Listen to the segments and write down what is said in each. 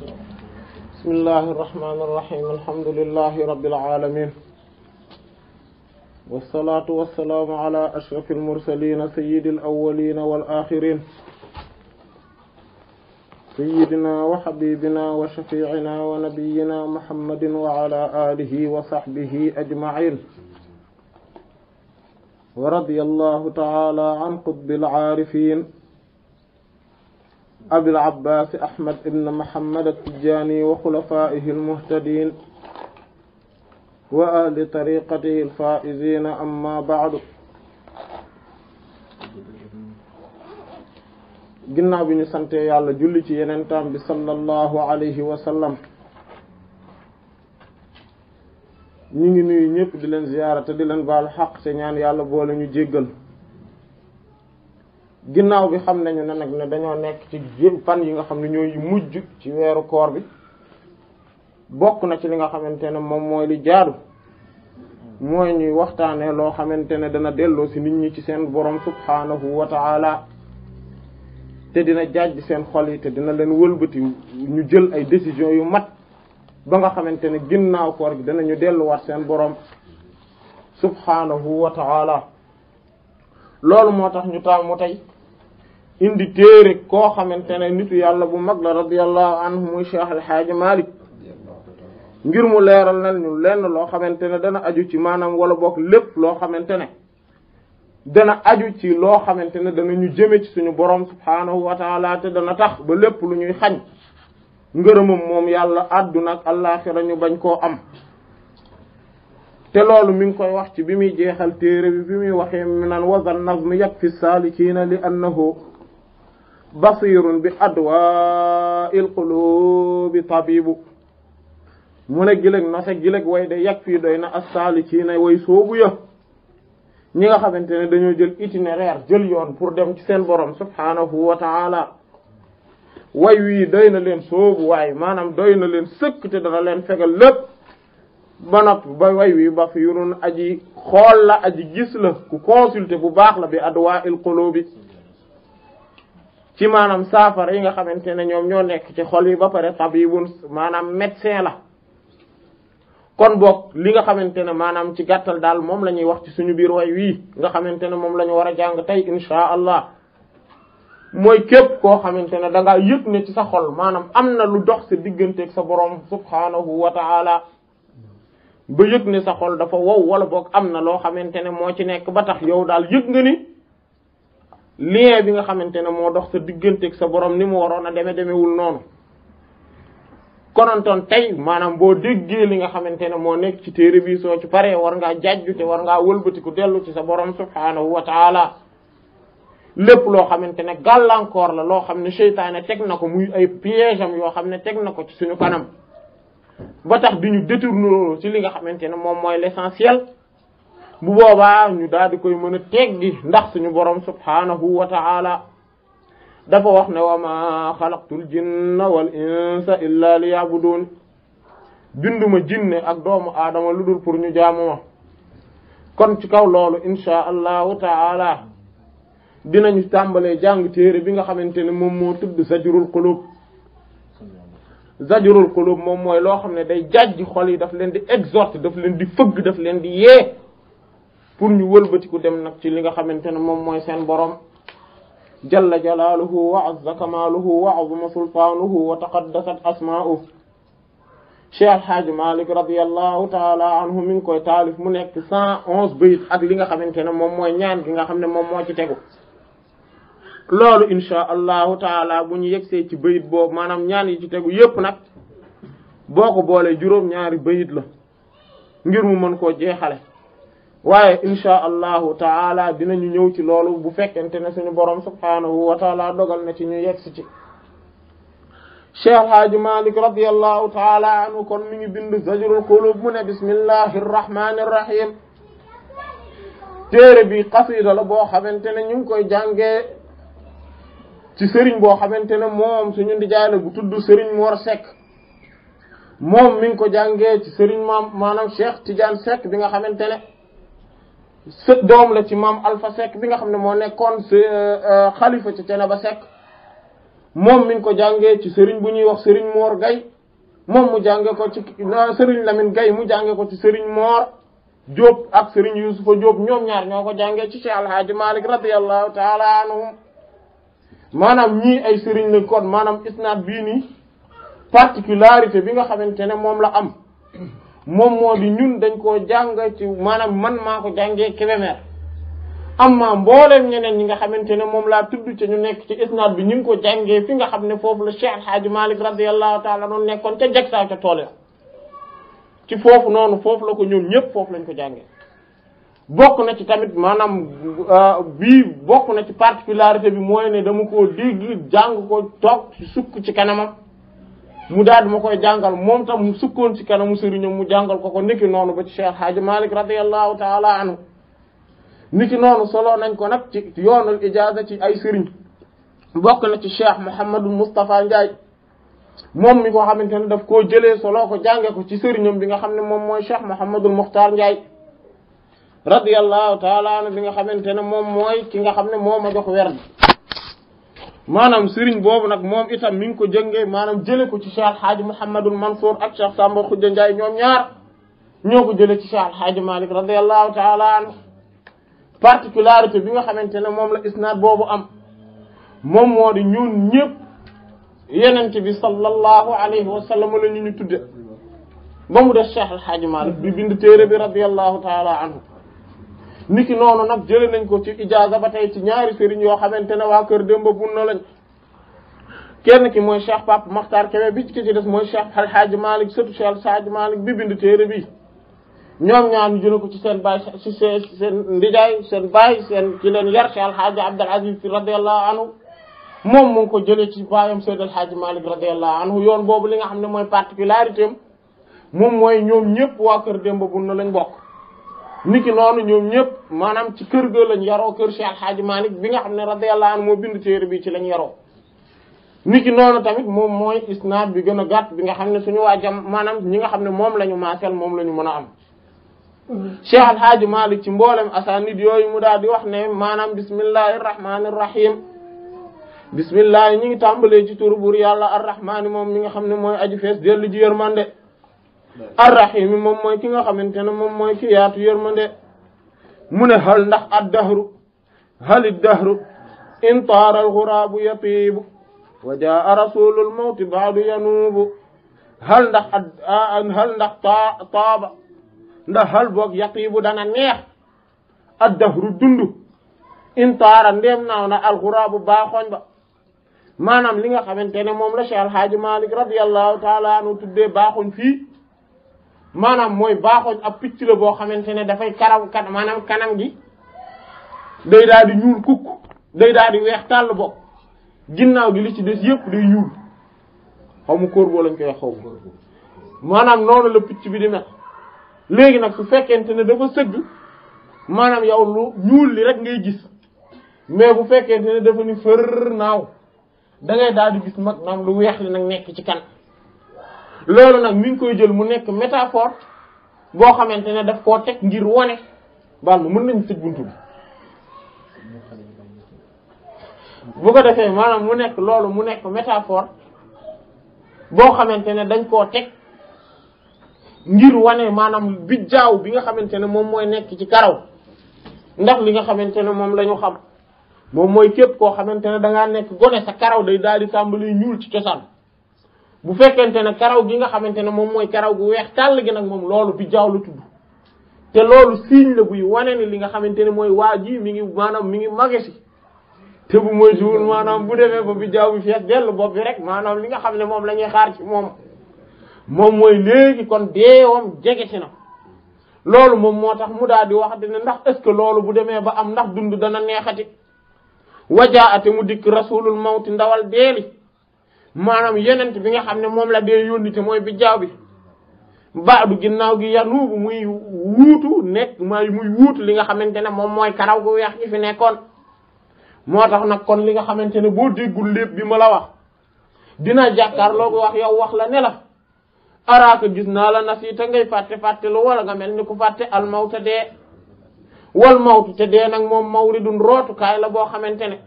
بسم الله الرحمن الرحيم الحمد لله رب العالمين والصلاة والسلام على أشرف المرسلين سيد الأولين والآخرين سيدنا وحبيبنا وشفيعنا ونبينا محمد وعلى آله وصحبه أجمعين ورضي الله تعالى عن قطب العارفين أبي العباس أحمد بن محمد التجاني وخلفائه المهتدين وأهل طريقته الفائزين أما بعد جنا بن سنتي على جلتي ينتم بصلى الله عليه وسلم ni ngi nuyu ñepp di len ziyara te di len bal haq te ñaan yalla bo lañu jéggal ginnaaw bi xam nañu ne nag ne dañoo nekk ci fan yi nga xam ne ñoo ñooy mujj ci weeru koor bi bokk na ci li nga xamante ne moom mooy li jaadu mooy ñuy waxtaanee loo xamante ne dana delloo si nit ñi ci seen borom subhaanahu wa taala te dina jaaj seen xol yi te dina leen wëlbati ñu jël ay décision yu mat ba nga xamante ne ginnaaw koor gi danañu delluwaat seen borom subhaanahu wa taala loolu moo tax ñu mu tey indi téere koo xamante ne nitu yàlla bu mag la radiyallahu anhu muy cheikh alxaaji malik ngir mu leeral na ñu lenn loo xamante ne dana aju ci maanam wala boog lépp loo xamante ne dana aju ci loo xamante ne dana ñu jëme ci suñu borom subhaanahu wa te dana tax ba lépp lu ñuy xañ ngërëmam moom yàlla àdduna ak allaaxira ñu bañ koo am te loolu mi ngi koy wax ci bi muy jeexal téere bi muy waxee mu naan wazan nazm yakfi saalikiina li annahu بصير بحدواء القلوب طبيب من جيلك نوسه جيلك واي داي يكفي دوينا الصالحين واي صوبو يا نيغا خامتاني دانيو جيل ايتينيرير جيل يون بور ديم سي سن بوروم سبحانه وتعالى واي وي دوينا لين صوبو واي مانام دوينا لين سك تي لين فغال لب ba nop ba way wi ba fi yurun aji xol la aji gis la ci maanaam saafara yi nga xamante ne ñoom ñoo nekk ci xol yi ba pare tabibun maanaam médecin la kon boog li nga xamante ne maanaam ci gàttal daal moom la ñuy wax ci suñu biir way wii nga xamante ne moom la ñu war a jàng tey insha allah mooy képp koo xamante ne da ngaa yëg ne ci sa xol maanaam am na lu dox sa digganteeg sa borom subhanahu wa ta'ala ba yëg ne sa xol dafa wow wala boog am na loo xamante ne moo ci nekk ba tax yow daal yëg nga ni lien bi nga xamante ne moo dox sa digganteeg sa boroom ni mu waroon a deme demewul noonu konontoon tey maanaam boo déggee li nga xamante ne moo nekk ci téere bi soo ci paree war ngaa jajju te war ngaa wëlbatiku dellu ci sa borom subhaanahu wa lépp loo xamante ne gàllankoor la loo xam ne seytaane teg na ko muy ay piège am yoo xam ne teg na ko ci suñu kanam ba tax di ñu ci li nga xamante ne moom mooy l'essentiel bu boobaa ñu daal di koy mën a teggi ndax suñu borom subhanahu wa ta'ala dafa wax ne wa ma xalaqtul jinna wal insa illa liya'budun binduma jinne ak doomu aadama lu dul pour ñu jaamu kon ci kaw loolu insha allahu ta'ala dinañu tàmbalee jàng téere bi nga xamante ne moom moo tudd zajrul qulub zajrul qulub moom mooy loo xam ne day jàjj xool yi daf leen di exhorter daf leen di fëgg daf leen di yee pour ñu wëlbatiku dem nag ci li nga xamante ne moom mooy seen borom jalla jalaaluhu wa azza kamaaluhu wa azuma sultaanuhu wa taqaddasat asmaa'uhu cheikh alhaaji malik radiallahu taala anhu mi ngi koy taalif mu nekk cent bayit ak li nga xamante ne moom mooy ñaan gi nga xam ne moom moo ci tegu loolu insha allahu taala bu ñu yegsee ci bayit boobu maanaam ñaan yi ci tegu yépp nag boo ko boolee juróom-ñaari bayit la ngir mu mën koo jeexale waye inshallah taala dinañu ñew ci loolu bu fekente ne suñu borom subhanahu wa taala dogal na ci ñu yexsi ci cheikh haji malik radiyallahu taala anu kon mi ngi bind zajrul qulub mu ne bismillahir rahmanir rahim téere bi qasida la boo xamante ne ñu ngi koy jàngee ci sëriñ boo xamante ne moom suñu ndijaay la bu tudd sëriñ moor sekk moom mi ngi ko jàngee ci sëriñ maam maanaam cheikh tidiane sekk bi nga xamante ne sët doom la ci maam Alpha Seck bi nga xam ne moo nekkoon si euh, euh, xalifa ci ba Seck moom mi ko jàngee ci sëriñ bu ñuy wax sëriñ Mor gay moom mu jànge ko ci euh, sëriñ Lamine Gaye mu jànge ko ci sëriñ Mor Diop ak sëriñ Yusufa Diop ñoom ñaar ñoo ko jàngee ci ci Alhaaji Malik radiyallahu taala anhum maanaam ñii ay sëriñ la kon maanaam isnaad bii nii particularité bi nga xamante ne moom la am moom moo di ñun dañ koo jàng ci maanaam man maa ko jàngee Kébémer amma mbooleem ñeneen ñi nga xamante ne moom laa tudd ca ñu nekk ci isnaad bi ñu ngi ko jàngee fi nga xam ne foofu la Cheikh Alhaaji Malik radiyallahu taala noonu nekkoon ca Jaksa ca tool ya ci foofu noonu foofu la ko ñoom ñëpp foofu lañ ko jàngee bokk na ci tamit maanaam euh, bii bokk na ci particularité bi mooy ne dama koo dégg jàng ko toog sukk ci kanamam mu daal di ma koy jàngal moom ta mu sukkoon ci kanamu sëriñam mu jàngal ko ko niki noonu ba ci Cheikh Hadji Malick radiyallahu taala noonu solo nañ ko nag ci yoonul ijaaza ci ay sëriñ bokk na ci Cheikh Mouhamadou Moustapha Ndiaye moom mi ko xamante ne daf koo jëlee solo ko jànge ko ci sëriñam bi nga xam ne moom mooy Cheikh Mouhamadou Mokhtar Ndiaye radiyallahu taala anhu bi nga xamante ne moom mooy ki nga xam ne moo ma jox maanaam sëriñ boobu nag moom itam mi ngi ko jëngee maanaam jële ko ci Cheikh Alhaaji Mouhamadul Mansour ak Cheikh Samba Khoudia Ndiaye ñoom ñaar ñoo ko jële ci Cheikh Alhaaji Malick radiallahu taala anhu particularité bi nga xamante ne moom la isnaad boobu am moom moo di ñun ñëpp yenente bi sallallahu alayhi wa sallam la ñu ñu tudde ba mu def Cheikh Alhaaji Malick bi bind téere bi radiallahu taala anhu niki noonu nag jëlee nañ ko ci ijaaza ba tey ci ñaari sëriñ yoo xamante ne waa kër Demba Bunna lañ kenn ki mooy Cheikh Pape Makhtar Kébé bi ki ci des mooy Cheikh Al Hadj Malick sëtu Cheikh Al Hadj bi bind téere bi ñoom ñaar ñu jëlee ko ci seen baay ci seen seen ndijaay seen baay seen ci leen yar Cheikh Al Hadj Abdul Aziz Sy radiyallahu anhu moom mu ko jëlee ci baayam Seydi El Hadji Malick radiyallahu anhu yoon boobu li nga xam ne mooy particularité am moom mooy ñoom ñëpp waa kër Demba Bunna lañ bokk niki nonu ñoom ñëpp manam ci kër go lañ yaro kër Cheikh Al malik bi nga xamne radiyallahu anhu mo bind téere bi ci lañ yaro niki nonu tamit mom moy isnad bi gëna gatt bi nga xamne suñu wajam jam ñi nga xamne mom lañu la ñu maaseel moom am Cheikh Al Hadj malik ci mbolam asanid yoy mu daal di wax ne manam bismillahir rahmanir rahim bismillah ñi ngi tambalé ci turu yalla ar rahman mom mi nga moy aji fess delu ji yermande arrahimi moom mooy ki nga xamante ne moom mooy ki yaatu yërmande mu ne hal ndax addahru hal iddahru in taara alxuraabu yatiibu wa jaa rasulul mawti baadu yanuubu hal ndax ah, taaba ndax hal boog yatiibu dana neex addahru dundu in taara ndéem naaw na alxuraabu baaxooñ ba maanaam li nga xamante ne moom la Cheikh Alhaaji Malik radiyallahu taala anu tuddee baaxuñ fii maanaam mooy baaxooj ab picc la boo xamante ne dafay karaw kan maanaam kanam gi day daal di ñuul kukk day daal di weex tàll bokk ginnaaw gi li ci des yëpp day ñuul xaw ma kóor boo lañ koy xaw maanaam noonu la picc bi di mel léegi nag su fekkente ne dafa sëgg maanaam yow lu ñuul li rek ngay gis mais bu fekkente ne dafa ni fër naaw da ngay daal di gis mag naam lu weex li nag nekk ci kan loolu nag mi ngi koy jël mu nekk métaphore boo xamante ne daf koo teg ngir wone bal ma mën nañu tëj buntu bi bu ko defee maanaam mu nekk loolu mu nekk métaphore boo xamante ne dañ koo teg ngir wane maanaam bijjaaw bi nga xamante ne moom mooy nekk ci karaw ndax li nga xamante ne moom la ñu xam moom mooy képp koo xamante ne dangaa nekk gone sa karaw day daal di tàmbali ñuul ci cosaan bu fekkente ne karaw gi nga xamante ne moom mooy karaw gu weex tàll gi nag moom loolu bi jaaw la tudd te loolu signe la buy wane ne li nga xamante ne mooy waa ji mi ngi maanaam mi ngi magasi te bu mooy jour maanaam bu defee ba bi jaaw bi fees dellu bopp bi rek maanaam li nga xam ne moom la ñuy xaar ci moom moom mooy léegi kon deewam jege si na loolu moom moo tax mu daal di wax dina ndax est que loolu bu demee ba am ndax dund dana neexati wajaate mu dikk rasulul mawti ndawal deeli maanaam yenent bi nga xam ne moom la dee yónni te mooy bi jaaw bi baadu ginnaaw gi yanuubu muy wuutu nekk may muy wuutu li nga xamante ne moom mooy karaw gu weex nekkoon moo tax nag kon li nga xamante ne boo déggul lépp bi ma la wax dina jàkkaarloo wax yow wax la ne la araaka gis naa la nasi te ngay fàtte fàtte lu a nga mel ni ku fàtte al mawta dee wal mawtu te dee nag moom mawridun rootukaay la boo xamante ne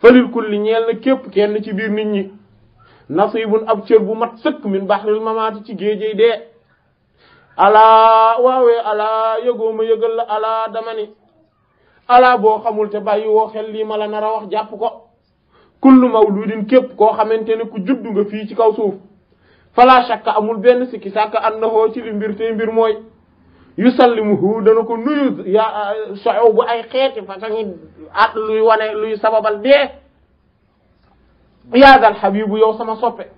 falil kulli ñeel na képp kenn ci biir nit ñi nasibun ab cër bu mat sëkk min baxril mamaati ci géejey dee alaa waawee alaa yëgooma yëgal la alaa dama alaa boo xamul te bàyyi woo xel lii ma la nar a wax jàpp ko kullu mawludin képp koo xamante ne ku juddu nga fii ci kaw suuf shakka amul benn sikki sàkka annahoo ci li mbir te mbir mooy yu sallimuhu dana ko nuyu ya ay xeeti façon at luy wane luy sababal dee yaadal xabibu yow sama soppe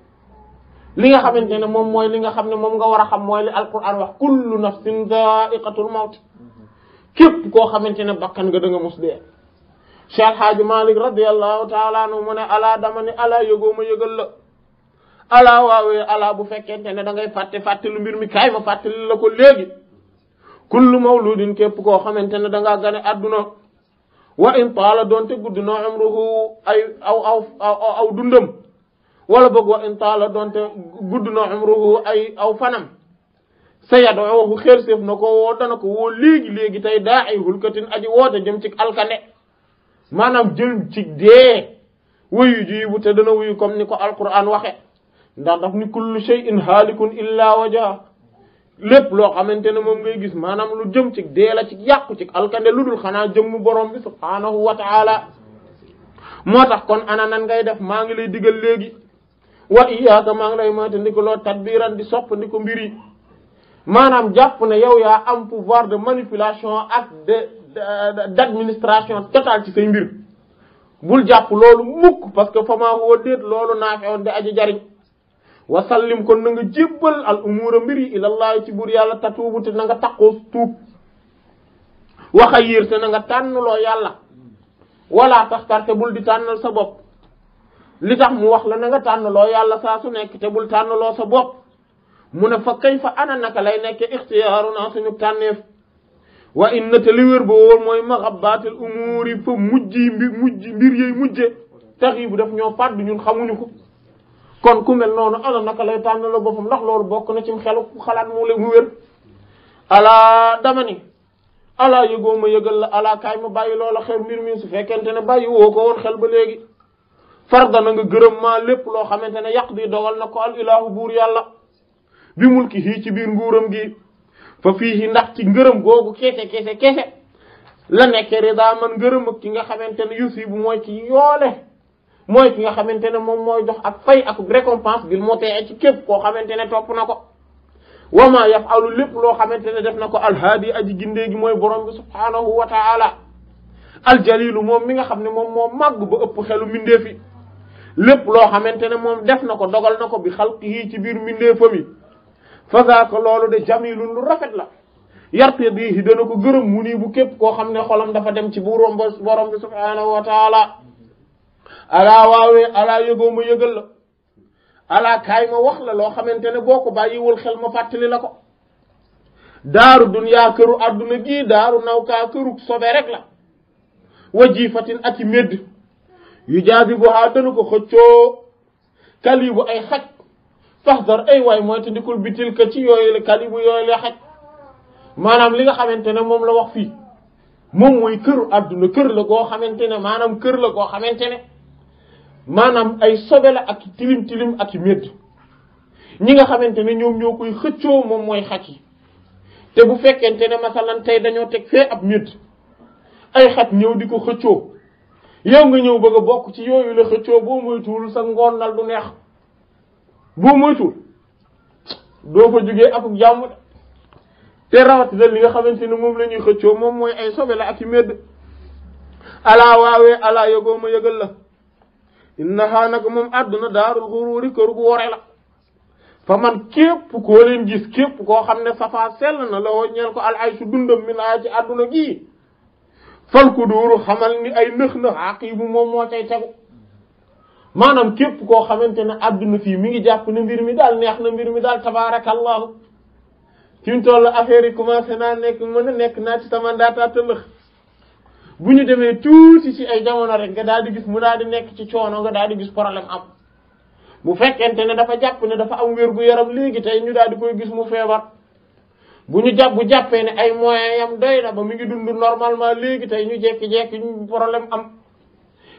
li nga xamante ne moom mooy li nga xam ne moom nga war a xam mooy li alquran wax kullu nafsin zaiqatul mawt képp koo xamante ne bakkan nga da nga mus dee Cheikh Alhaaji Malik radiallahu taala anhu mu alaa bu fekkente ne da ngay fàtte fàtte lu mbir mi kaay ma fàttali la ko léegi kullu mawludin képp koo xamante ne danga ngaa gane adduna wa in taala doonte gudd na umruhu ay aw aw aw dundam wala boog wa in taala doonte gudd na umruhu ay aw fanam sa yadoohu xersef ko woo ko woo léegi-léegi tey daa ay hulkatin aji woote jëm ci alkane maanaam jëm ci dee wuyu ji bu te dana wuyu comme ni ko alquran waxe ndax daf ni kullu halikun illa wajha lepp lo xamantene mom ngay gis manam lu jëm ci deela ci yàqu ci alkande lu xana jëm mu borom bi subhanahu wa taala motax kon ana nan ngay def ma ngi lay diggal legi wa iyaaka maa ngi lay moyta ndi ko tadbiran di sop ndi ko mbir yi ne yow ya am pouvoir de manipulation ak de d'administration totale ci sey mbir bul japp lolu mukk parce que fama wo det lolu na xewon de aji jariñ wa sallim kon na nga jébbal al umuura mbir yi ilallahi ci buur yàlla tatuubu te na nga taqoo tuub waxa yiir te na nga tànnloo yàlla wala taxtar te bul di tànnal sa bopp li tax mu wax la na nga tànnloo yàlla saa su nekk te bul tànnloo sa bopp mu ne fa kay fa ana naka lay nekke ixtiyaaruna suñu tànneef wa inna te li wér ba wóor mooy maxabaatil umuur yi fa mujj yi mbi mujj mbir yey mujje tax yi bu daf ñoo fàdd ñun xamuñu ko kon ku mel noonu ana naka lay tànn la boppam ndax loolu bokk na ci xelu xalaat mu le mu wér alaa dama ni alaa yëgoo ma yëgal la alaa kaay ma bàyyi loola xel mbir mi su fekkente ne bàyyi woo ko woon xel ba léegi farda na nga gërëm maa lépp loo xamante ne yàq di dogal na ko al ilahu buur yàlla bi mulki hii ci biir nguuram gi fa fii ndax ci ngërëm googu kese kese kese la nekke rida man ngërëm ki nga xamante ne yusi bu mooy ci yoole mooy ki nga xamante ne moom mooy jox ak fay ak récompense bil moo tee ci képp koo xamante ne topp na ko wama yafalu lépp loo xamante ne def na ko alhaadi aji gindee gi mooy borom bi subhaanahu wa taala aljalilu moom mi nga xam ne moom moo màgg ba ëpp xelu mbindeef lépp loo xamante ne moom def na ko dogal na ko bi xalqihi ci biir mbindeefam yi fa zaaka loolu de jamilun lu rafet la yarte bii na ko gërëm mu nii bu képp koo xam ne xolam dafa dem ci bu borom bi subhaanahu wa taala alaa waawee alaa yëgoo ma la alaa kaay wax la loo xamante ne boo ko bàyyiwul xel ma fàttali la ko daaru dunyaa këru àdduna gii daaru nawkaa këru sobe rek la wa jiifatin ak i médd yu jaabi bu haa dana ko xëccoo kalibu ay xaj faxdar ay waay mooy te ndikul bitil ka ci yooyu la kalibu yooyu la xaj maanaam li nga xamante ne moom la wax fii moom mooy këru àdduna kër la goo xamante ne maanaam kër la goo xamante ne maanaam ay sobe ak tilim tilim ak médd ñi nga xamante ne ñoom ñoo koy xëccoo moom mooy xaj yi te bu fekkente ne masalan tey dañoo teg fee ab médd ay xaj ñëw di ko xëccoo yow nga ñëw bëgg a bokk ci yow la xëccoo boo moytuwul sa ngoon nal du neex boo moytuwul doo fa jógee akuk jàmm te rawatina li nga xamante ne moom la ñuy xëccoo moom mooy ay sobe la ak i médd alaa waawee alaa yëgoo ma yëgal la innaha nag moom àdduna daarul xuruuri kër gu wore la fa man képp leen gis képp koo xam ne safa sell na la woo ñeel ko al ay su dundam mi naa ci àdduna gii fal ko dóoru xamal ni ay nëx nëx àq yi bu moom moo cay tegu maanaam képp koo xamante ne àdduna fii mi ngi jàpp ne mbir mi daal neex na mbir mi daal tabaarakallahu fi mu toll affaire yi commencé naa nekk mën a nekk naa ci sama ndaataa tëllëx bu ñu demee tuuti ci ay jamono rek nga daal di gis mu daal di nekk ci coono nga daal di gis problème am bu fekkente ne dafa jàpp ne dafa am wér gu yaram léegi tey ñu daal di koy gis mu feebar bu ñu jàpp bu jàppee ne ay moyens yam doy na ba mu ngi dund normalement léegi tey ñu jekki-jekki ñu problème am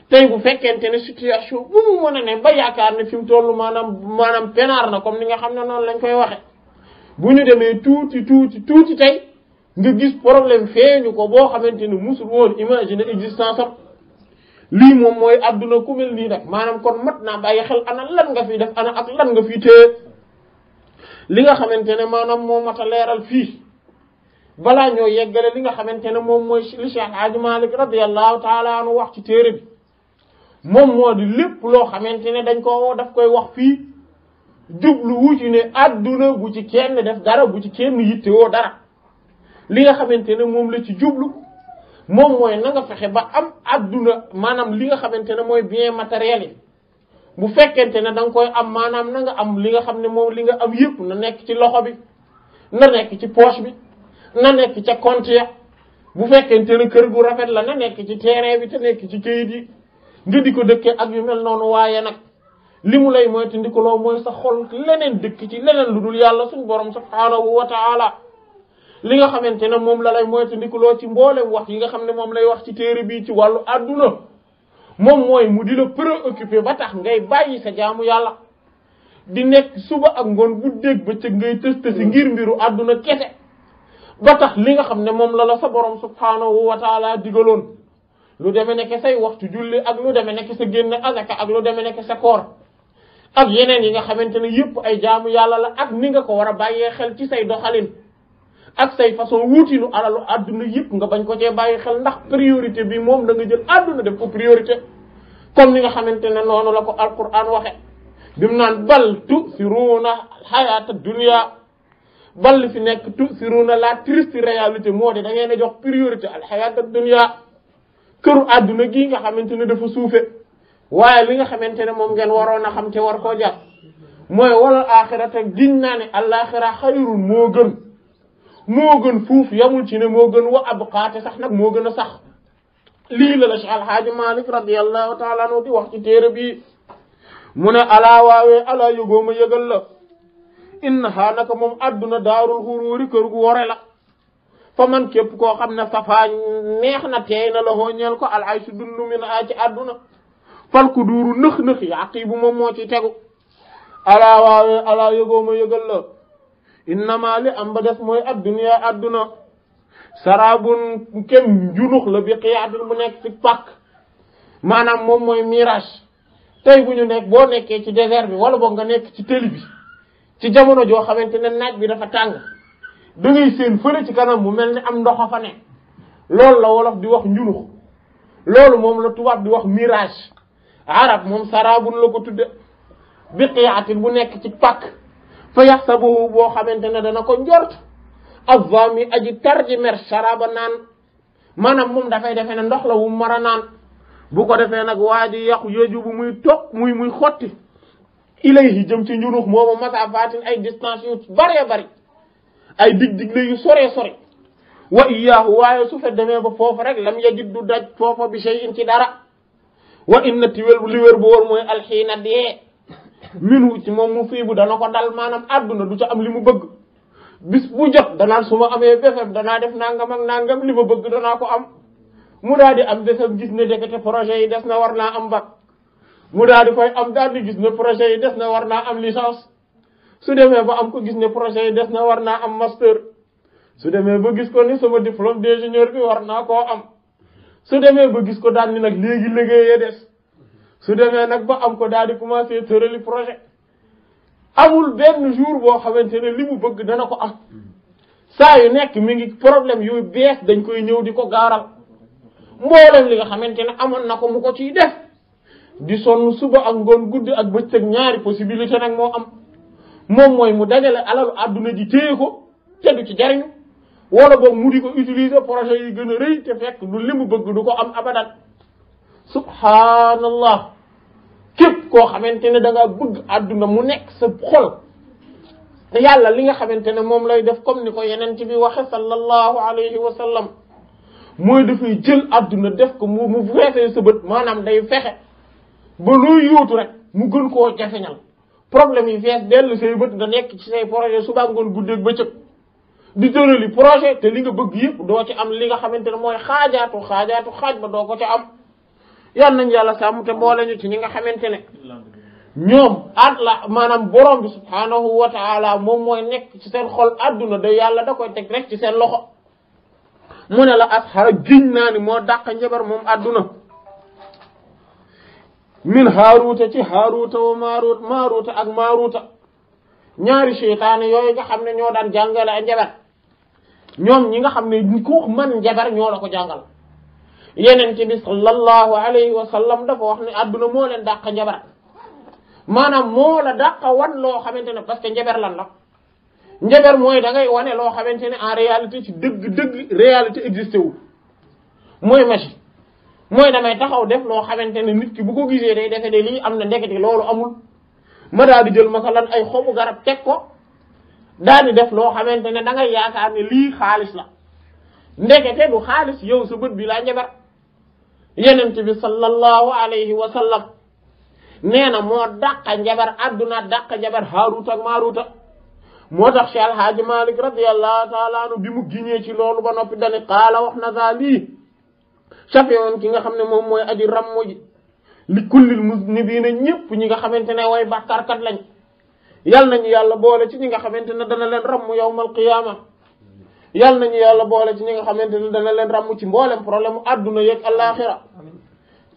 tey bu fekkente ne situation bu mu mën a ne ba yaakaar ne fi mu toll maanaam maanaam penaar na comme ni nga xam ne noonu lañ koy waxe bu ñu demee tuuti tuuti tuuti tey nga gis problème feeñu ko boo xamante ne musul woon imaginer existence am lii moom mooy adduna ku mel nii nag maanaam kon mat naa bàyyi xel ana lan nga fi def ana ak lan nga fi téye li nga xamante ne maanaam moo mat a leeral fii balaa ñoo yeggale li nga xamante ne moom mooy li Cheikh Hadji Malick radiyallahu taala wax ci téere bi moom moo di lépp loo xamante ne dañ ko daf koy wax fii jublu wu ne adduna bu ci kenn def dara bu ci kenn yittewoo dara li nga xamante ne moom la ci jublu moom mooy nanga nga fexe ba am adduna maanaam li nga xamante ne mooy bien matériel yi bu fekkente ne da nga koy am maanaam na nga am li nga xam ne moom li nga am yëpp na nekk ci loxo bi na nekk ci poche bi na nekk ca compte ya bu fekkente ne kër gu rafet la na nekk ci terrain bi te nekk ci kayit yi nga di ko dëkkee ak yu noonu waaye nag li mu lay loo mooy sax xol leneen dëkk ci leneen lu dul yàlla suñu borom li nga xamante ne moom la lay moytandikuloo ci mboolem wax yi nga xam ne moom lay wax ci téere bii ci wàllu àdduna moom mooy mu di la préoccupé ba tax ngay bàyyi sa jaamu yàlla di nekk suba ak ngoon bu dégg ba cëg ngay tës tësi mm. ngir mbiru àdduna kese ba tax li nga xam ne moom la la sa borom subhaanahu wa taala digaloon lu demee nekk say waxtu julli ak lu demee nekk sa génn azaka ak lu demee nekk sa koor ak yeneen yi nga xamante ne yëpp ay jaamu yàlla la ak ni nga ko war a bàyyee xel ci say doxalin ak say façon wuutinu alalu adduna yëpp nga bañ ko cee bàyyi xel ndax priorité bi moom da nga jël adduna def ko priorité comme ni nga xamante ne noonu la ko alquran waxe bi mu naan bal tu'thiruna hayata dunya bal li fi nekk tu'thiruna la triste réalité moo di da ngeen a jox priorité al hayata dunya kër adduna gii nga xamante ne dafa suufe waaye li nga xamante ne moom ngeen waroon a xam te war koo jàpp mooy wala axirata giñ naa ne al axira xayrun moo fuuf yamul ci ne moo gën wa sax nag moo gën a sax lii la la Alhaaji Malik radiyallahu taala anhu di wax ci téere bi mu ne alaa waawee alaa yëgooma yëgal la innahaa naka moom adduna daarul xuruuri kër wore la fa man képp koo xam ne safaa neex na teey na la hooñeel ko al aysu dund min a ci adduna fal ku duuru nëx nëx yàqi bu moom ci tegu alaa waawee alaa yëgooma yëgal la innama li am ba des mooy adduniya adduna sarabun kem la bi xiyaatin bu nekk ci pàkk maanaam moom mooy mirage tey bu ñu nekk boo nekkee ci désert bi wala boog nga nekk ci tëli bi ci jamono joo xamante ne naaj bi dafa tàng da seen fële ci kanam bu mel ni am ndox a fa ne loolu la wolof di wax njunux loolu moom la tubaab di wax mirage arab moom sarabun la ko tudde bi xiyaatin bu nekk ci pàkk فيحسبه بو خامتنا دا نكو نجورت الظامي اجي ترجمر شرابا نان مانام موم دا فاي دافاي ندوخ لا و نان بو كو دافاي نك وادي يخ يوجو بو موي توك موي موي خوتي اليه جيم سي نيونوخ موما مسا فاتين اي ديستانس يو باري باري اي ديك ديك لي سوري سوري وإياه ويوسف دمي با فوف رك لم يجد داج فوفو بشيء انت دارا وان تيول ليور بور موي الحين دي minu ci mom mu fiibu da nako dal manam aduna du ci am limu bëgg bis bu jot danaan suma amé bëfëm da na def nangam ak nangam limu bëgg ko am mu daldi am bëfëm gis ne dékété projet yi des na war naa am bac mu daldi koy am daldi gis ne projet yi des na war am licence su démé ba am ko gis ne projet yi na war am master su démé ba gis ko ni sama diplôme d'ingénieur bi war ko am su démé ba gis ko dal ni légui ya des su demee nag ba am ko daal di commencé tërali projet amul benn jour boo xamante ne li mu bëgg dana ko am saa yu nekk mi ngi problème yooyu bees dañ koy ñëw di ko gaaral mboolem li nga xamante ne amoon na ko mu ko ciy def di sonn suba ak ngoon gudd ak bëccëg ñaari possibilité nag moo am moom mooy mu dajale alalu àdduna ji téye ko te du ci jariñu wala boog mu di ko utiliser projet yi gën a rëy te fekk du li mu bëgg du ko am abadan subhanallah képp koo xamante ne da ngaa bëgg àdduna mu nekk sa xol te yàlla li nga xamante ne moom lay def comme ni ko yeneen ci bi waxe sallallahu alayhi wa sallam mooy dafay jël àdduna def ko mu mu feesee sa bët maanaam day fexe ba looy yóotu rek mu gën koo jafeñal problème yi fees dellu say bët nga nekk ci say projet suba ngoon ba bëccëg di tërali projet te li nga bëgg yëpp doo ci am li nga xamante ne mooy xaajaatu xaajaatu xaaj ba doo ko ca am yal nañ yàlla sàmm te boole ñu ci ñi nga xamante ne ñoom at la maanaam borom bi subhaanahu wa moom mooy nekk ci seen xol adduna da yàlla da koy teg rek ci seen loxo mu ne la asxara giñ naa ni moo dàq njabar moom adduna min haaruuta ci haaruuta wa ak maaruuta ñaari seytaane yooyu nga xam ne ñoo daan jàngale a njabar ñoom ñi nga xam ne ku man njabar ñoo la ko jàngal yenente bi salallahu alayhi wa sallam dafa wax ne adduna moo leen dàq njabar maanaam moo la dàq wan loo xamante ne parce que njabar lan la njabar mooy da ngay wane loo xamante ne en réalité ci dëgg-dëgg réalité existé wu mooy machi mooy damay taxaw def loo xamante ne nit ki bu ko gisee day defe ne lii am na ndekete loolu amul ma daal di jël masalan ay xobu garab teg ko daa di def loo xamante ne da ngay yaakaar ne lii xaalis la ndekete du xaalis yow sa bët bi laa njabar yenent bi sallallahu alayhi wa sallam nee na moo dàqa njabar adduna dàqa njabar haaruut ak maaruuta moo tax Cheikh El Hadj Malick radiyallahu taala anhu bi mu giñee ci loolu ba noppi dani qaala wax na daa ki nga xam ne moom mooy aji rammu ji li kullil musnibiina ñëpp ñi nga xamante ne way bàkkaarkat lañ yal nañ yàlla boole ci ñi nga xamante ne dana leen ramm yawmal qiyaama yàlla nañu yàlla boole ci ñi nga xamante ne dana leen ràmm ci mboolem problème adduna yeeg alaaxira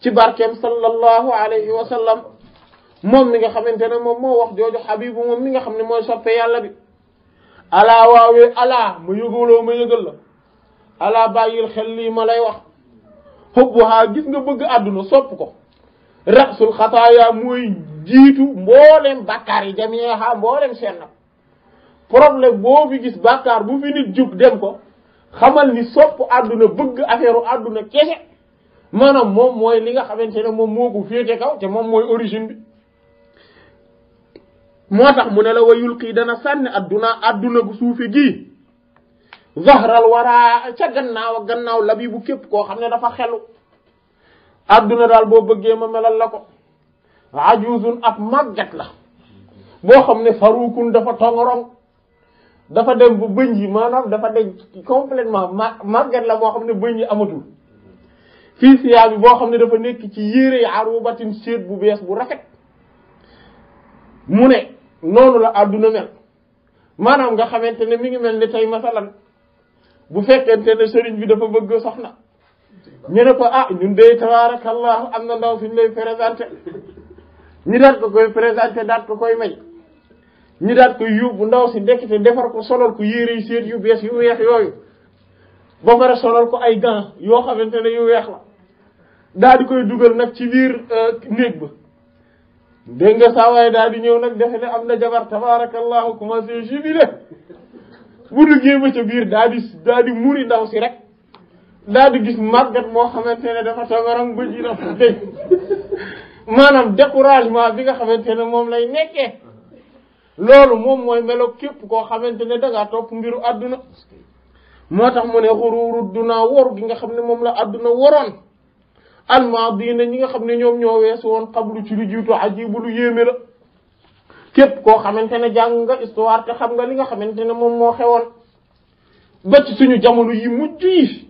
ci barkeem sallallahu alayhi wa sallam moom mi nga xamante ne moom moo wax jooju xabibu moom mi nga xam ne mooy soppe yàlla bi alaa waawee alaa ma yëgaloo ma yëgal alaa bàyyil xel lii ma lay wax xubbuhaa gis nga bëgg àdduna sopp ko rasul xataaya mooy jiitu mbooleem bakkaar yi jameeha mbooleem seen nag problème boo gis bàkkaar bu fi nit jug dem ko xamal ni sopp àdduna bëgg affaire àdduna kese maanaam moom mooy li nga xamante ne moom moo ko féete kaw te moom mooy origine bi moo tax mu ne la wayul kii dana sànni adduna adduna gu suufe gii zahral waraa ca gannaaw ak gannaaw labi bu képp koo xam ne dafa xelu adduna daal boo bëggee ma melal la ko ajuzun ab màggat la boo xam ne farukun dafa tongorong dafa dem ba bëñ yi maanaam dafa dem complètement ma màgget la boo xam ne bëñ yi amatul fii siyaa bi boo xam ne dafa nekk ci yére arubatin séet bu bees bu rafet mu ne noonu la àdduna mel maanaam nga xamante ne mi ngi mel ni tey masalan bu fekkente ne sëriñ bi dafa bëgg soxna ñu ne ko ah ñun dey tabaarakallahu am na ndaw fi ñu lay présenté ñu daat ko koy présenté daat ko koy may ñu daat koy yóbbu ndaw si ndekete defar ko solal ko yére yu seet yu bes yu weex yooyu ba pare solal ko ay gants yo xamantene yu wéx la daal di koy duggal nak ci bir néeg ba de nga sa way daal di ñëw nak defe ne am na jabar tabarakallahu commencé jubile bu duggee ba ci bir daal di daal di muri ndaw si rek daal di gis magat mo xamantene dafa tabaram bu ji na dégg maanaam découragement bi nga xamantene mom lay nekké loolu moom mooy melo képp koo xamante ne da topp mbiru àdduna moo tax mu ne xuruuru dunaa woru gi nga xam ne moom la àdduna waroon almaadina ñi nga xam ne ñoom ñoo weesu ci lu jiitu ajibu lu yéeme képp koo xamante ne jàng nga histoire te xam nga li nga xamante ne moom moo xewoon ba ci suñu jamono yi mujj yi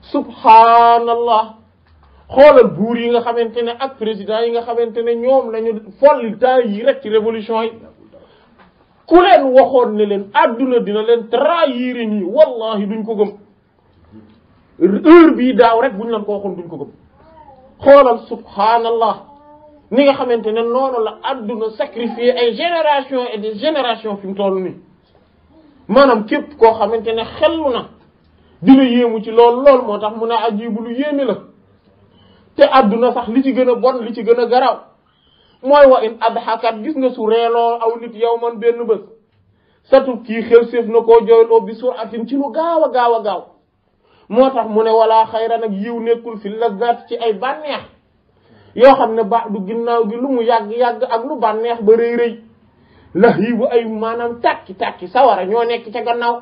subhaanallah xoolal buur yi nga xamante ne ak président yi nga xamante ne ñoom lañu folli taay yi rek ci révolution yi ku leen waxoon ne leen àdduna dina leen trahir nii wallahi duñ ko gëm heure bii daaw rek buñ leen ko waxoon duñ ko gëm xoolal subhanallah ni nga xamante ne noonu la àdduna sacrifier ay génération et des générations fi mu toll nii maanaam képp koo xamante ne xellu na dina yéemu ci lool lool moo tax mun a ajibu lu yéeme la te àdduna sax li ci gën a bon li ci gën a garaaw mooy wa in adxakat gis nga su reeloo aw nit yow man benn bés satu kii xew séef na koo jooyloo bi suratin ci lu gaaw a gaaw a gaaw moo tax mu ne wala xayra nag yiw nekkul fi lazat ci ay bànneex yoo xam ne ba du ginnaaw gi lu mu yàgg-yàgg ak lu bànneex ba rëy rëy la bu ay maanam tàkki tàkki sawara ñoo nekk ci gannaaw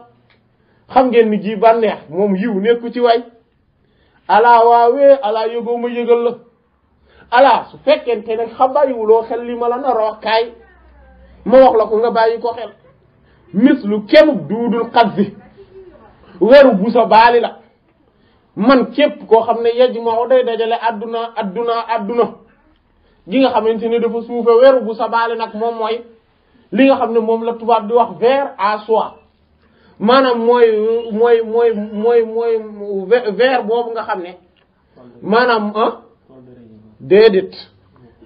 xam ngeen ni ji banneex moom yiw nekku ci way alaa waawee alaa yëgoo ma yëgal la ala su fekkente ne xabayiwuloo xel lii ma la nar a kaay ma wax la ko nga bàyyi ko xel mis lu kenn duudul xasdi weru busa baali la man képp koo xam ne yaj moo day dajale adduna adduna adduna gi nga xamante ne dafa suufe weru busa baali nag moom mooy li nga xam ne moom la tubaab di wax vers à soi maanaam mooy mooy mooy mooy mooy vers boobu nga xam ne maanaam ah, déedéet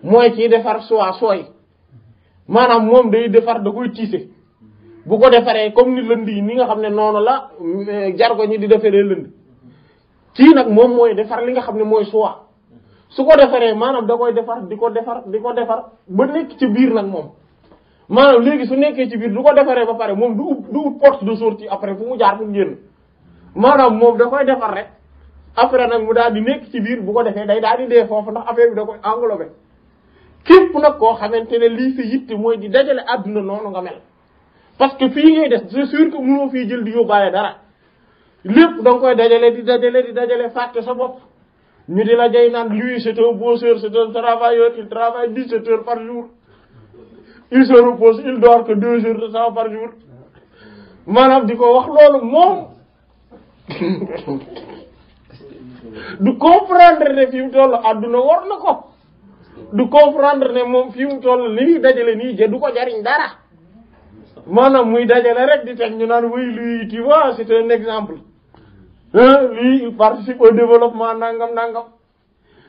mooy kii defar soie sooy maanaam moom day defar da koy tiise bu ko defaree comme ni lënd yi ni nga xam ne noonu la eh, jargo ñi di defaree lënd kii nag moom mooy defar li nga xam ne mooy soie su ko defaree maanaam da koy defar di ko defar di ko defar ba nekk ci biir nag moom maanaam léegi su nekkee ci biir du ko defaree ba pare moom du ut du ut porte de après fu mu jaar fu génn maanaam moom da koy defar rek après nag mu daal di nekk ci biir bu ko defee day daal di dee foofu ndax affaire bi da koy englobé képp nag koo xamante ne lii sa yitte mooy di dajale àdduna noonu nga parce que fii yi ngay des c'est sûr que mënoo fii jël di yóbbaale dara lépp da nga koy dajale di dajale di dajale fàtte sa bopp ñu di la jay naan lui c'est un bosseur c'est un travaille dix-sept heures par jour il se repose il dort que deux heures de par jour maanaam di ko wax loolu moom du comprendre ne fi mu toll aduna war na ko du comprendre ne moom fi mu toll li dajale ni je du ko jariñ dara manam muy dajale rek di tek ñu naan wuy lui tu vois c'est un exemple lui il participe au développement nangam nangam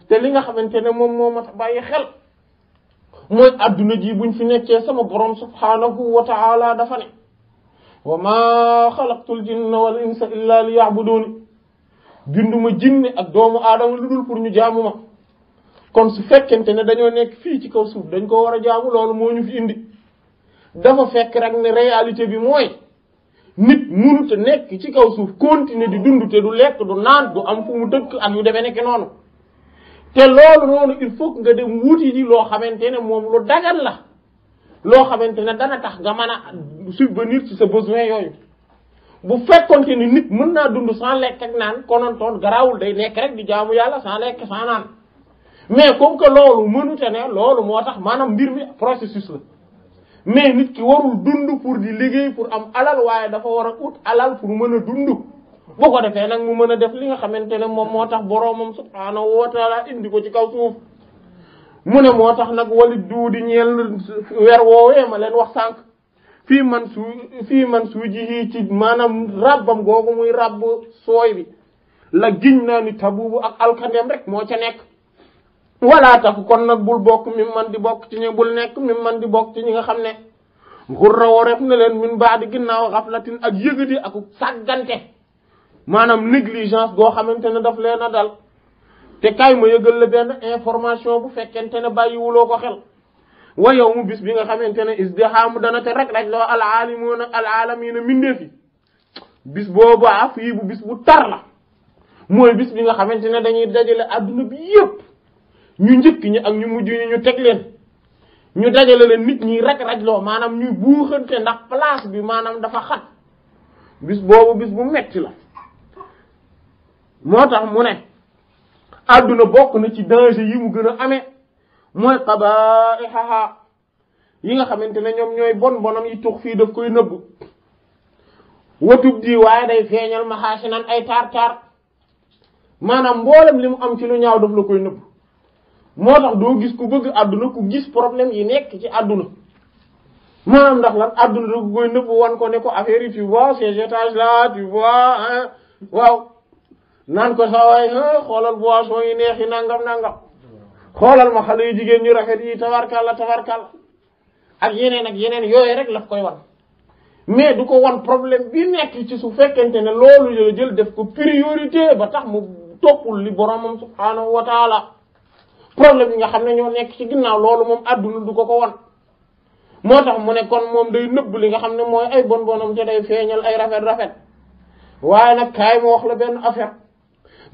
te li nga xamantene mom moom moo xel moy aduna ji buñ fi nekké sama borom subhanahu wa taala dafa ne wa ma xalaqtul jinna wal insa illa binduma jinne ak doomu aadama lu dul pour ñu jaamu ma kon su fekkente ne dañoo nekk fii ci kaw suuf dañ koo war a jaamu loolu moo ñu fi indi dafa fekk rek ne réalité bi mooy nit mënut a nekk ci kaw suuf continuer di dund te du lekk du naan du am fu mu dëkk ak yu demee nekk noonu te loolu noonu il faut nga dem wuti ji loo xamante ne moom lu dagan la loo xamante ne dana tax nga mën a subvenir ci sa besoin yooyu bu fekkoonte ni nit mën na dund sans lek ak konon ton grawul day nek rek di jaamu yalla sans lek sans nan mais comme que lolu mënute ne lolu motax manam mbir mi processus la mais nit ki warul dund pour di liguey pour am alal waye dafa wara out ut alal pour mëna dund bu ko defé nak mu mëna def li nga xamantene mom motax moo tax boroomam wa taala indi ko ci kaw suuf mu ne moo tax nag walit duudi ñeel weer ma len wax sank fii man su fii man su ji ci maanaam rabbam googu muy rabb sooy bi la giñ naa ni tabubu ak alkandem rek moo ca nekk wala tax kon nag bul bokk mi man di bokk ci ñi bul nekk mi man di bokk ci ñi nga xam ne xurra woo ref ne leen min baa di ginnaaw xaflatin ak yëgadi ak sàggante maanaam négligence goo xamante ne daf leen a dal te kay ma yëgal la benn information bu fekkente ne bàyyiwuloo ko xel wa yawmu bis bi nga xamante ne isdihaamu dana te rek rek loo alaalimuna alaalamina mindee fi bis boobaa fii bu bis bu tar la mooy bis bi nga xamante ne dañuy dajale adduna bi yépp ñu njëkk ñi ak ñu mujj ñi ñu teg leen ñu dajale leen nit ñi rek rek loo maanaam ñuy buuxante ndax place bi maanaam dafa xat bis boobu bis bu metti la moo tax mu ne adduna bokk na ci danger yi mu gën a amee mooy qabaihaha yi nga xamante ne ñoom ñooy bon bonam yi tuux fii daf koy nëbb watub di waaye day feeñal maxaasinan ay taar taar maanaam mboolem li mu am ci lu ñaaw daf la koy nëbb moo tax doo gis ku bëgg àdduna ku gis problème yi nekk ci àdduna maanaam ndax lan àdduna da koy nëbb wan ko ne ko affaire yi tu vois ces étages là tu vois waaw naan ko saa waay xoolal boisson yi neex yi nangam nangam xoolal ma xale yu jigéen ñu rafet yi tabarkalla tabarkalla ak yeneen ak yeneen yooyu rek laf koy wan mais du ko wan problème bi nekk ci su fekkente ne loolu la jël def ko priorité ba tax mu toppul li boromam subhaanahu wa taala problème yi nga xam ne ñoo nekk ci ginnaaw loolu moom adduna du ko ko wan moo tax mu nekkoon moom day nëbb li nga xam ne mooy ay bon bonam te day feeñal ay rafet rafet waaye nag kaay ma wax la benn affaire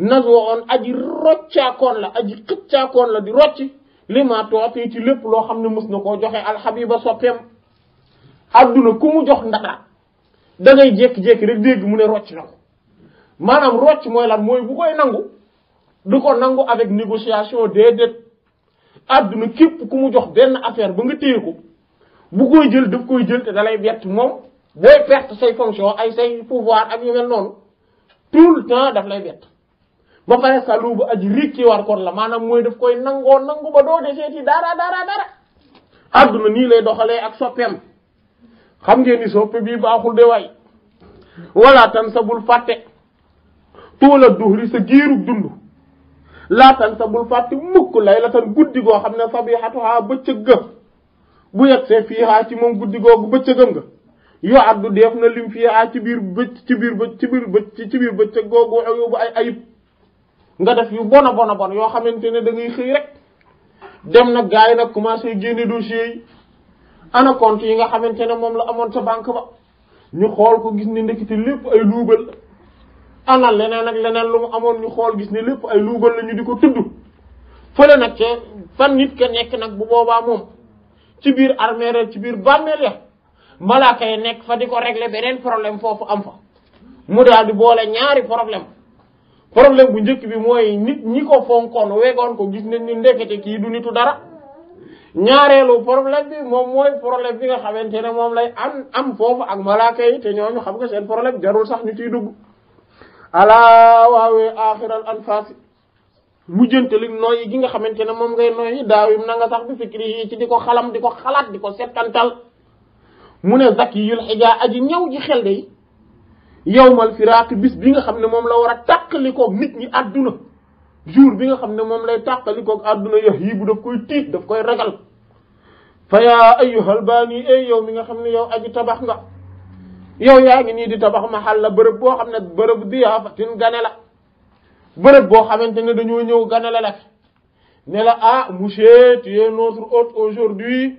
naswoon aji roccaakoon la aj aji xëccaakoon la di rocci li ma ci lépp loo xam ne mës na koo joxe alxabiba soppeem adduna ku mu jox ndataa da ngay jékki rek dégg mu ne rocc na maanaam rocc mooy la mooy bu koy nangu du ko nangu avec négociation déedéet adduna képp ku mu jox benn affaire ba nga téye ko bu koy jël daf koy jël te da lay moom booy perte say fonction ay say pouvoir ak yu mel noonu tout temps daf lay bett ba pare salu bu aj rikki war kon la maanaam mooy def koy nangoo nangu ba doo deseeti dara dara dara adduna nii lay doxalee ak soppeem xam ngeen i soppe bii baaxul de waay wala tan sa bul fàtte tuula duhri sa giirug dund laatan sa bul fàtte mukk lay latan guddi goo xam ne sabihatuha bëccëg ga bu yegsee fii haa ci moom guddi googu bëccëgam nga yo addu def na lim fii haa ci biir bëcc ci biir bëcc ci biir bëcc ci biir ayib nga def yu bon a bon a bon yoo xamante ne da ngay xëy rek dem nag gars nag commencé génne dossiers yi ana compte yi nga xamante ne moom la amoon sa banque ba ñu xool ko gis ni ndekete lépp ay luubal ana leneen ak leneen lu mu amoon ñu xool gis ni lépp ay luubal la ñu di ko tudd fële nag ce fan nit ka nekk nag bu boobaa moom ci biir armeel ci biir bàmmeel ya malaaka yi nekk fa di ko régler beneen problème foofu am fa mu daal di boole ñaari problème problème bu njëkk bi mooy nit ñi ko fonkoon wegoon ko gis nañ ni ndekete kii du nitu dara ñaareelu problème bi moom mooy problème bi nga xamante ne moom lay am am foofu ak malaaka te ñooñu xam nga seen problème jarul sax ñu ciy dugg alaa waawee axiral anfaasi mujjantali nooyi gi nga xamante ne moom ngay nooyi daawim na nga sax bi fikri yi ci di ko xalam di ko xalaat di ko settantal mu ne zak yi yul xijaa aji ji xel de mal firaaq bis bi nga xam ne moom la war a tàqalikoog nit ñi àdduna jour bi nga xam ne moom lay tàqalikoog àdduna yax yi bu daf koy tiit daf koy ragal fa yaa ayyuhal baani ay yow mi nga xam ne yow aji tabax nga yow yaa ngi nii di tabax mahalla bërëb boo xam ne bërëb diyaafatin gane la bërëb boo xamante ne dañoo ñëw gane la la ne la ah monsieur tu es notre hôte aujourd'hui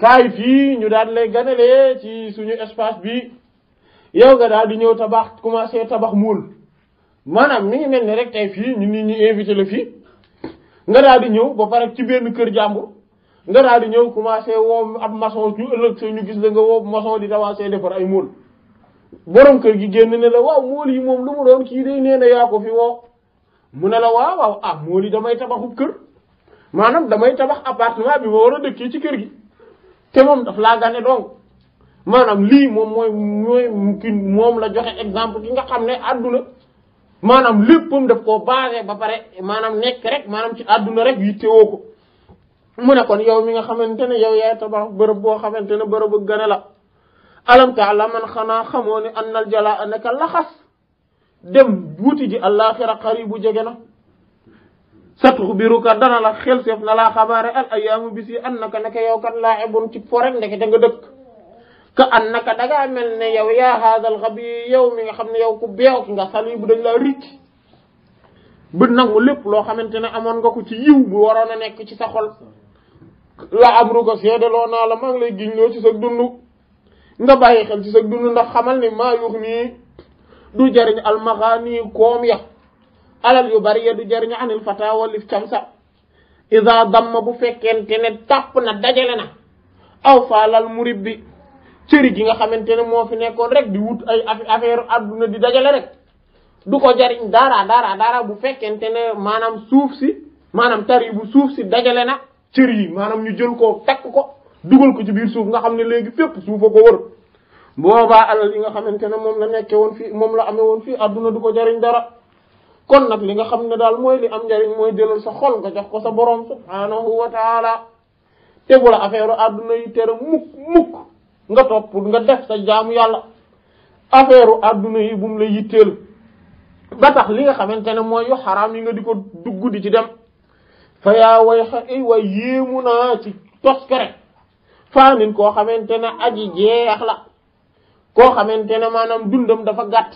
kaay fii ñu daan lay ganale ci suñu espace bi yow nga dal di ñew tabax commencé tabax muul maanaam mi ngi mel rek tey fii ñu nit ñu invité la fii nga dal di ñew ba pare ci benn kër jambu nga dal di kuma commencé wo ab maçon ci ëlëk sa ñu gis la nga wo maçon di avancé defar ay muul borom kër gi génn ne la wa muul yi moom lu mu doon ki day néna ya ko fi woo mu ne la wa waaw ah muul yi damay tabaxu kër maanaam damay tabax appartement bi ma war a ci kër gi te moom daf la gané donc maanaam lii moom mooy moom la joxe exemple ki nga xam ne àdduna maanaam léppam daf koo basé ba pare maanaam nekk rek maanaam ci àdduna rek yittewoo ko mu ne kon yow mi nga xamante ne yow yaay tabax bërëb boo xamante ne bërëb bu la alam taala xanaa xamoo ne annal jalaa naka laxas dem wuti ji àllaaxira xaribu jege na satxbiruka dana la xel seef na laa xabaare al ayaamu bis na annaka naka yow kat laa ebun ci fo rek ndeke nga dëkk ka annaka daga melne ne yow yaa haadal yow mi nga xamne ne yow ku beew ki nga sali bu dañ la ricc bu nangu lepp lo xamantene ne nga ko ci yiw bu warona nek ci sa xol la abru ko seedaloo na la maa lay giñloo ci sa dundu nga baye xel ci sa dundu ndax xamal ni ma yuux ni du al maghani kom ya alal yu bari ya du jarign anil fata lif camsa iza damma bu fekente ne tap na dajelena aw faalal murib cëri gi nga xamante ne moo fi nekkoon rek di wut ay affaire adduna di dajale rek du ko jariñ dara dara bu fekkente ne maanaam suuf si maanaam tari bu suuf si dajale na cër yi maanaam ñu jël koo takk ko dugal ko ci biir suuf nga xam ne léegi fépp suufa ko wër boobaa alal yi nga xamante ne moom la nekke woon fii moom la amee woon fii adduna du ko jariñ dara kon nag li nga xam ne daal mooy li am njariñ mooy jëlal sa xol nga jox ko sa borom subhaanahu wa taala te bu affaire adduna yi tere mukk mukk nga topp pour nga def sa jaamu yàlla affaire adduna yi bu mu la yitteel ba tax li nga xamante ne mooy yu xaraam yi nga di ko dugg di ci dem fa yaa way xa i way naa ci toskere faanin koo xamante ne aji jeex la koo xamante ne maanaam dundam dafa gàtt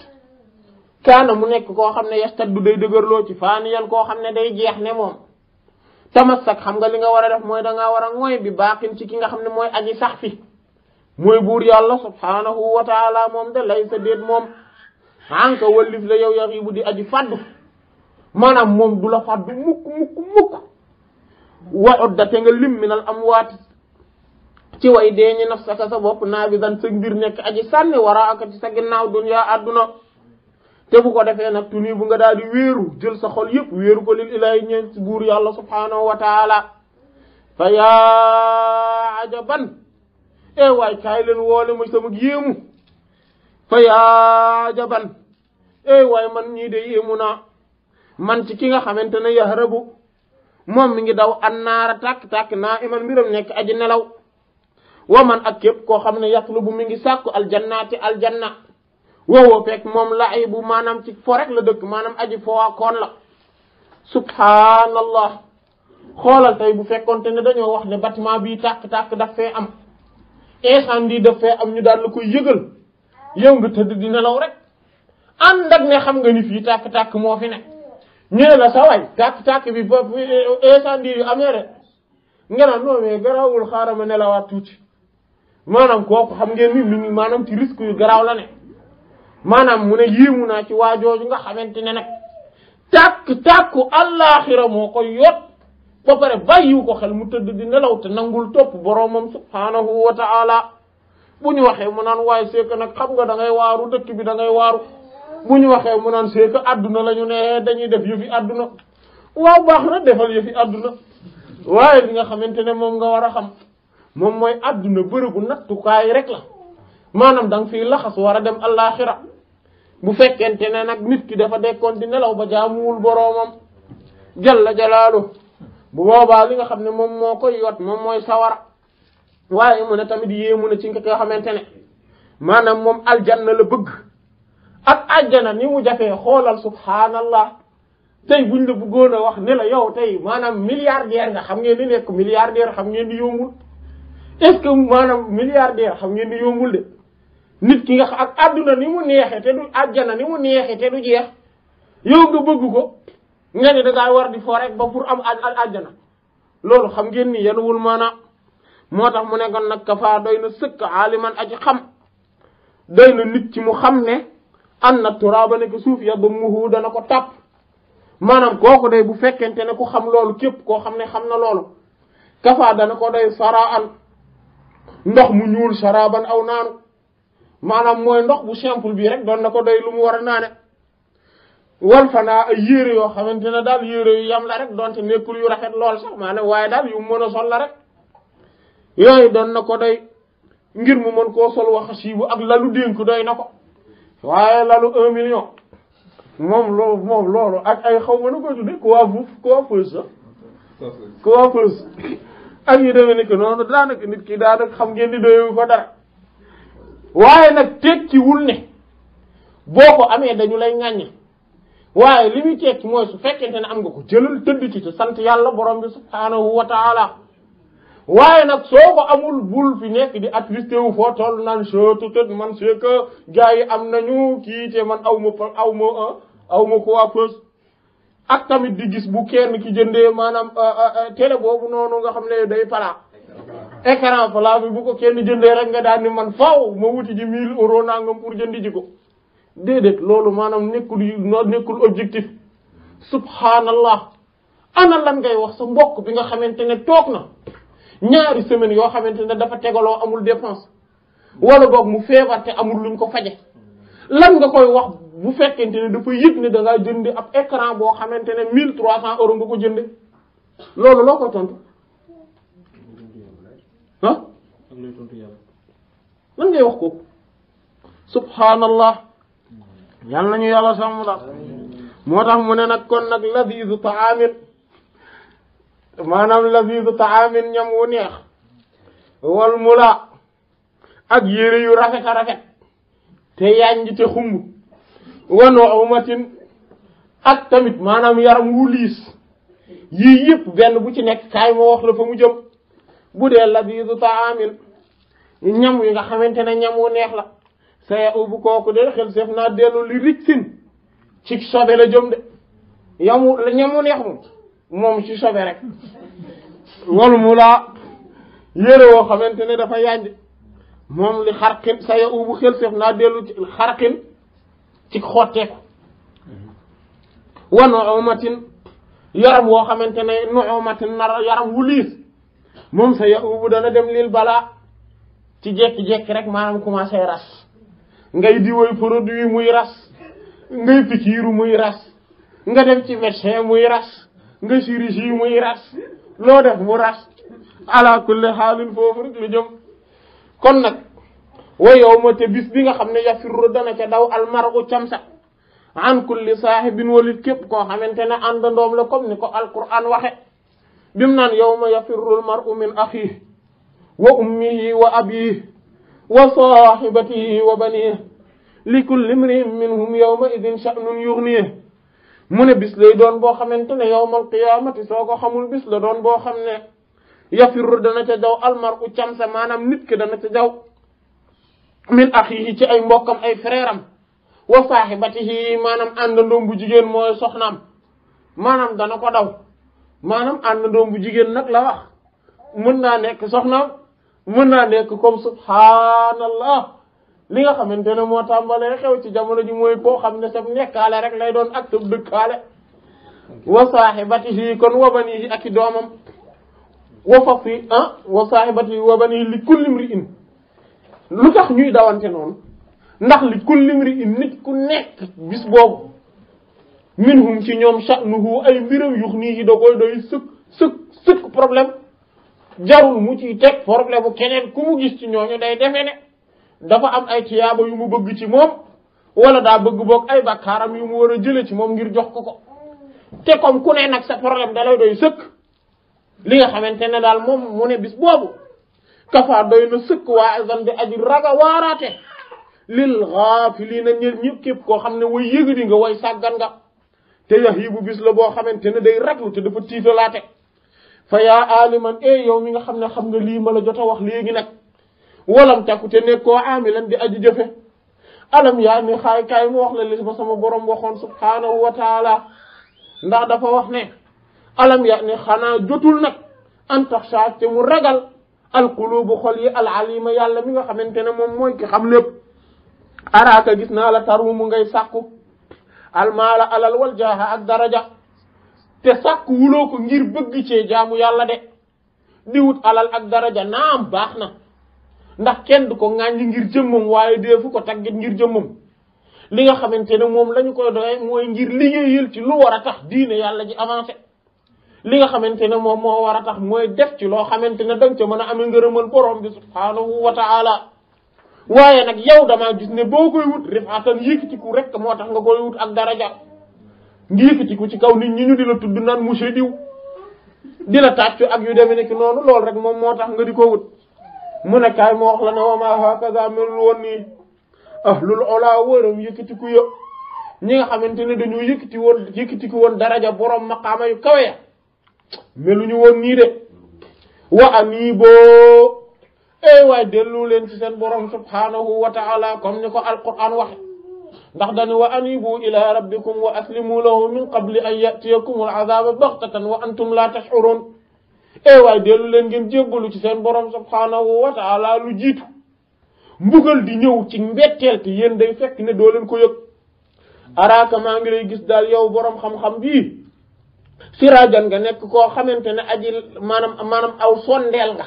kaana mu nekk koo xam ne yastaddu day loo ci faani yan koo xam ne day jeex ne moom tamassak xam nga li nga war a def mooy da ngaa war a mooy bi baaxin ci ki nga xam ne mooy aji sax fi mooy buur yàlla subhaanahu wa taala moom de lay sa déet moom anka wallif la yow ya yi bu di aji fàddu maanaam moom du la fàddu mukk mukk mukk wa odda te nga lim minal amwaat ci way deeñi naf saka sa bopp naa bi dan sa mbir nekk aji sànni wara aka ci sa ginnaaw dunya àdduna te bu ko defee na tuni bu nga daal di wéeru jël sa xol yépp wéeru ko lil ilaahi ñeen buur yàlla subhaanahu wa taala fa yaa ajaban ewa waay kaay leen woole sama fa ya jaban ewa waay man ñi de yéemu man ci ki nga xamantene ya yahrabu mom mi ngi daw annara tak tak na iman mbiram nek aji nelaw wa man ak kep ko xamne yaqlubu ibu mi ngi jannati al janna wo wo pek mom laibu manam ci fo rek la dekk manam aji fo la subhanallah xolal tay bu fekkonte ne wax ne batima bi tak tak daf am incendie daf fee am ñu daal la koy yëgal yow nga tëdd di nelaw rek ànd ak ne xam nga ni fii tàkk-tàkk moo fi ne ñu ne la sa waay tàkk bi ba incendie eh, eh, yu amee rek nga naan non mais garaawul xaaral ma nelawaat tuuti maanaam kooku xam ngeen ni mi ngi maanaam ci risque yu garaaw la ne maanaam mu ne yéemu naa ci waa waajooju nga xamante ne nag tàkk-tàkku àllaaxira moo ko yot ba pare bàyyiwu ko xel mu tëdd di nelaw te nangul topp boroomam subhaanahu wa ta'ala bu ñu waxee mu naan waaye c'est nag xam nga da ngay waaru dëkk bi dangay ngay waaru bu ñu waxee mu naan c'est que adduna la ñu ne eh, dañuy def yëfi adduna waaw baax na defal yëfi adduna waaye li nga xamante ne moom nga war a xam moom mooy adduna bërëbu nattukaay rek la maanaam da nga fiy laxas war a dem allaaxira bu fekkente ne nag nit ki dafa dekkoon di nelaw ba jaamuwul boroomam jalla jalaalu bu boobaa li nga xam ne moom moo koy yot moom mooy sawara waaye mu ne tamit yéemu na ci nga ko xamante ne maanaam moom aljanna la bëgg ak aljanna ni mu jafe xoolal subhaanallah tey buñ la bëggoon a wax ne la yow tey maanaam milliardaire nga xam ngeen di nekk milliardaire xam ngeen di yombul est-ce que maanaam milliardaire xam ngeen di yombul de nit ki nga ak àdduna ni mu neexee te du àjjana mu neexee te du jeex yow nga bëgg ko nga ne da ngaa war di fo rek ba pour am al aljana loolu xam ngeen ni yanuwul maana moo tax mu ne kon nag kafa doy na sëkk aliman aji xam doy na nit ci mu xam ne an na turaba ne ko suuf ya ba muhu dana ko tàpp maanaam kooku day bu fekkente ne ku xam loolu képp koo xam ne xam na loolu kafa dana ko doy saraan ndox mu ñuul saraban aw naanu maanaam mooy ndox bu simple bi rek doon na ko doy lu mu war a naane wal fanaa yére yoo xamante ne daal yére yu yam la rek donte nekkul yu rafet lool sax maanaam waaye daal yu mën a sol la rek yooyu doon na ko doy ngir mu mën koo sol wax siibu ak lalu dénk doy na ko waaye lalu un million moom loolu ak ay xaw ma nu koy tudde coiffure coiffeuse coiffeuse ak yu demee ni que noonu daanaka nit ki daanaka xam ngeen ni doyewu ko dara waaye nag tekkiwul ne boo ko amee dañu lay ŋàññi waaye li muy tekki mooy su fekkente ne am nga ko jëlal tëdd ci te sant yàlla borom bi subhaanahu wa taala waaye nag soo ko amul bul fi nekk di attristé wu foo toll naan surtout tët man c'est que gars yi am nañu kii te man aw ma aw ma ma ko pës ak tamit di gis bu kenn ki jëndee maanaam euh, euh, euh, télé boobu noonu nga xam ne day pala écran pala bi bu ko kenn jëndee rek nga daal ni man faw ma wuti ji 1000 euros nangam pour jëndi ji ko déedéet loolu maanaam nekkul nekkul objectif subhanallah ana lan ngay wax sa mbokk bi nga xamante ne toog na ñaari semaine yoo xamante ne dafa tegaloo amul dépense wala boog mu feebar te amul luñ ko faje lan nga koy wax bu fekkente ne dafa yëg ne da jënd ab écran boo xamante ne mille trois cents euros nga ko jënde loolu loo ko tontu ah lan ngay wax ko subhanallah yal nañu yàlla sàmm la moo tax mu ne nag kon nag laziizu taamin maanaam laziizu taamin ñam wu neex wal mula ak yére yu rafet a rafet te yànj te xumb wan wa umatin ak tamit maanaam yaram wu liis yii yëpp benn bu ci nekk kaay moo wax la fa mu jëm bu dee laziizu taamin ñam wi nga xamante ne ñam wu neex la saya ubu koku de xel seef naa dellu li ric ci sobe la jom de yamu ñamu neex mu moom ci sobe rek wal mu laa yére wo xamantene dafa yandi mom li xarqin saya ubu xel seef naa dellu ci xarqin ci xote ko wa umatin yaram wo xamantene nu umatin nar yaram wulis mom moom saya ubu dana dem lil bala ci jek jek rek manam commencé ras ngay diwoy produit muy ras ngay fikiru muy ras nga dem ci médecin muy ras nga chirurgie muy ras lo def mu ras ala kulli xaalin foofu rek lu jëm kon nak wa yawma te bis bi nga xamne ya firru dana ca daw al mar'u chamsa an kulli saahibin walit képp ko xamantene ne àndandoom la comme ni ko qur'an waxe bim nan yawma yafirru al mar'u min akhihi wa ummihi wa abihi وصاحبته وبنيه لكل امرئ منهم يومئذ شأن يغنيه mu ne bis lay doon boo xamante ne yawmal qiyaamati soo ko xamul bis la doon boo xam ne yafirru dana ca jaw almar u camsa maanaam nit ki dana ca jaw min axihi ci ay mbokkam ay frère am wa saaxibatihi maanaam àndandoom bu jigéen mooy soxnaam maanaam dana ko daw maanaam àndandoom bu jigéen nag la wax mën naa nekk soxnaam mën naa nekk comme subhaanallah li nga xamante ne moo tàmbalee xew ci jamono ji mooy koo xam ne sab nekkaale rek lay doon ak sab dëkkaale wa saahibatihi kon wa banihi ak i doomam wa fas yi ah wa saahibatihi wa banihi li kulli mri'in lu tax ñuy dawante noonu ndax li kulli mri'in nit ku nekk bis boobu minhum ci ñoom sha'nuhu ay mbiram yux nii yi da koy doy sëkk sëkk sëkk problème jarul mu ciy teg problème bu keneen ku mu gis ci ñooñu day defe ne dafa am ay tiyaaba yu mu bëgg ci moom wala daa bëgg boog ay bakkaaram yu mu war a jële ci moom ngir jox ko ko te kom ku ne nag sa problème da lay doy sëkk li nga xamante ne daal moom mu ne bis boobu kafa doy na sëkk waa azan di aju raga waaraate lil ghafilina ñëpp ñëpp képp koo xam ne way yëgadi nga way sàggan nga te yax yi bu bis la boo xamante ne day raglu te dafa tiitalaate fa ya aliman e yow mi nga xamne xam nga li mala jotta wax legi nak walam takute ne ko amilan di aju jëfe alam ya mi xay kay mu wax la li sama borom waxon subhanahu wa taala ndax dafa wax ne alam ya ni xana jotul nak an tax te mu ragal al alqulubu xol yi alalima yàlla mi nga xamantene mom moy ki xam lépp araaka gis na la tarwu mu ngay sàkku mala alal wal jaha ak daraja te sàkk wuloo ko ngir bëgg cee jaamu yàlla de di wut alal ak daraja naam baax na ndax kenn du ko ŋàññi ngir jëmmam waaye deefu ko tàggit ngir jëmmam li nga xamante ne moom lañu ñu koy doyee mooy ngir liggéeyal ci lu war a tax diine yàlla ji avancé li nga xamante ne moom moo war a tax mooy def ci loo xamante ne danga ca mën a amee ngërëmal borom bi subhaanahu wa taala waaye nag yow damaa gis ne boo koy wut rifaatan yëkkatiku rek moo tax nga koy wut ak daraja ngi yëkkati ko ci kaw nit ñi ñu di la tudd naan monsieur diw di la tàccu ak yu demee ki noonu loolu rek moom moo tax nga di ko mu ne kaay moo wax la ne wa ma hakaza melul woon nii ahlul ola wëram yëkkatiku yë ñi nga xamante ne dañoo yëkkati woon yëkkatiku woon daraja borom maqaama yu kawe ya ñu woon nii de wa aniiboo ey eh waay dellu leen ci seen borom subhanahu wa taala ni ko alquran waxe ndax dane wa anibu ila rabbikum wa aslimu lahu min qabli an yatiyakum al azaba baxtatan wa antum la tash'urun e waay dellu leen ngeen jébbalu ci borom subhanahu wa taala lu jiitu mbugal di ñëw ci mbetteel te yéen day fekk ne doo leen ko yëg araaka maa ngi lay gis daal yow borom xam-xam bii siraajan nga nekk koo xamante ne aji maanaam maanaam aw sondeel nga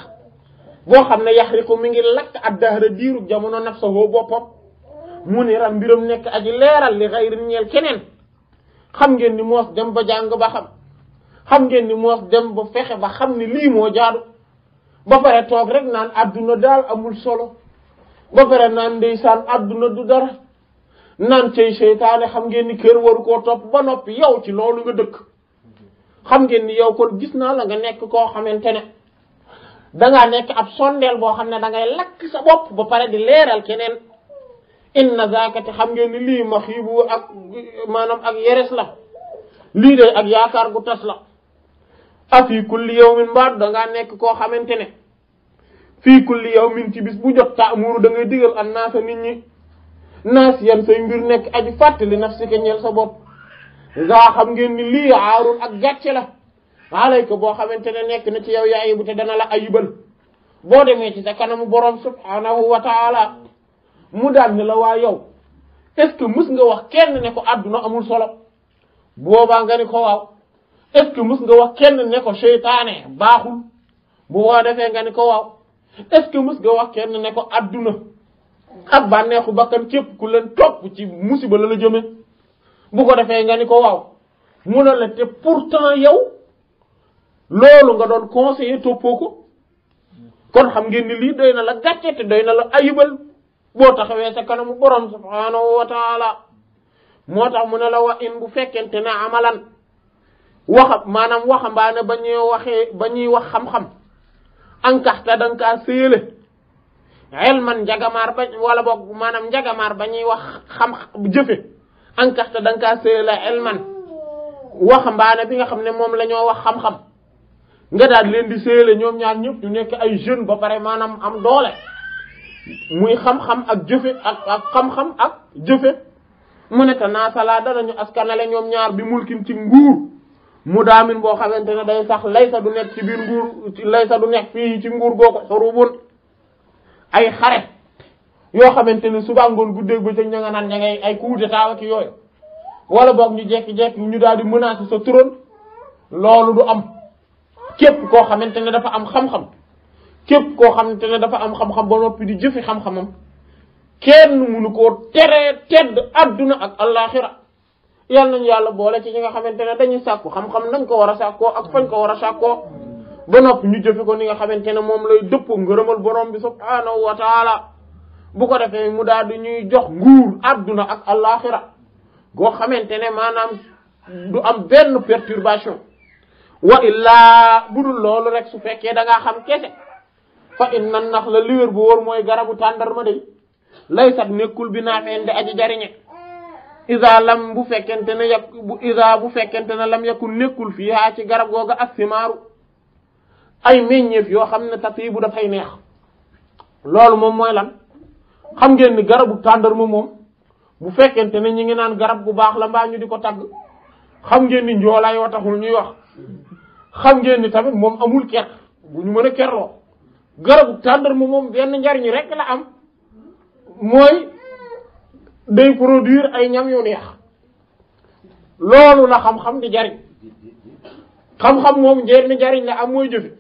boo xam ne yaxriku mi ngi lakk ad dahra diiru jamono nafsahu boppam muniran mbiram nekk aji leeral li xayrin ñeel keneen xam ngeen ni moos dem ba jàng ba xam xam ngeen ni moos dem ba fexe ba xam ni lii moo jaadu ba pare toog rek naan adduna daal amul solo ba pare naan ndeysaan adduna du dara naan cey seytaane xam ngeen ni kër waru koo topp ba noppi yow ci loolu nga dëkk xam ngeen ni yow kon gis naa la nga nekk koo xamante ne dangaa nekk ab sondeel boo xam ne dangay lakk sa bopp ba pare di leeral keneen inna zaakati xam ngeen ni lii maxiibu ak maanaam ak yeres la lii de ak yaakaar gu tas la a fii kulli yawmin mbaat dangaa nekk koo xamante ne fii kulli yawmin ci bis bu jot taamuru da nga digal an naasa nit ñi naas yan say mbir nekk aji fàttali nafsika ñeel sa bopp gaa xam ngeen ni lii aarul ak gàcce la alayka boo xamante ne nekk na ci yow yaayibu te dana la ayibal boo demee ci sa kanamu boroom subhaanahu wa taala mu daan ne la waa yow est-ce que nga wax kenn ne ko àdduna amul solo boobaa nga ni ko waaw est-ce que nga wax kenn ne ko seytaane baaxul bu ko defee nga ni ko waaw est-ce wax kenn ne ko àdduna ak bànneexu bakkan képp ku leen topp ci mus la la jëme bu ko defee nga ni ko waaw mu na la te pourtant yow loolu nga doon conseiller toppoo ko kon xam ngeen ni lii doy na la gàcce te doy na la ayibal boo taxawee sa kanamu borom subhaanahu wa taala moo tax mu ne la wax in bu fekkente ne amalan waxa maanaam waxambaane ba ñuy waxee ba ñuy wax xam-xam ankaxta da kaa séele xel man wala boog maanaam njagamaar ba wax xam jëfe ankaxta da nga kaa séele xel man waxambaane bi nga xam ne moom lañoo wax xam-xam nga daal leen di séele ñoom ñaar ñëpp ñu nekk ay jeune ba pare maanaam am doole muy xam-xam ak jëfe ak ak xam mu ne te naasala danañu askanale ñoom ñaar bi mulkin ci nguur mu daamin boo xamante ne day sax laysa du nekk ci biir nguur laysa du nekk fii ci nguur goo ko ay xare yoo xamante ne suba ngoon guddee ba ca ña nga naan ña ngay ay coup d'état ak yooyu wala boog ñu jekki-jekki ñu daal di menacer sa turon loolu du am képp koo xamante ne dafa am xam-xam képp koo xamantene dafa am xam-xam ba noppi di jëfi xam-xamam kenn munu koo teree tedd adduna ak Allah yal nañu yàlla boole ci ñi nga xamantene ne dañuy sàkku xam-xam nañ ko war a sàkkoo ak fañ ko war a sàkkoo ba noppi ñu jëfe ko ni nga xamantene ne moom lay dëppoo ngërëmal borom bi subhanahu wa taala bu ko defee mu daal di ñuy jox nguur adduna ak allaxira goo xamante ne maanaam du am benn perturbation wa illaa budul loolu rek su fekkee da ngaa xam kese fa inna naxla li wér bu wóor mooy garabu tàndarma day laysat nekkul bi naa di aji jariñe isa lam bu fekkente ne yàq bu isa bu fekkente ne lam yakul nekkul fii haa ci garab googa ak simaaru ay meññeef yoo xam ne tati bu dafay neex loolu moom mooy lan xam ngeen ni garabu tàndarma moom bu fekkente ne ñu ngi naan garab bu baax la mbaa di ko tagg xam ngeen ni njoolaay wa taxul ñuy wax xam ngeen ni tamit moom amul ker bu ñu mën a kerloo garabu tàndarma moom benn njariñ rekk la am mooy day produire ay ñam yu neex loolu la xam-xam di jariñ xam-xam moom njëriñ njariñ la am mooy jëfi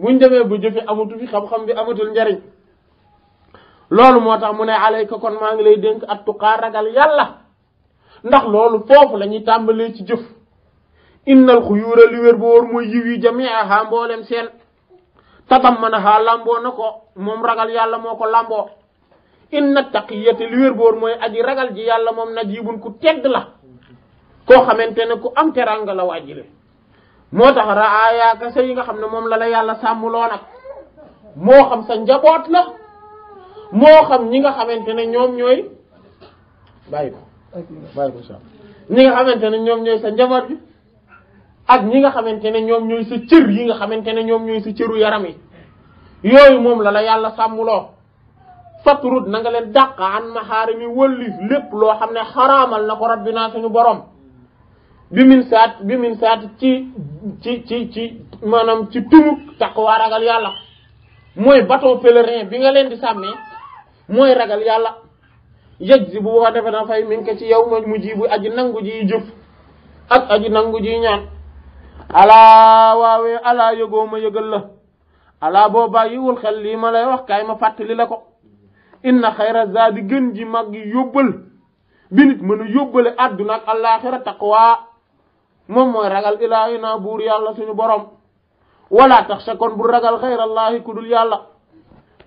buñ demee ba jëfi amatu fi xam-xam bi amatul njariñ loolu moo tax mu ne alayka kon maa ngi lay dénk at tuqaa ragal yàlla ndax loolu foofu la ñuy tàmbalee ci jëf innal xuyuura li wér ba wóor mooy yiw yi jamiaha mboolem seen tatam mën a xaa lamboo na ko moom ragal yàlla moo ko lamboo na taqiyati li wér boor mooy aji ragal ji yàlla moom najibun ku tedd la koo xamante ne ku am teranga la waajile moo tax raaya kase yi nga xam ne moom la la yàlla sàmmloo nag moo xam sa njaboot la moo xam ñi nga xamante ne ñoom ñooy bàyyi ñi nga xamante ne ñoom ñooy sa njaboot bi ak ñi nga xamantene ne ñoom ñooy sa cër yi nga xamantene ne ñoom ñooy sa cëru yaram yi yooyu moom la la yàlla sàmmuloo fatrud na nga leen dàq an maharimi wëllif lépp loo xam ne xaraamal na ko rabbina suñu borom bi min saat bi min saat ci ci ci ci maanaam ci tumuk taqwa ragal yàlla mooy bateau pèlerin bi nga leen di sàmmee mooy ragal yàlla yëg si bu ko defee da fay min ci yow ma mujj aji nangu ji jëf ak aji nangu ji ñaan alaa waawee alaa yëgoo ma la alaa boo bàyyiwul xel lii ma lay wax kaay ma fàttali la ko inna xayra zaadi gën ji mag yóbbal bi nit mën a yóbbale àdduna ak allaaxira taqwa mooy ragal ilaahi naa buur yàlla suñu borom wala tax sa bu ragal xayrallaahi ku dul yàlla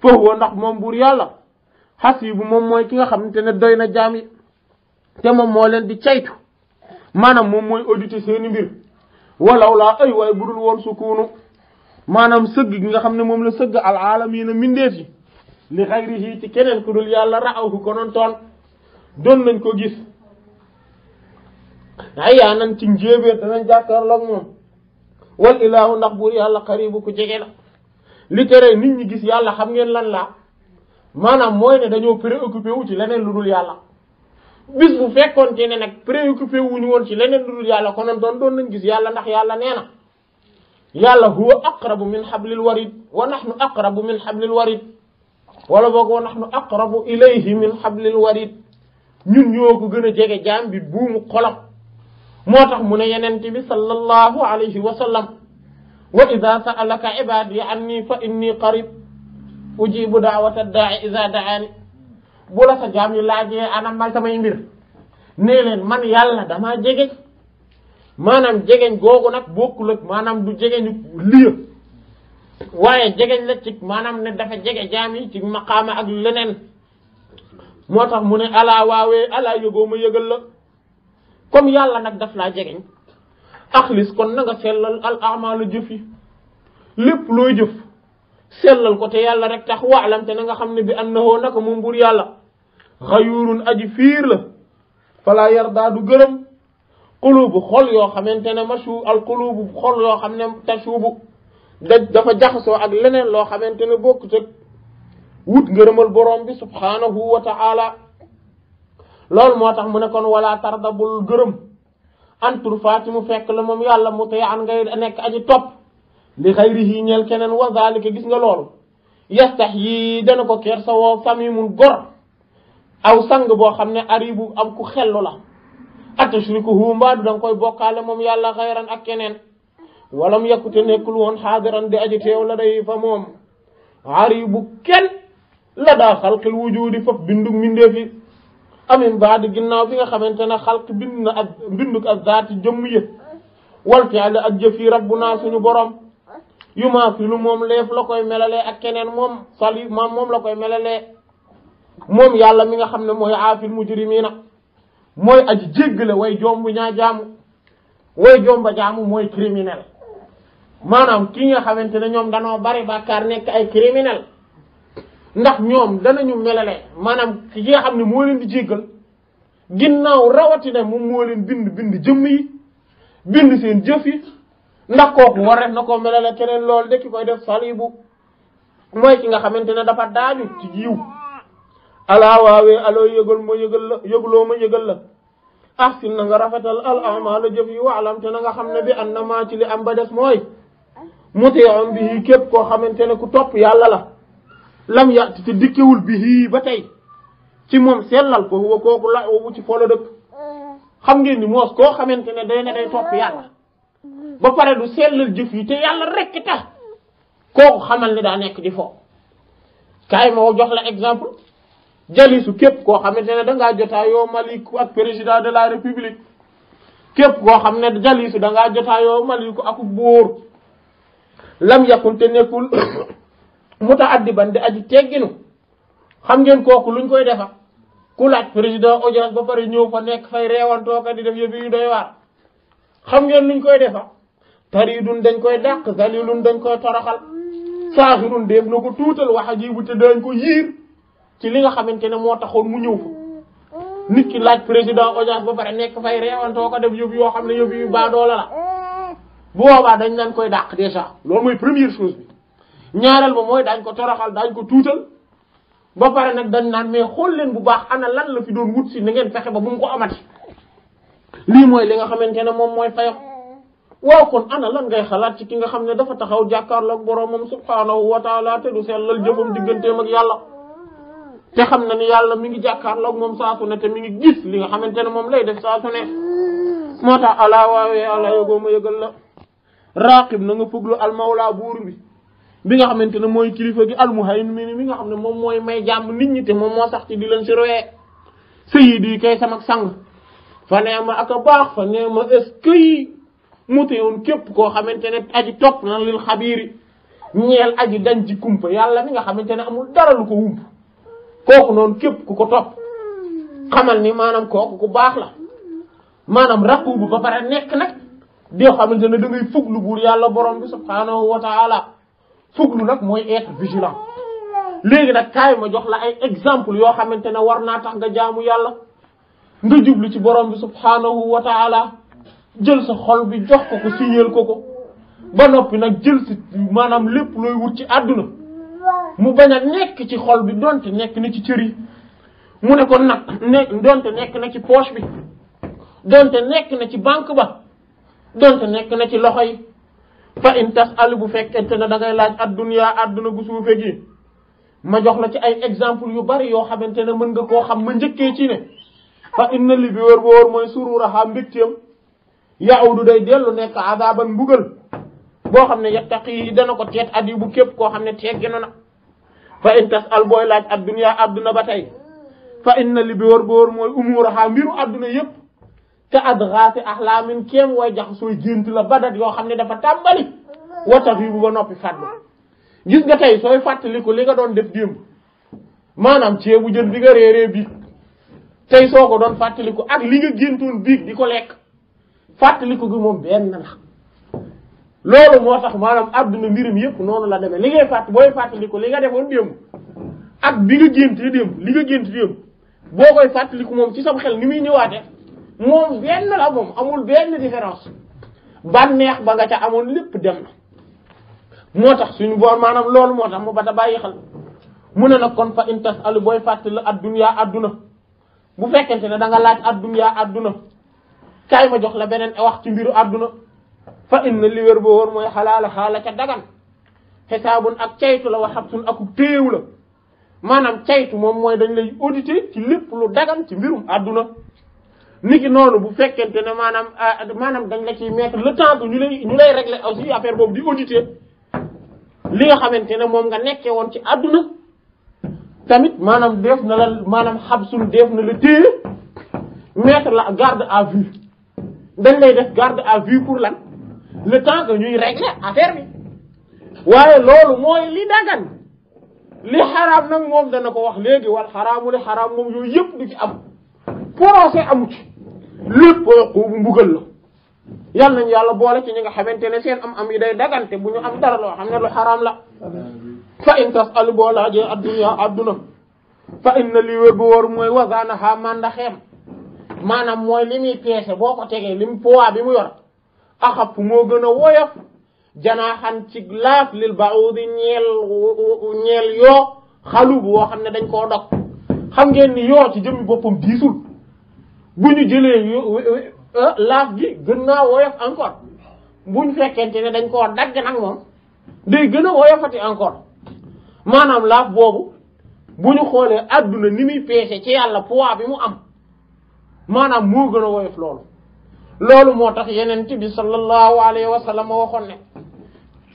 foofu ndax moom buur yàlla xasibu moom mooy ki nga xamante ne doy na jaam yi te moom moo leen di caytu maanaam moom mooy auditer seeni mbir walaw laa ay waaye budul woon sukuunu maanaam sëgg gi nga xam ne moom la sëgg al aalamiina mindeef yi li xayrihi ci keneen ku dul yàlla ra'awhu konoon toon doon nañ ko gis ayaa nañ ci njéebéer danañ jàkkaarloog moom wal ilaahu ndax buur yàlla xaribu ku jege la li tere nit ñi gis yàlla xam ngeen lan laa maanaam mooy ne dañoo préoccupé wu ci leneen lu dul yàlla bis bu fekkoon te ne nak préoccupé wuñu won ci leneen dudul dul yàlla konoon don don nañ gis yàlla ndax yàlla nee yàlla huwa aqrabu min hablil warid wa nahnu aqrabu min hablil warid wala boog wa nahnu aqrabu ilayhi min hablil warid ñun ñoko gëna jégué a jege jaam bi buumu xolam motax mu ne yenent bi sallallahu alayhi wa sallam wa idha sa'alaka ibadi anni fa inni qarib ujibu da'wata da'i idha da'ani bu la sa jaam yi laajee anam may samay mbir nee leen man yàlla dama jegeñ maanaam jegeñ googu nag bokkul ak maanaam du jegeñu liya waaye jegeñ la ci maanaam ne dafa jege jaam yi ci maqaama ak leneen moo tax mu ne alaa waawee alaa yëgoo ma yëgal la comme yàlla nag daf laa jegeñ axlis kon na nga sellal al amaala jëf yi lépp looy jëf sellal ko te yàlla rek tax waalam te na nga xam ne bi na annahoo naka moom buur yàlla xayuurun aji fiir la fala yardaa du gërëm xulubu xol yoo xamante ne machu al xulubu xol yoo xam ne tachubu dafa jaxasoo ak leneen loo xamante ne bokku tëg wut ngërëmal borom bi subhanahu wa ta'ala loolu moo tax mu ne wala tarda bul gërëm antur faati mu fekk la moom yàlla mu tey an ngay nekk aji top li xayrihi ñeel keneen wa zalika gis nga loolu yastax yi dana ko kersa woo fami gor aw sang bo xamne aribu am ku xellu la atashrikuhu ma du dang koy bokale mom yàlla xayran ak kenen walam yakkute nekul won hadiran di aji tew la day fa mom aribu ken la da xalqil wujudi binduk minde fi amin baad ginnaw bi nga xamantena khalq xalq ak binduk ak zaati jëmm yë wal fi'li ak jëf rabbuna suñu borom yuma fi lu mom leef la koy melale ak kenen mom sali mom la koy melale moom yàlla mi nga xam ne mooy aafil mujrimiina mooy aji jéggale way jombu ñaa jaamu way jomba jaamu mooy criminel maanaam ki nga xamante ne ñoom danoo bari bàkkaar nekk ay criminel ndax ñoom danañu melale maanaam ki xam ne mooleen di jéggal ginnaaw rawatina moom moo leen bind bind jëmm yi bind seen jëf yi ndax kooku war ref na koo melale keneen loolu de ki koy def salibu mooy ki nga xamante ne dafa daaju ci jiw alaa waawee aloo yëgal ma yëgal la yëgloo ma yëgal la ahsin na nga rafetal al amaala jëf yi waalam te na nga xam ne bi an na maa ci li am ba des mooy muti'un bihi képp koo xamante ne ku topp yàlla la lam yàtt te dikkewul bihi ba tey ci moom sellal ko huwa kooku la wu folo dëkk xam ngeen ni moos koo xamante ne day ne day topp yàlla ba pare du sellal jëf yi te yàlla rekk ko kooku xamal ne daa nekk di fo kaay ma jox la exemple jalisu képp koo xam ne da ngaa jotaayoo maliku ak président de la république képp koo xam ne jalisu danga ngaa jotaayoo maliku ak buur lam yakun te nekkul mutaaddiban di aji tegginu xam ngeen kooku luñ koy defa ku laaj président audience ba pare ñëw fa nekk fay reewantooka di def yëf yu doy waar xam ngeen luñ koy defa taridun dañ koy dàq zalilun dañ koy toroxal saahirun déem na ko tuutal wax a jibu te dañ ko yiir ci li nga xamante ne moo taxoon mu ñëw nit ki laaj président audience ba pare nekk fay reewantoo ko def yóbbu yoo xam ne yoob yu baa doole la bu boobaa dañ leen koy dàq déjà loolu mooy première ñaareel ba mooy daañ ko toroxal daañ ko tuutal ba pare nag dañ naan mais xool leen bu baax ana lan la fi doon wut si ngeen fexe ba bu mu ko amati lii mooy li nga xamante ne moom mooy fayo waaw kon ana lan ngay xalaat ci ki nga xam ne dafa taxaw jàkkaarloog boroomam subhaanahu wa taala te du sellal jëfam yàlla te xam na ni yàlla mi ngi jàkkaarloog moom saa su ne te mi ngi gis li nga xamante ne moom lay def saa su ne moo tax alaa waawee alaa yogoo ma yëgal la raqib na nga fuglu almawla buur bi bi nga xamante ne mooy kilifa gi almuhaymin mi nga xam ne moom mooy may jàmm nit ñi te moom moo sax ci di leen si royee sayyidi kay sama sang fa nee ma a baax fa nee ma est mu teewoon képp koo xamante ne aji topp na lil xabiiri ñeel aji dañ ci kumpa yàlla mi nga xamante ne amul dara lu ko kooku noonu képp ku ko topp xamal ni maanaam kooku ku baax la maanaam ràqu bu ba pare nekk nag doo xamante ne da ngay fuglu buur yàlla borom bi subhaanahu wa fuglu nag mooy être vigilant léegi nag kaay ma jox la ay exemple yoo xamante ne war naa tax nga jaamu yàlla nga jublu ci borom bi subhaanahu wa taala jël sa xol bi jox ko ko signal ko ko ba noppi nag jël si maanaam lépp looy wut ci àdduna mu bañ a nekk ci xol bi donte nekk na ci cër yi mu ne kon nag ne donte nekk na ci poche bi donte nekk na ci banque ba donte nekk na ci loxo yi fa in tas ali bu fekkente ne dangay laaj laaj adduniyaa adduna gu suufe gi ma jox la ci ay exemple yu bari yoo xamante ne mën nga koo xam ma njëkkee ci ne fa inna li bi wër ba wër mooy sururaha mbégteem yaudu day dellu nekk adaban mbugal boo xam ne yattaqi dana ko teet at yi bu képp koo xam ne tegginu na fa in tas al laaj ad dunya adduna ba tey fa inna li bi wër ba wër mooy umuuraha mbiru adduna yépp ka adghaasi ahlaamin kéem way jax sooy gént la badat yoo xam ne dafa tàmbali watax yi bu ba noppi fàddu gis nga tey sooy fàttaliku li nga doon def démb maanaam ceebu jën bi nga réeree biig tey soo ko doon fàttaliku ak li nga géntoon biig di ko lekk fàttaliku gi moom benn la loolu moo tax maanaam àdduna mbirum yëpp noonu la demee li ngay fàtt booy fàttaliku li nga defoon démb ak bi nga gént démb li nga gént démb boo koy fàttaliku moom ci sam xel ni muy ñëwaate moom benn la moom amul benn différence bànneex ba nga ca amoon lépp dem na moo tax suñu boor maanaam loolu moo tax mu bata bàyyi xel mu ne nag kon fa intas alu booy fàttali la addunyaa adduna bu fekkente ne danga nga laaj addunyaa adduna kaay ma jox la beneen wax ci mbiru adduna fa inna li wér boo wóor mooy xalaala xaala ca dagan xisaabun ak caytu la wa xabsun aku téew la maanaam caytu moom mooy dañ lay auditer ci lépp lu dagam ci mbirum àdduna niki noonu bu fekkente ne maanaam ah, maanaam dañ la ciy mettre le temps que ñu lay ñu lay régler aussi boobu di auditer li nga xamante ne moom nga nekkee woon ci àdduna tamit maanaam def na la maanaam xabsun def na la téye mettre la garde à vue dañ lay def garde à vue pour lan le temps que ñuy régler affaire bi waaye loolu mooy li dagan li xaraam nag moom dana ko wax léegi wal xaraamu li xaraam moom yooyu yëpp du ci am procès amu ci lépp bu mbugal la yal nañu yàlla boole ci ñi nga xamante ne seen am am yi day dagante bu ñu am dara loo xam ne lu xaraam la fa in tas al boo laajee adduna fa inna li wér bu wóor mooy wasaanaha mandaxeem maanaam mooy li muy peese boo ko tegee li poids bi mu yor axaf moo gën a woyof janaaxan ci laaf lil ba'udi ñeel ñeel yoo xalu boo xam ne dañ koo dog xam ngeen ni yoo ci jëmmi boppam diisul bu ñu jëlee eh, laaf gi gën naa woyof encore bu ñu fekkente ne dañ koo dagg nag moom day gën a woyofati encore maanaam laaf boobu bu ñu xoolee adduna ni muy peese ci yàlla poids bi mu am maanaam moo gën a woyof loolu loolu moo tax yeneen yenent bi sallallahu alayhi wa sallam waxoon ne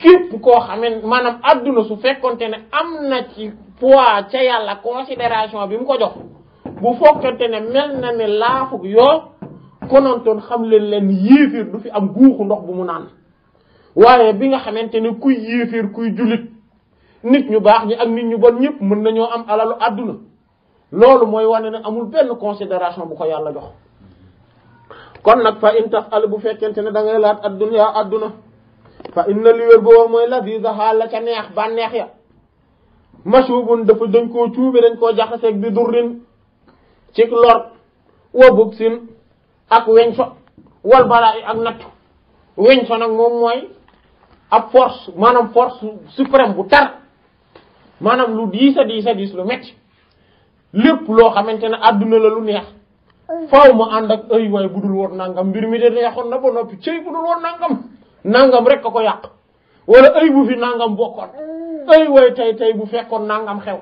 képp koo xamee maanaam adduna su fekkoonte ne am na ci poids ca yàlla considération bi mu ko jox bu fokkante ne mel na ne laafug yoo konontoon xam leen leen yéefir du fi am guuxu ndox bu mu naan waaye bi nga xamante ne kuy yéefir kuy jullit nit ñu baax ñi ak nit ñu bon ñëpp mën nañoo am alalu adduna loolu mooy wane ne amul benn considération bu ko yàlla jox kon nag fa in tax al bu fekkente ne da ngay laat adduna adduna fa inna li wér boobu mooy la lazisa xaal la ca neex ba neex ya masubun dafa dañ koo cuube dañ koo jaxaseeg bi durrin cig lor wa bugsin ak weñso wal balaa ak nattu weñso nag moom mooy ab force maanaam force suprême bu tar maanaam lu diis a diis a diis lu metti lépp loo xamante ne adduna la lu neex faaw mu ànd ak ay waay bu dul woon nangam mbir mi de neexoon na ba noppi cëy bu dul woon nangam nangam rek a ko yàq wala ay bu fi nangam bokkoon ay waay tey tey bu fekkoon nangam xew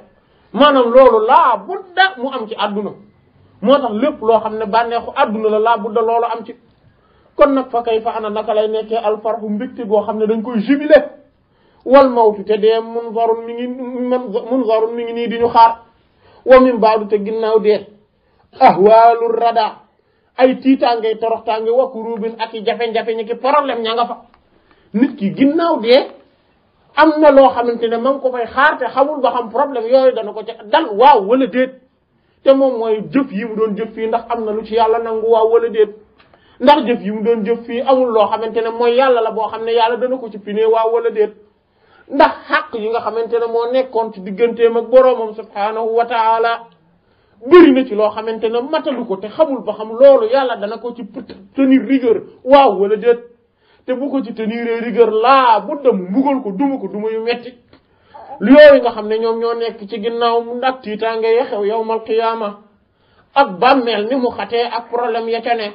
maanaam loolu laa bu da mu am ci àdduna moo tax lépp loo xam ne bànneexu àdduna la laa bu loolu am ci kon nag fa kay fa ana naka lay nekkee alfarxu mbégte goo xam ne dañ koy jubilé wal mawtu te dee mun zarun mi ngi mun nii di ñu xaar wa min baadu te ginnaaw dee ahwaalu rada ay tiitaange toroxtaange wakurubin ak i jafe-jafe ñi ki problème ña nga fa nit ki ginnaaw dee am na loo xamante ne ma ngi ko fay xaar te xamul ba xam problème yooy dana ko ca dal waaw wala moom mooy jëf yi mu doon jëf fii ndax am na lu ci yàlla nangu waaw wala déet ndax jëf yi mu doon jëf fii amul loo xamante ne mooy yàlla la boo xam ne yàlla dana ko ci pinee waaw wala déet ndax xàq yi nga xamante ne moo nekkoon ci digganteem ak boroomam subhaanahu bëri na ci loo xamante ne matalu ko te xamul ba xam loolu yàlla dana ko ci tenir rigueur waaw wala déet te bu ko ci tenir rigueur laa bu dem mbugal ko duma ko duma yu metti yooyu nga xam ne ñoom ñoo nekk ci ginnaaw mu ndax tiitaange ya xew yawmal qiyaama ak bàmmeel ni mu xatee ak problème ya ca ne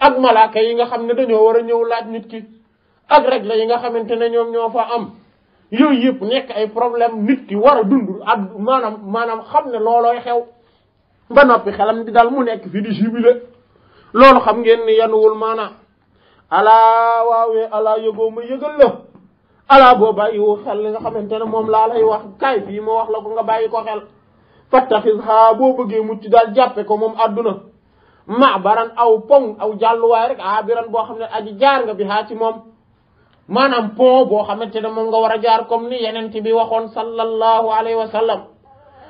ak malaaka yi nga xam ne dañoo war a ñëw laaj nit ki ak rek yi nga xamante ne ñoom ñoo fa am yooyu yëpp nekk ay problème nit ki wara a ak maanaam maanaam xam ne loolooy xew ba noppi xelam di dal mu nekk fi di jubilé loolu xam ngeen ni yanuwul maana alaa waawee alaa yëgoo ma yëgal la alaa boo bàyyiwu xel li nga xamante ne moom laa lay wax kay fii ma wax la ko nga bàyyi ko xel fattaxis haa boo bëggee mucc daal jàppe ko moom àdduna ma baran aw pong aw jàlluwaay rek a biran boo xam ne aji jaar nga bi haa ci moom maanaam pont boo xamante ne moom nga war a jaar comme ni yeneen ci bi waxoon sallallahu alayhi wa sallam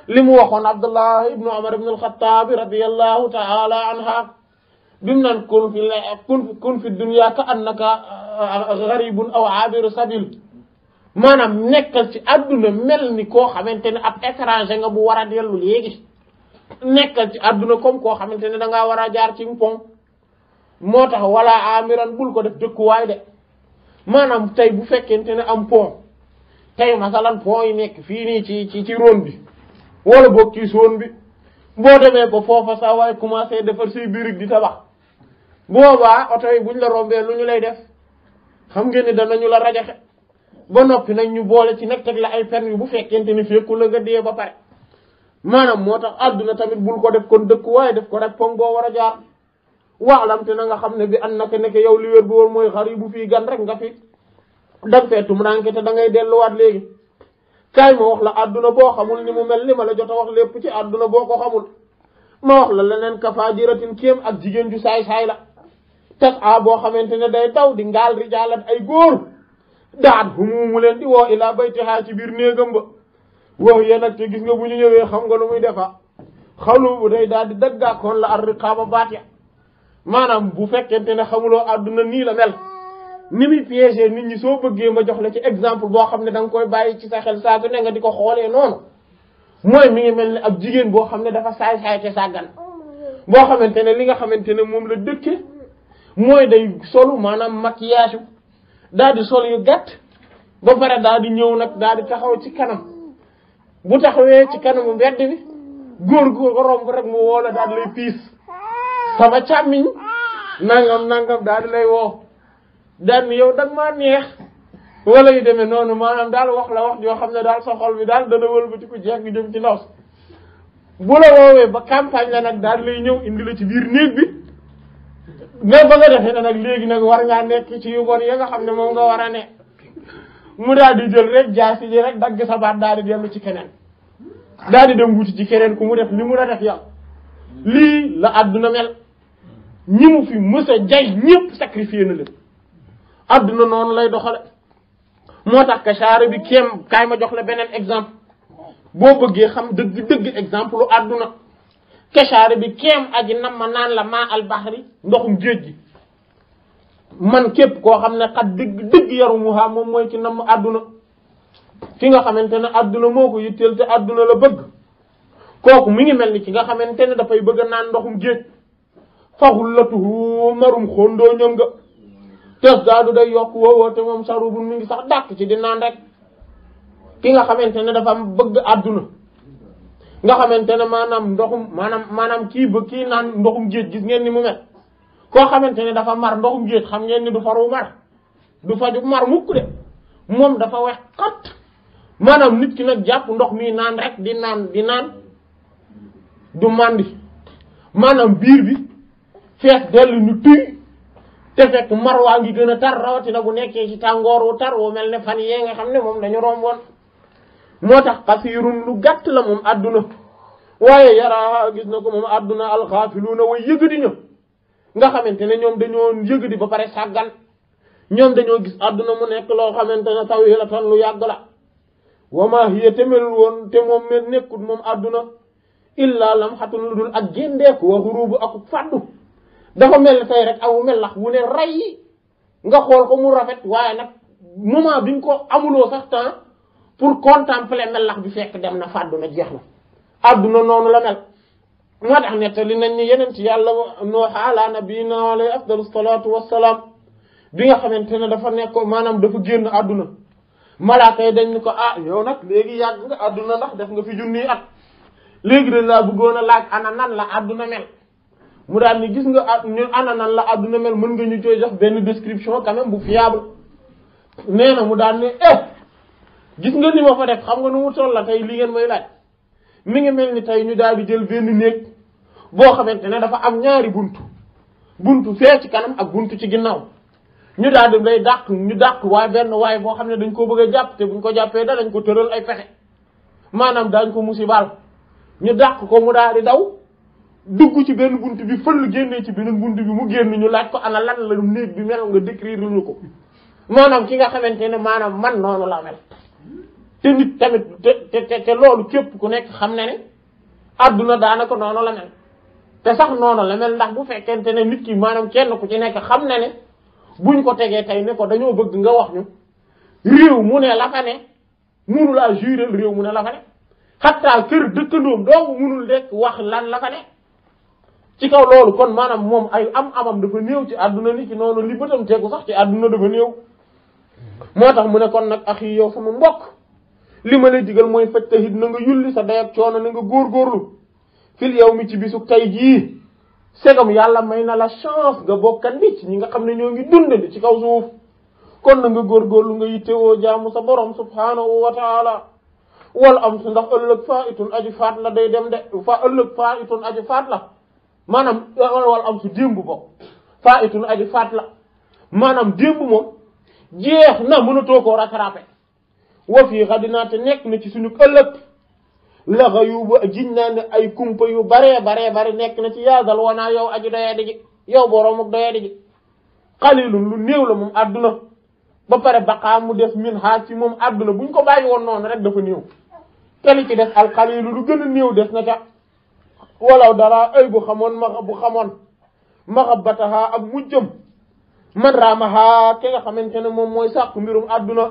li mu waxoon abdullah ibnu umar ibnu alxataabi radiallahu taala anha bimu naan kun fi kun kun fi dunya ka annaka uh, garibun aw abiru sabil maanaam nekkal ci adduna mel ni koo xamante ne ab étranger nga bu war a dellu léegi nekkal ci adduna comme koo xamante ne da ngaa war a jaar ci pont moo tax wala amiran bul ko def dëkkuwaay de maanaam tey bu fekkente ne am pont tey masalan pont yi nekk fii nii ci ci ci Rhône bi wala boog ci bi boo demee ba foofa saa waaye commencé defar say birig di tabax boobaa oto yi buñ la rombee lu ñu lay def xam ngeen ne danañu la rajaxe ba noppi nag ñu boole ci nag teg la ay permis bu fekkente ni fekku la nga dee ba pare maanaam moo tax àdduna tamit bul ko def kon dëkku waaye def ko rek pom boo war a jaar waalam te na nga xam ne bi an naka nekk yow li wér bu woon mooy xar bu fii gan rek nga fi dang feetum da ngay delluwaat léegi kaay mo wax la aduna bo xamul ni mu mel ni mala la wax lépp ci aduna boko xamul ma wax la leneen kafaajiratin kiyam ak jigen ju say say la tak a bo xamantene day taw di ngal ri jalat ay góor daat bu mu mu len di woo ilaa baytihaa ci bir negam ba wo ye nak te gis nga bu ñu ñewé xam nga lu muy defa xalu bu day daal di kon la ar riqaaba baat ya bu fekkentene xamulo aduna ni la mel ni muy piégé nit ñi soo bëggee ma jox la ci exemple boo xam ne danga nga koy bàyyi ci sa xel saa su ne nga di ko xoolee noonu mooy mi ngi mel ni ab jigéen boo xam ne dafa saay-saay te sàggan boo xamante ne li nga xamante ne moom la dëkke mooy day solu maanaam maquillage daal di sol yu gàtt ba pare daal di ñëw nag daal di taxaw ci kanam bu taxawee ci kanamu mbedd bi góor góor ko rek mu woola la daal di lay piis sama càmmiñ nangam nangam daal di lay woo daan ni yow danga maa neex wala yu demee noonu maanaam daal wax la wax yoo xam ne daal sa xol bi daal dana wëlbatiku jeex gi jëm ci ndaw bu la woowee ba campagne la nag daal lay ñëw indi la ci biir néeg bi mais ba nga defee ne nag léegi nag war ngaa nekk ci yu bon ya nga xam ne moom nga war a ne mu daal di jël rek jaasi ji rek dagg sa baat daal di dellu ci keneen daal di dem wuti ci keneen ku mu def ni mu la def yow lii la àdduna mel ñi mu fi mës jay ñëpp sacrifié na leen adduna noonu lay doxale moo tax kacaara bi kéem kaay ma jox la beneen exemple boo bëggee xam dëgg-dëgg exemple lu adduna kacaara bi kéem aji nam ma naan la maa albahri ndoxum géej gi man képp koo xam ne xat dëgg dëgg yarumuha moom mooy ci nam adduna ki nga xamante ne adduna moo ko yitteel te adduna la bëgg kooku mi ngi mel ni ki nga xamante ne dafay bëgg naan ndoxum géej faxul la tuhu marum xóndoo ñëm nga tes daadu day yokk woowoo te moom sarubun mi ngi sax dàkk ci di naan rek ki nga xamante ne dafa am bëgg àdduna nga xamante ne maanaam ndoxum maanaam maanaam kii ba kii naan ndoxum géej gis ngeen ni mu mel koo xamante ne dafa mar ndoxum géej xam ngeen ni du faru mar du fa ju mar mukk de moom dafa wex xat maanaam nit ki nag jàpp ndox mi naan rek di naan di naan du mandi maanaam biir bi fees dellu ñu tuy te fekk marwaa ngi gën a tar rawatina bu nekkee ci tàngoor wu tar wu mel ne fan yee nga xam ne moom dañu romboon moo tax xasiirun lu gàtt la moom adduna waaye yaraa gis na ko moom adduna alxaafiluuna way yëgadi ña nga xamante ne ñoom dañoo yëgadi ba pare sàggan ñoom dañoo gis adduna mu nekk loo xamante ne taw yi la tan lu yàgg la wama hiya temelul woon te moom me nekkul moom adduna illaa lam xatun dul ak géndeeku wa xurubu ak fàddu dafa mel tey rek aw melax wu ne ray nga xool ko mu rafet waaye nag moment bi ñu ko amuloo sax temps pour contempler lax bi fekk dem na fàddu na jeex na àdduna noonu la mel moo tax nettali nañ ni yeneen ci yàlla noox ala nabiyina alayhi afdalu bi nga xamante ne dafa nekk maanaam dafa génn àdduna malaaka yi dañ ni ko ah yow nag léegi yàgg àdduna ndax def nga fi junniy at léegi dañ laa buggoon a laaj ana nan la àdduna mel mu daal ni gis nga ah ñun ana la àdduna mel mën nga ñu koy jox benn description quand même bu fiable nee na mu daal ne eh gis nga ni ma fa def xam nga nu mu toll la tey li ngeen mooy laaj mi ngi mel ni tey ñu daal di jël benn néeg boo xamante ne dafa am ñaari buntu buntu fee ci kanam ak buntu ci ginnaaw ñu daal di lay dàq ñu dàq waaye benn waaye boo xam ne dañ ko bëgg a jàpp te buñ ko jàppee da ko tëral ay pexe maanaam daañ ko musibaal ñu dàq ko mu daal di daw dugg ci benn bunt bi fël génnee ci beneen bunt bi mu génn ñu laaj ko ana lan la néeg bi mel nga décrire ñu ko maanaam ki nga xamante ne maanaam man noonu la mel te tamit te loolu képp ku nekk xam na ne adduna daanaka noonu la mel te sax noonu la mel ndax bu fekkente ne nit ki maanaam kenn ku ci nekk xam ne ne buñ ko tegee tey ne ko dañoo bëgg nga wax ñu réew mu ne la fa ne mënul a juréel réew mu ne la fa ne xattaa kër dëkkandoom doomu mënul rek wax lan la fa ne ci kaw loolu kon maanaam moom ay am amam dafa néew ci àdduna ni ci noonu li bëtam teegu sax ci àdduna dafa néew moo tax mu ne kon nag axi yow sama mbokk li ma lay digal mooy faj tahit na nga yulli sa dayak coono na nga góorgóorlu fil yow mi ci bisu tay jii segam yàlla may na la chance nga bokkan bi ñi nga xam ne ñoo ngi dundali ci kon na nga góorgóorlu nga yittewoo jaamu sa borom subhanahu wa taala wal am su ndax ëllëg faa itun aji faat la day dem de fa ëllëg faa itun aji faat la maanaam wala am su démb bokk faa itun aji faat la maanaam démb jeex na mënatoo koo rattraper wa fii xadinaa te nekk na ci suñu ëllëg la xayubu jiñ naa ne ay kumpa yu baree bare bare nekk na ci yaasal wanaa yow aji doyadi ji yow boroom ak doyadi ji xalilun lu néew la moom àdduna ba pare baqaa mu des min xaaj ci moom àdduna buñ ko bàyyi woon noonu rek dafa néew te li ci des alxalilu lu gën a néew des na ca walaw dara ay bu xamoon ma bu xamoon maxabbataha ak mujjëm man raamaha ke nga xamante ne moom mooy sàkk mbirum àdduna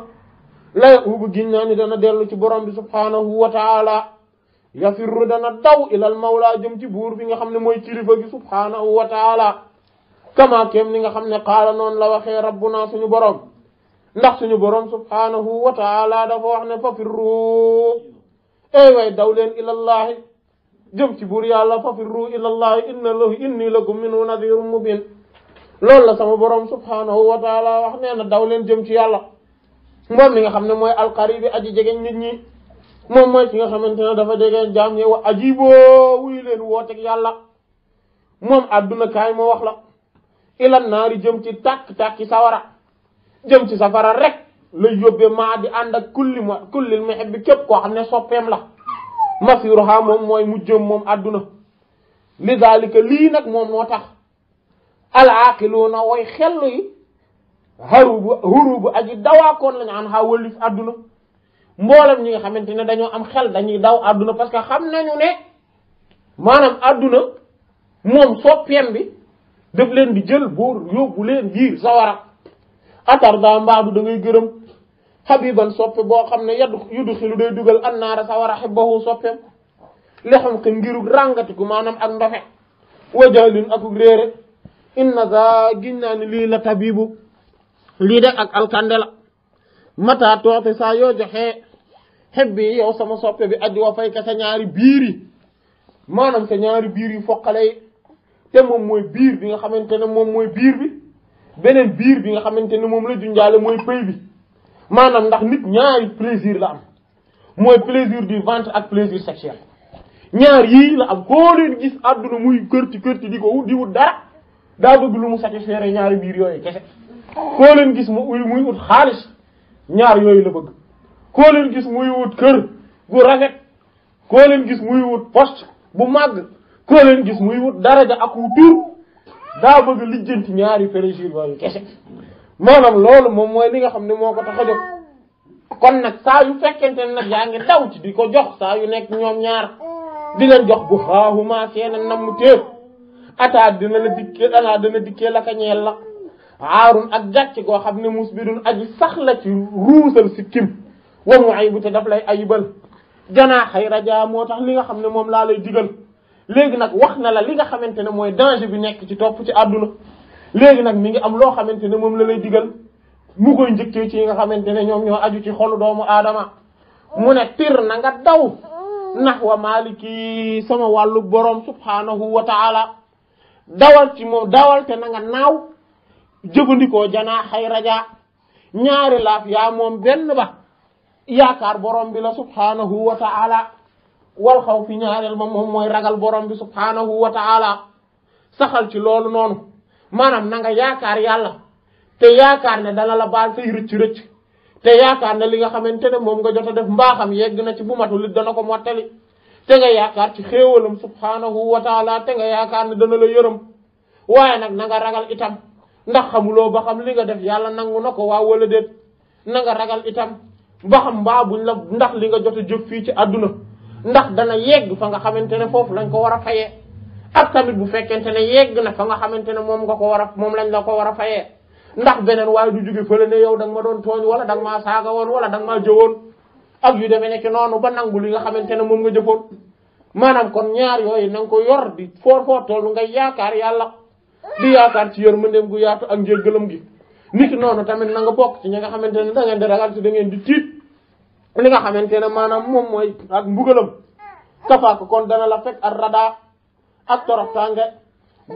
lay ubu gin naa ni dana dellu ci borom bi subhanahu wa taala yafirru dana daw ilal mawla jëm ci buur bi nga xam ne mooy kilifa gi subhanahu wa taala kama kem ni nga xam ne qaala noonu la waxee rabbuna suñu borom ndax suñu borom subhanahu wa taala dafa wax ne fafirru ay way daw leen ilallahi jëm ci buur yàlla fafirru ilallahi inna lahu inni lakum minhu nadhirun mubin loolu la sama borom subhanahu wa wax nee na daw leen jëm ci yàlla moom mi nga xam ne mooy alqaribi aji jegeñ nit ñi moom mooy ki nga xamante ne dafa jegeñ jaam ñi wa ajiboo wuy leen wooteeg yàlla moom adduna kaay moo wax la ilan naari jëm ci tàkk-tàkki sawara jëm ci safara rek lay yóbbee maa di ànd ak kulli ma kullil muhibbi képp koo ne soppeem la masiruha moom mooy mu jëm moom adduna li daalika lii nag moom moo tax al aaqiluuna way xellu yi harubu hurubu aji dawaakoon lañu an xaa wëlif adduna mboolem ñi nga xamante ne dañoo am xel dañuy daw adduna parce que xam nañu ne maanaam adduna moom soppeem bi daf leen di jël boor yóbbu leen biir sawara atar daa mbaadu da ngay gërëm xabiban soppe boo xam ne yadu yudu xilu day dugal annaara sawar a xibbahu soppeem lexam ke ngirug ràngatiku maanaam ak ndofe wajalin akuk réere inna za giñ naa ni lii la tabibu lii de ak alkande la mata toote saa yoo joxe xebbi yow sama soppe bi aji wa fayka sa ñaari biir yi sa ñaari biir yi foqale te moom mooy biir bi nga xamante ne moom mooy biir bi biir bi nga xamante ne moom la junjaale mooy pëy bi maanaam ndax nit ñaari plaisir la am mooy plaisir du ak plaisir sexuel ñaar yii la am koo leen gis àdduna muy kër kërti di ko wut di wut dara daa bëgg lu mu satisfaire ñaari biir yooyu kese koo leen gis mu muy wut xaalis ñaar yooyu la bëgg koo leen gis muy wut kër gu rafet koo leen gis muy wut poste bu màgg koo leen gis muy wut daraja ak wu tur daa bëgg lijjanti ñaari plaisir yooyu kese maanaam loolu moom mooy li nga xam ne moo ko tax a kon nag saa yu fekkente ne nag yaa ngi daw ci di ko jox saa yu nekk ñoom ñaar di leen jox bu xaaxuma seena namm téef ataa dina la dikkee anaa dina dikkee la ka ñeel la aarun ak gàcce goo xam ne musbidun aji sax la ci ruusal si kim wa mu ayibu te daf lay ayibal janaaxay rajaa moo tax li nga xam ne moom laa lay digal léegi nag wax na la li nga xamante ne mooy danger bi nekk ci topp ci àdduna léegi nag mi ngi am loo xamante ne moom la lay digal mu koy njëkkee ci yi nga xamante ne ñoom ñoo aju ci xolu doomu aadama mu ne tir na nga daw nax wa maliki sama wàllu borom subhanahu wa taala dawal ci moom dawal te na nga naaw jëfandikoo janaa xay raja ñaari laaf yaa moom benn ba yaakaar borom bi la subhanahu wa taala wal xaw fi ñaareel ba moom mooy ragal borom bi subhanahu wa taala saxal ci loolu noonu maanaam na nga yaakaar yàlla te yaakaar ne dana la baal say rëcc-rëcc te yaakaar ne li nga xamante ne moom nga jot a def mbaaxam yegg na ci bu matul it dana ko mottali te nga yaakaar ci xéewalam subhaanahu wa taala te nga yaakaar ne dana la yërëm waaye nag na ragal itam ndax xamuloo ba xam li nga def yàlla nangu na ko waa wala déet na ragal itam ba xam mbaa buñ la ndax li nga jot a jóg fii ci àdduna ndax dana yegg fa nga xamante ne foofu lañ ko war a fayee ak tamit bu fekkente ne yegg na fa nga xamante ne moom nga ko war a moom lañ la ko war a fayee ndax beneen waaye du jóge fële ne yow da ma doon tooñ wala da ma maa saaga woon wala da ma maa jëwoon ak yu demee ci noonu ba nangu li nga xamante ne moom nga jëfoon maanaam kon ñaar yooyu na nga ko yor di foor foor toolu nga yaakaar yàlla di yaakaar ci yërmandeem gu yaatu ak njéggalam gi nit noonu tamit na nga bokk ci nga xamante ne da ngeen di ragal ci da ngeen di tiit li nga xamante ne maanaam moom mooy ak mbugalam kafaak kon dana la fekk ar rada ak toroxtaange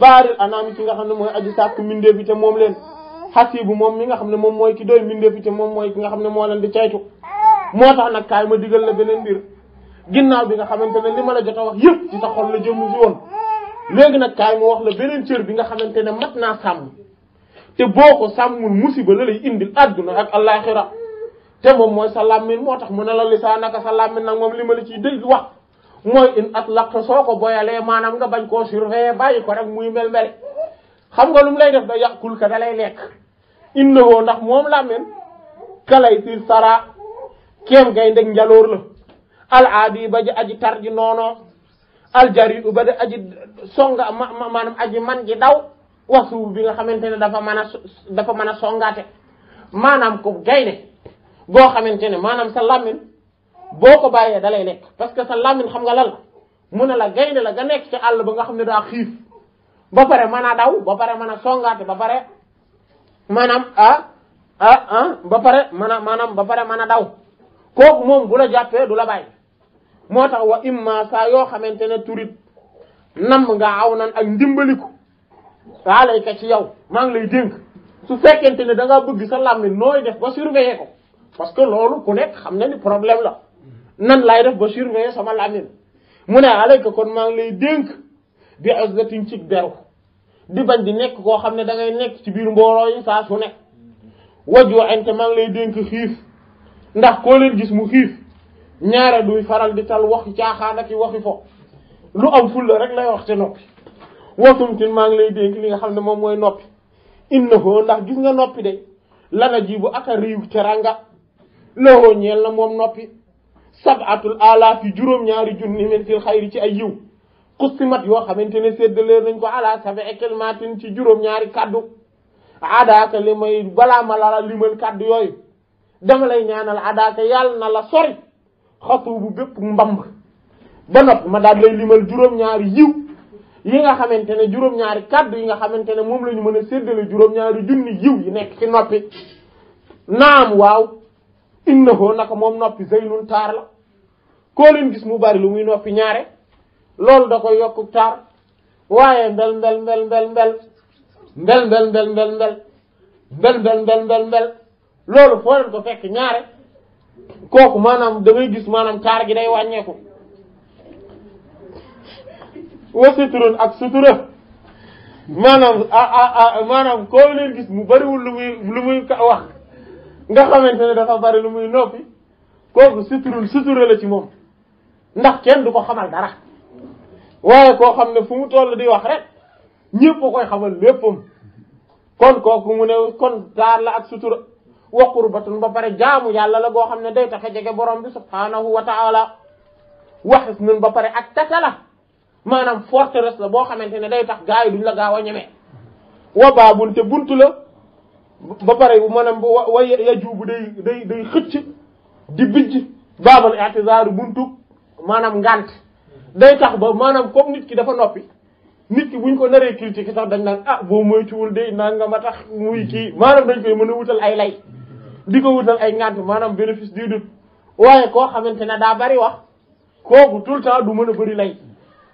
baaril anaami ki nga xam ne mooy aji sàkk mbindeef yi te moom leen xasibu moom mi nga xam ne moom mooy ki doy mbindeef yi te moom mooy ki nga xam ne moo leen di caytu moo tax nag kaay ma digal la beneen mbir ginnaaw bi nga xamante ne li ma la jot a wax yëpp ci sa xol la jëmu si woon léegi nag kaay ma wax la beneen cër bi nga xamante ne mat naa sàmm te boo ko sàmmul musiba la lay indil adduna ak àllaaxira te moom mooy sa làmmiñ moo tax mu ne la lisaanaka sa làmmiñ nag moom li ma la ciy dégg wax mooy at lakk soo ko boyalee maanaam nga bañ koo surveiller bàyyi ko rek muy mel mel xam nga lu lay def da yàqul ka da lay lekk innahu ndax moom laa mel kalay tir sara keem gay ndeg njaloor la al aadi aji tar ji noono al jari u ba di aji songa maanaam aji man ji daw wasu bi nga xamante ne dafa mën a dafa mën a songaate maanaam ko gaynde goo xamante ne maanaam sa làmmiñ boo ko bàyyee da lay nekk parce que sa làmmiñ xam nga lan la mu ne la gaynde la nga nekk ci àll ba nga xam ne daa xiif ba pare mën a daw ba pare mën a songaate ba pare maanaam ah ah ah ba pare mën maanaam ba pare mën a daw kooku moom bu la jàppee du la bàyyi moo tax wa imma yoo xamante ne turit nam nga aw nan ak ndimbaliku waa lay ka ci yow maa ngi lay dénk fekkente ne da ngaa bëgg sa làmmiñ nooy def ba surveiller ko parce que loolu ku nekk xam na ni problème la nan laay def ba surveiller sama làmmiñ mu ne alayka kon maa ngi lay dénk bi izzatin ci beru di bañ di nekk koo xam ne dangay nekk ci biir mbooloo yi saa su ne waju ante maa lay dénk xiif ndax koo leen gis mu xiif ñaare duy faral di tal waxi caaxaan ak waxi fo lu am fulla rek lay wax te noppi watumtin maa ngi lay dénk li nga xam ne moom mooy noppi innahu ndax gis nga noppi de lana ji bu aka riiw teranga lowoo ñeel na moom noppi sabatul alaaf yi juróom-ñaari junni min fil ci ay yiw qusimat yoo xamante ne séddale nañ ko ala sab'i kalimatin ci juróom-ñaari kaddu adaaka li may balaa ma la limal kaddu yooyu dama lay ñaanal adaaka yàlla na la sori xatu bu bépp mbamb ba noppi ma daal lay limal juróom-ñaari yiw yi nga xamante ne juróom-ñaari kaddu yi nga xamante ne moom la ñu mën a séddale juróom-ñaari junni yiw yi nekk ci noppi naam waaw innahu naka moom noppi zaynun la koo gis mu bari lu muy noppi ñaare loolu da koy yokku taar waaye mbel mbel mbel mbel mbel mbel mbel mbel mbel mbel mbel mbel mbel mbel mbel loolu foo leen ko fekk ñaare kooku maanaam damay gis maanaam taar gi day wàññeeku wa suturun ak sutura maanaam maanaam koo gis mu bariwul lu muy lu muy wax nga xamante ne dafa bari lu muy noppi kooku suturul sutura la ci moom ndax kenn du ko xamal dara waye ko xamne fu mu toll di wax rek ñépp koy xamal leppum kon kooku mu ne kon dar la ak sutura wa qurbatun ba pare jaamu yàlla la go xamne day taxé a jege borom bi subhanahu wa ta'ala wa hisnun ba pare ak takala manam fortress la bo xamantene day tax gaay duñ la gaawa ñëmé wa babun te buntu la ba pare maanaam wa yajubu day day day xëcc di bijj babal i'tizaaru buntu maanaam ngànt day tax ba maanaam comme nit ki dafa noppi nit ki buñ ko naree critiquer tax dañ naan ah boo moytuwul de naa nga ma tax muy kii maanaam dañ koy mën a wutal ay lay di ko wutal ay ngànt maanaam bénéfice du doute waaye koo xamante ne daa bari wax kooku tout le temps du mën a bari lay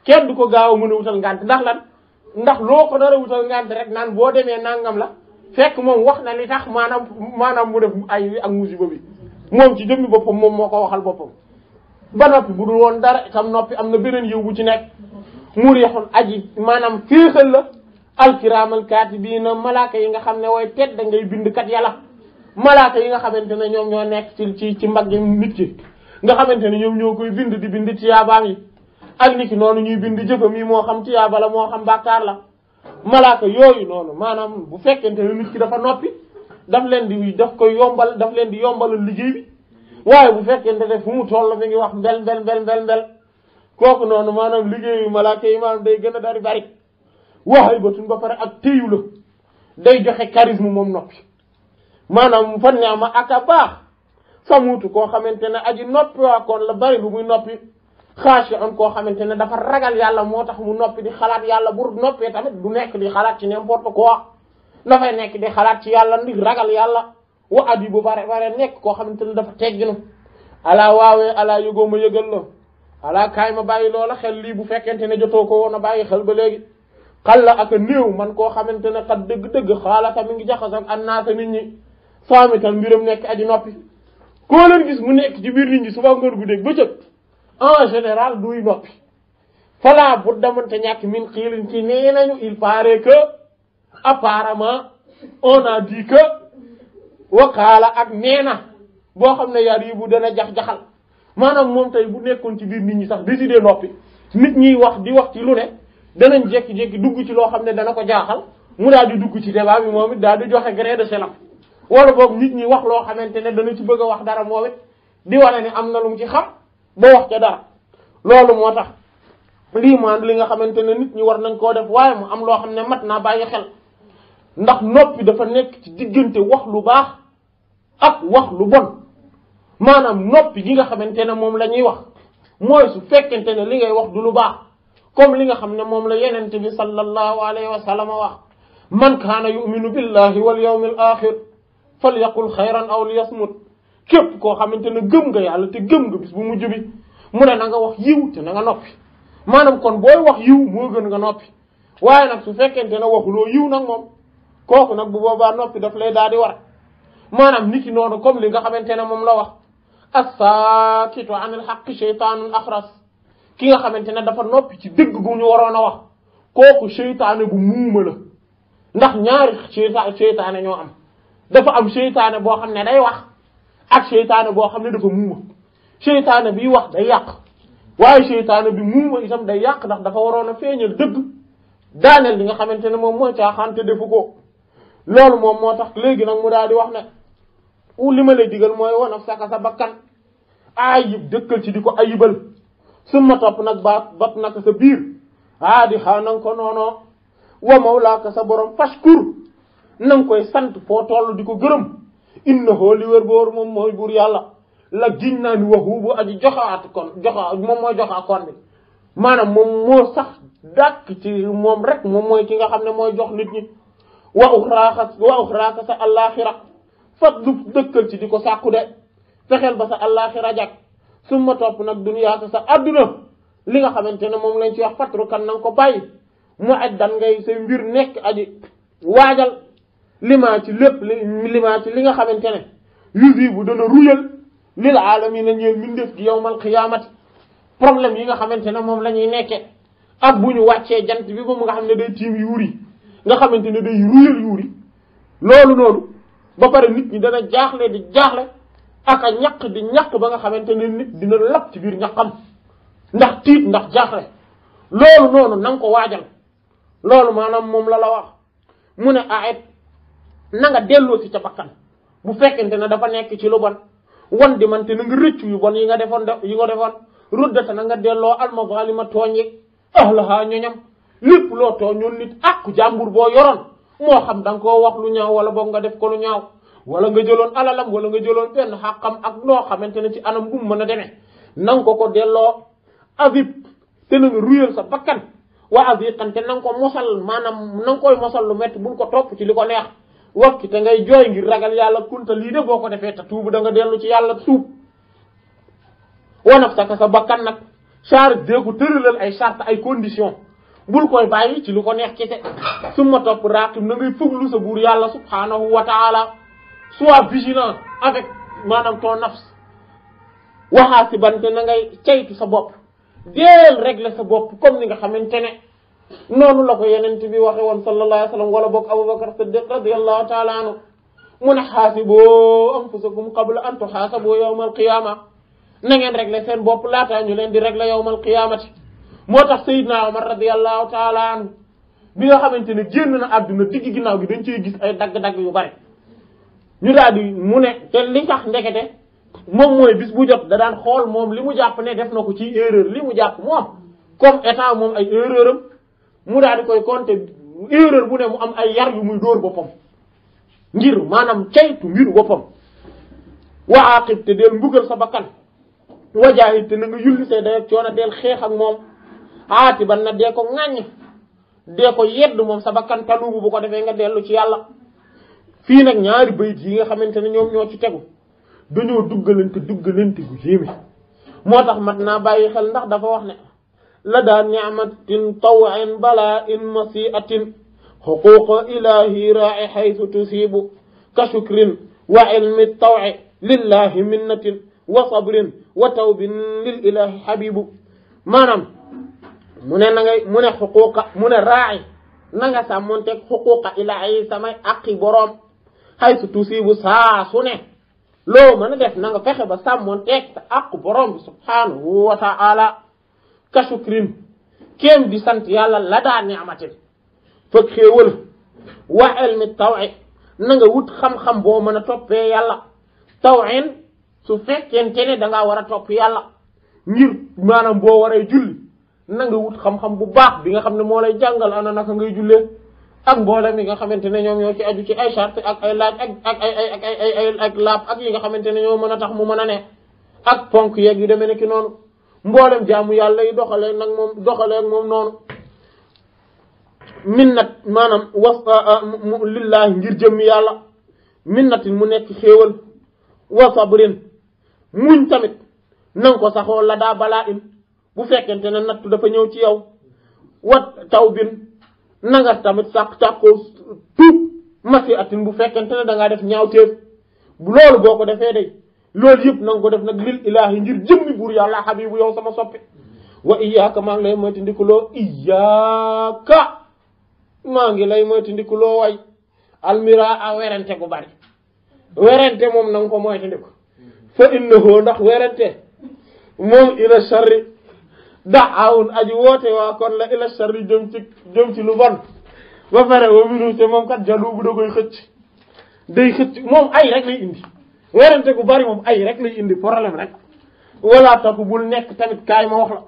kenn du ko gaaw a mën a wutal ngànt ndax lan ndax loo ko nar wutal ngànt rek naan boo demee nangam la fekk moom wax na li tax maanaam maanaam mu def ay ak musiba bi moom ci jëmmi boppam moom moo ko waxal boppam ba noppi bu dul woon dara itam noppi am na beneen yiw bu ci nekk mu riixul aji maanaam féexal la alkiraamal kaatibiina malaaka yi nga xam ne way tedd da ngay bind kat yàlla malaaka yi nga xamante ne ñoom ñoo nekk ci ci ci mbagg nit ki nga xamante ne ñoom ñoo koy bind di bind ci yaabaam yi ak ni ki noonu ñuy bind jëfam yi moo xam ci yaaba moo xam bàkkaar la malaaka yooyu noonu maanaam bu fekkente ne nit ki dafa noppi daf leen di daf koy yombal daf leen di yombalal liggéey waaye bu fekkente ne fu mu toll mi ngi wax mbel mbel mbel mbel kooku noonu maanaam liggéeyu malaaka yi maanaam day gën a dari bari waxay batun ba pare ak téyu la day joxe charisme moom noppi maanaam fan ne ma aka baax samuutu koo xamante ne aji noppi waa kon la bari bu muy noppi xaashi an koo xamante ne dafa ragal yàlla moo tax mu noppi di xalaat yàlla bu noppee tamit du nekk di xalaat ci n'importe quoi dafay nekk di xalaat ci yàlla ndi ragal yàlla wa at yi bu bare bare nekk koo xamante ne dafa tegginu alaa waawee alaa yëgoo ma yëgal la alaa kaay ma bàyyi loola xel lii bu fekkente ne jotoo ko woon a bàyyi xel ba léegi xal la ak néew man koo xamante ne xat dëgg-dëgg xaalata mi ngi jaxasak an naasa nit ñi saamitan mbiram nekk aji noppi koo leen gis mu nekk ci biir nit ñi suba ngoon guddeeg bëccëg en général duy noppi fala bu damante ñàkk min xiilin ci nee nañu il paraît que apparemment on waqaala ak nee na boo xam ne yar yi bu dana jax-jaxal maanaam moom tey bu nekkoon ci biir nit ñi sax décidé noppi nit ñiy wax di wax ci lu ne danañ jékki-jékki dugg ci loo xam ne dana ko jaaxal mu daal di dugg ci débat bi moom it daal di joxe gré de selam wala boobu nit ñi wax loo xamante ne dana ci bëgg a wax dara moom it di wane ne am na lu mu ci xam ba wax ca dara loolu moo tax lii man li nga xamante ne nit ñi war nañ koo def waaye mu am loo xam ne mat naa bàyyi xel ndax noppi dafa nek ci digeunte wax lu bax ak wax lu bon manam noppi gi nga xamantene mom lañuy wax moy su fekkente ne li ngay wax du lu bax comme li nga xamne mom moom la yenente bi sallallahu alayhi wa sallam wax man kana yuminu billahi wal yawmil akhir falyaqul khayran aw liyasmut kep ko xamantene gëm nga yàlla te gëm nga bis bu mujj bi mu ne na nga wax yiw te na nga noppi manam kon boy wax yiw mo gën nga noppi waye nak su fekkente ne lo yiw nak mom kooku nag bu boobaa noppi daf lay daal di war maanaam ki noonu comme li nga xamante ne moom la wax as-saakitu anil haqqi shaytaanun akhras ki nga xamante ne dafa noppi ci dëgg gu ñu waroon a wax kooku seytaane gu muuma la ndax ñaari seytaane ñoo am dafa am seytaane boo xam ne day wax ak seytaane boo xam ne dafa muuma seytaane bi wax day yàq waaye seytaane bi muuma itam day yàq ndax dafa waroon a feeñal dëgg daaneel li nga xamante ne moom mooy caaxaan te ko loolu moom moo tax léegi nag mu daal di wax ne u li ma lay digal mooy wan ak saka sa bakkan ayib dëkkal si di ko ayibal suma topp nag baat bat nag sa biir aa di xaa nanga ko noonoo wa mawlaaka sa borom fashkur na nga koy sant foo toll di ko gërëm innahu li wér boor moom mooy buur yàlla la giñ naa ni waxu bu aji joxaat kon joxa moom mooy joxaa kon bi maanaam moom moo sax dàkk ci moom rek moom mooy ki nga xam ne mooy jox nit ñi wa uxraaxas wa uxraaka sa allaaxira fadlu dëkkal ci di ko sàkku de fexeel ba sa allaaxira jag summa topp nag duniyaa sa sa adduna li nga xamante ne moom lañ ci wax fatru kan nanga ko bàyyi mu addan ngay say mbir nekk aji waajal limaa ci lépp limaa ci li nga xamante ne yusi bu dana ruyal lil aalamiina ñeel mbindeef gi yowmal qiyaamati problème yi nga xamante ne moom la ñuy nekke ak bu ñu wàccee jant bi ba mu nga xam ne day tiim yuur yi nga xamantene day ruyal yuri lolou nonu ba pare nit ñi dana jaaxle di jaaxle ak ñak di ñak ba nga xamantene nit dina lap ci bir ñakam ndax tiit ndax jaaxle lolou nonu nang ko wajal lolou manam mom la la wax mune aet na nga delo ci ca bakkan bu fekkante na dafa nekk ci lu bon won di man te nga rëccu yu bon yi nga defon yi nga defoon ruddata na nga delo al tooñ toñi ahlaha ñoñam lépp to ñun nit ak ku bo yoron mo xam dang ko wax lu ñaaw wala bo nga def ko lu ñaaw wala nga jëlon alalam wala nga jëlon hakam xàqam ak noo xamantene mana ci anam bu mu mën nang ko ko delloo avip té na nga ruyel sa bakkan wa aziqan té nang ko mosal manam nang koy mosal lu metti bu ko top ci liko neex wakki té ngay joy ngir ragal yalla kunta li de boko defé ta tuubu da nga delu ci yalla tuub wanaf saka sa bakkan nak char déeku tëralal ay charte ay condition bul koy bayyi ci lu ko neex kese suma top raqib na ngay fuglu sa bur yalla subhanahu wa taala sois vigilant avec manam ton nafs waxaa si na ngay ceytu sa bop del régler sa bop comme ni nga xamantene nonu lako la ko bi waxe won sallallahu alayhi wasallam wala boog abubakar siddiq radiyallahu taala anhu mun hasibu anfusakum qabla an yawm al qiyamah na ngeen régler sen bop lata ñu len di régler al moo tax Seydina Omar radiyallahu taala anhu bi nga xamante ne génn na àdduna digg ginnaaw gi dañ cey gis ay dagg-dagg yu bari ñu daal di mu ne te li tax ndekete moom mooy bis bu jot da daan xool moom li mu jàpp ne def na ko ci erreur li mu jàpp moom comme état moom ay erreur mu daal di koy compter erreur bu ne mu am ay yar yu muy dóor boppam ngir maanaam caytu ngir boppam wa aqib te del mbugal sa bakkan wajaahid te na nga yulli say day coono del xeex ak moom aatiban na dee ko ŋàññ dee ko yedd moom sa bakkan taluubu bu ko defee nga dellu ci yàlla fii nag ñaari bayit yi nga xamante ne ñoom ñoo ci tegu dañoo duggalante duggalante gu yéeme moo tax mat naa bàyyi xel ndax dafa wax ne la daa ni'matin taw'in balaa in masi'atin xuquuqa ilahi raa'i xaytu tusiibu ka shukrin wa ilmi taw'i lillahi minnatin wa sabrin wa tawbin lil ilahi xabibu maanaam mu ne na ngay mu ne xuquuqa mu ne raayi na nga sàmmonteeg xuquuqa ilaahi samay aqi boroom xay tusiibu saa ne loo mën a def na nga fexe ba sàmmonteeg sa aq boroom bi subhaanahu wa taala ka shukrin kéem di sant yàlla la daa niamatin fëg xéewal wa ilmi tawi na wut xam-xam boo mën a toppee yàlla tawin su fekkente ne danga ngaa war a topp yàlla ngir maanaam boo waree julli na nga wut xam-xam bu baax bi nga xam ne moo lay jàngal ana naka ngay jullee ak mboolem yi nga xamante ne ñoom ñoo ci aju ci ay charte ak ay laaj ak ak ak yi nga xamante ne ñoo mën a tax mu mën a ne ak ponk yeeg yu demee ne ki noonu mboolem jaamu yàlla yi doxalee nag moom doxalee moom noonu minnat maanaam was lillahi ngir jëmmi yàlla minnatin mu nekk xéewal wa sabrin muñ tamit nanga ko saxoo la daa balaa in bu fekkente ne natt dafa ñëw ci yow wat taw bin na nga tamit sàq sàqoo tuub masi atin bu fekkente ne da ngaa def ñaawteef bu loolu boo ko defee day loolu yëpp na ko def nag lil ilaahi ngir jëmmi buur yàlla xabibu yow sama soppe wa iyaaka maa ngi lay moyta ndikuloo iyaaka maa ngi lay moyta ndikuloo way almira a werante gu bari werante moom na nga ko moyta ndiko fa innahu ndax werante moom ila sharri da'awun aji woote waa kon la ila sharri jëm ci jëm ci lu bon ba pare wa minu te moom kat jalu bu da koy xëcc day xëcc moom ay rek lay indi werante gu bari moom ay rek lay indi problème rek wala taku bul nekk tamit kaay ma wax la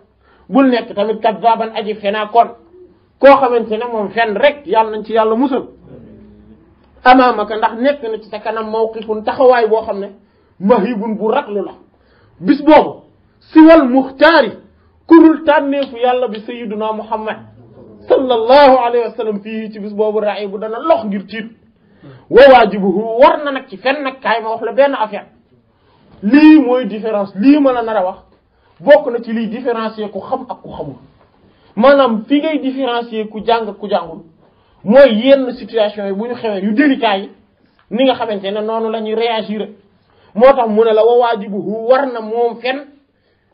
bul nekk tamit kat baban aji fenaa kon koo xamante ne moom fen rek yàlla nañ ci yàlla musal amaamaka ndax nekk na ci sa kanam mawqifun taxawaay boo xam ne mahibun bu ratlu la bis boobu siwal muxtaari kudul tanefu yàlla bi sayyiduna muhammad sallallahu alayhi wasallam fi ci bis bobu raay bu dana lox ngir ci wa wajibuhu warna nak ci fen nak kay ma wax la ben affaire li moy différence li ma la nara wax bokk na ci li différencier ku xam ak ku xamul manam fi ngay différencier ku jàng ak ku jàngul moy yenn situation yi buñu xewé yu délicat yi ni nga xamantene nonu noonu réagir motax mu ne la wa wajibuhu warna mom moom fenn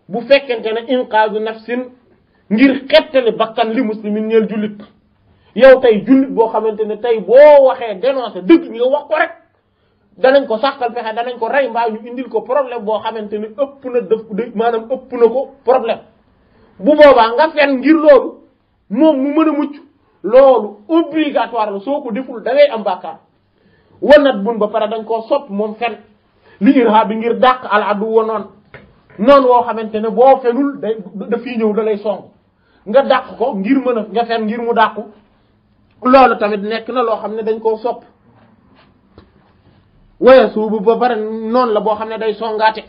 bu fekkente ne inqaazu nafsin ngir xettali bakkan li muslimin ñeel jullit yow tey jullit boo xamante ne tey boo waxee dénoncé dëgg nga wax ko rek danañ ko sàkkal pexe danañ ko rey mbaa ñu indil ko problème boo xamante ne ëpp na def maanaam ëpp na ko problème bu boobaa nga fen ngir loolu moom mën a mucc loolu obligatoire la soo ko deful da ngay am bàkkaar wanat bun ba pare dañ ko sot moom fen li irhaa bi ngir dàq al addu wonoon noonu woo xamante ne boo fenul day dafiy ñëw da lay song nga dàq ko ngir mën a nga fen ngir mu dàqu loolu tamit nekk na loo xam ne dañ koo sopp waye suubu ba bare noonu la boo xam ne day songaate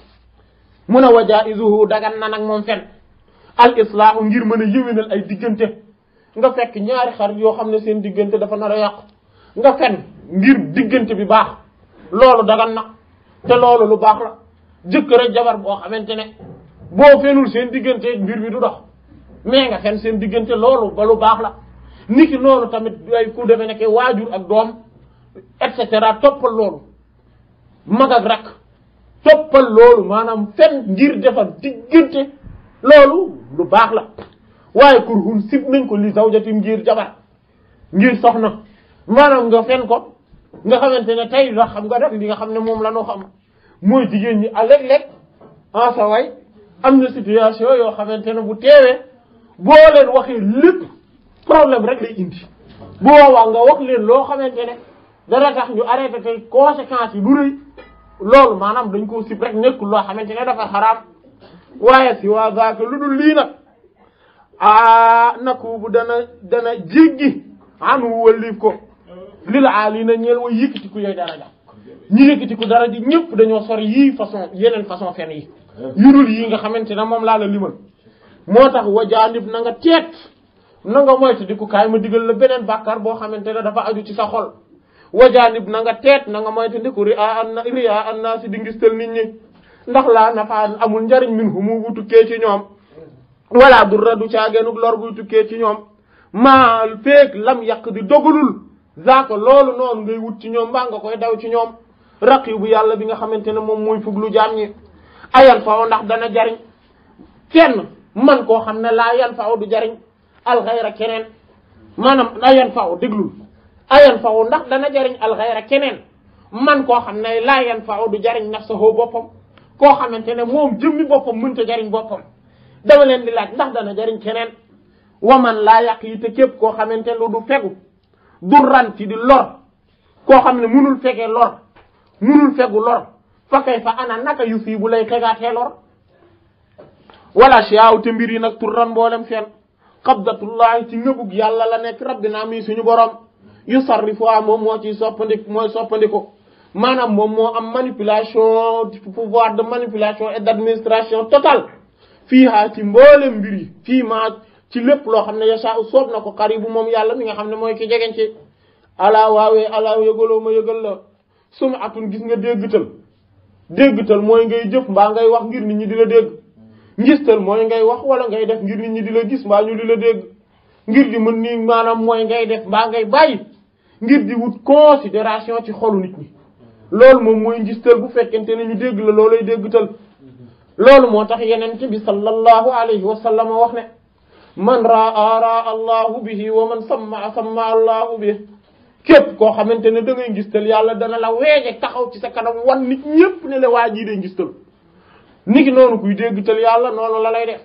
mun a wajaa isuhu dagan na nag moom fen al islaahu ngir mën a yëwénal ay diggante nga fekk ñaari xar yoo xam ne seen diggante dafa nar a yàqu nga fen ngir diggante bi baax loolu dagan na te loolu lu baax la jëkkër ak jabar boo xamante ne boo fenul seen diggante mbir mi du dox mais nga fen seen diggante loolu ba lu baax la niki noonu tamit ay ku demee nekk waajur ak doom et cetera toppal loolu mag ak toppal loolu maanaam fen ngir defar diggante loolu lu baax la waaye kurhun sib nañ ko li zawjati ngir jabar ngir soxna maanaam nga fen ko nga xamante ne tey la xam nga def li nga xam ne moom la noo xam mooy jigéen ñi à léeg-léeg en sa way am na situation yoo xamante ne bu teewee boo leen waxee lépp problème rek lay indi bu boobaa nga wax leen loo xamante ne dara tax ñu arrêté tey conséquences yi du rëy loolu maanaam dañ koo sib rek nekkul loo xamante ne dafa xaraam waaye si waa zaaka lu dul lii nag ah naku bu dana dana jéggi anu wëlliif ko lil aali na ñeel way yëkkati ku yooyu daraja ñu yëkkati ko dara di ñëpp dañoo sori yi façon yeneen façon fenn yi eh. yurul yi nga xamante ne moom laa la limal moo tax na nga teet na nga moytu di ko kaay ma digal la beneen bàkkaar boo xamante ne dafa aju ci sa xol wajaanib na nga teet na nga moytu di ko an ri an naa si di ngistal nit ñi ndax laa nafa amul njariñ min humu bu tukkee ci ñoom wala du radu caageenug lor bu tukkee ci ñoom maal feeg lam yàq di dogalul zaaka loolu noonu ngay wut ci ñoom mbaa nga koy daw ci ñoom raqibu yalla bi nga xamantene mom moy mooy fuglu jamni ñi ayan faaw ndax dana jariñ kenn man ko xamne la yan faaw du jariñ kenen manam la ayan faaw deglu ayan faaw ndax dana jariñ ghayra kenen man ko xamne la yan faaw du jariñ nafsahu boppam koo xamante ne moom jëmmi mën ta jariñ bopam dama len di laaj ndax dana jariñ kenen. waman la yàq yi te képp koo xamante du fegu du ran ci di lor ko xamne munul mënul lor munul fegu lor fa kay fa ana naka yu fii bu lay xegaatee lor wala chiaaw te mbir yi nag turran mboolem seen xabdatullahi ci ngëbug yàlla la nekk rabbina mi suñu borom yu sarrifu moom moo ciy soppandi mooy soppandiko maanaam moom moo am manipulation pouvoir de manipulation et d'administration totale fii haa ci mboolem mbir yi fii maa ci lépp loo xam ne yasha u soob na ko xaribu moom yàlla mi nga xam ne moo ki jegeñ ci ala waawee ala yëgaloo ma yëgal sum atun gis nga déggtal déggtal mooy ngay jëf mbaa ngay wax ngir nit ñi di la dégg ngistal mooy ngay wax wala ngay def ngir nit ñi di la gis mbaa ñu di la dégg ngir di mën ni maanaam mooy ngay def mbaa ngay bàyyi ngir di wut considération ci xolu nit ñi loolu moom mooy ngistal bu fekkente ne ñu dégg la loolay déggtal loolu moo tax yenente bi sallallahu alayhi wa sallam wax ne man raa raa allahu bihi wa man samma samma allahu bihi képp koo xamante ne da ngay ngistal yàlla dana la weeje taxaw ci sa kanam wan nit ñépp ne la waa jii day ngistal ki noonu kuy déggtal yàlla noonu la lay def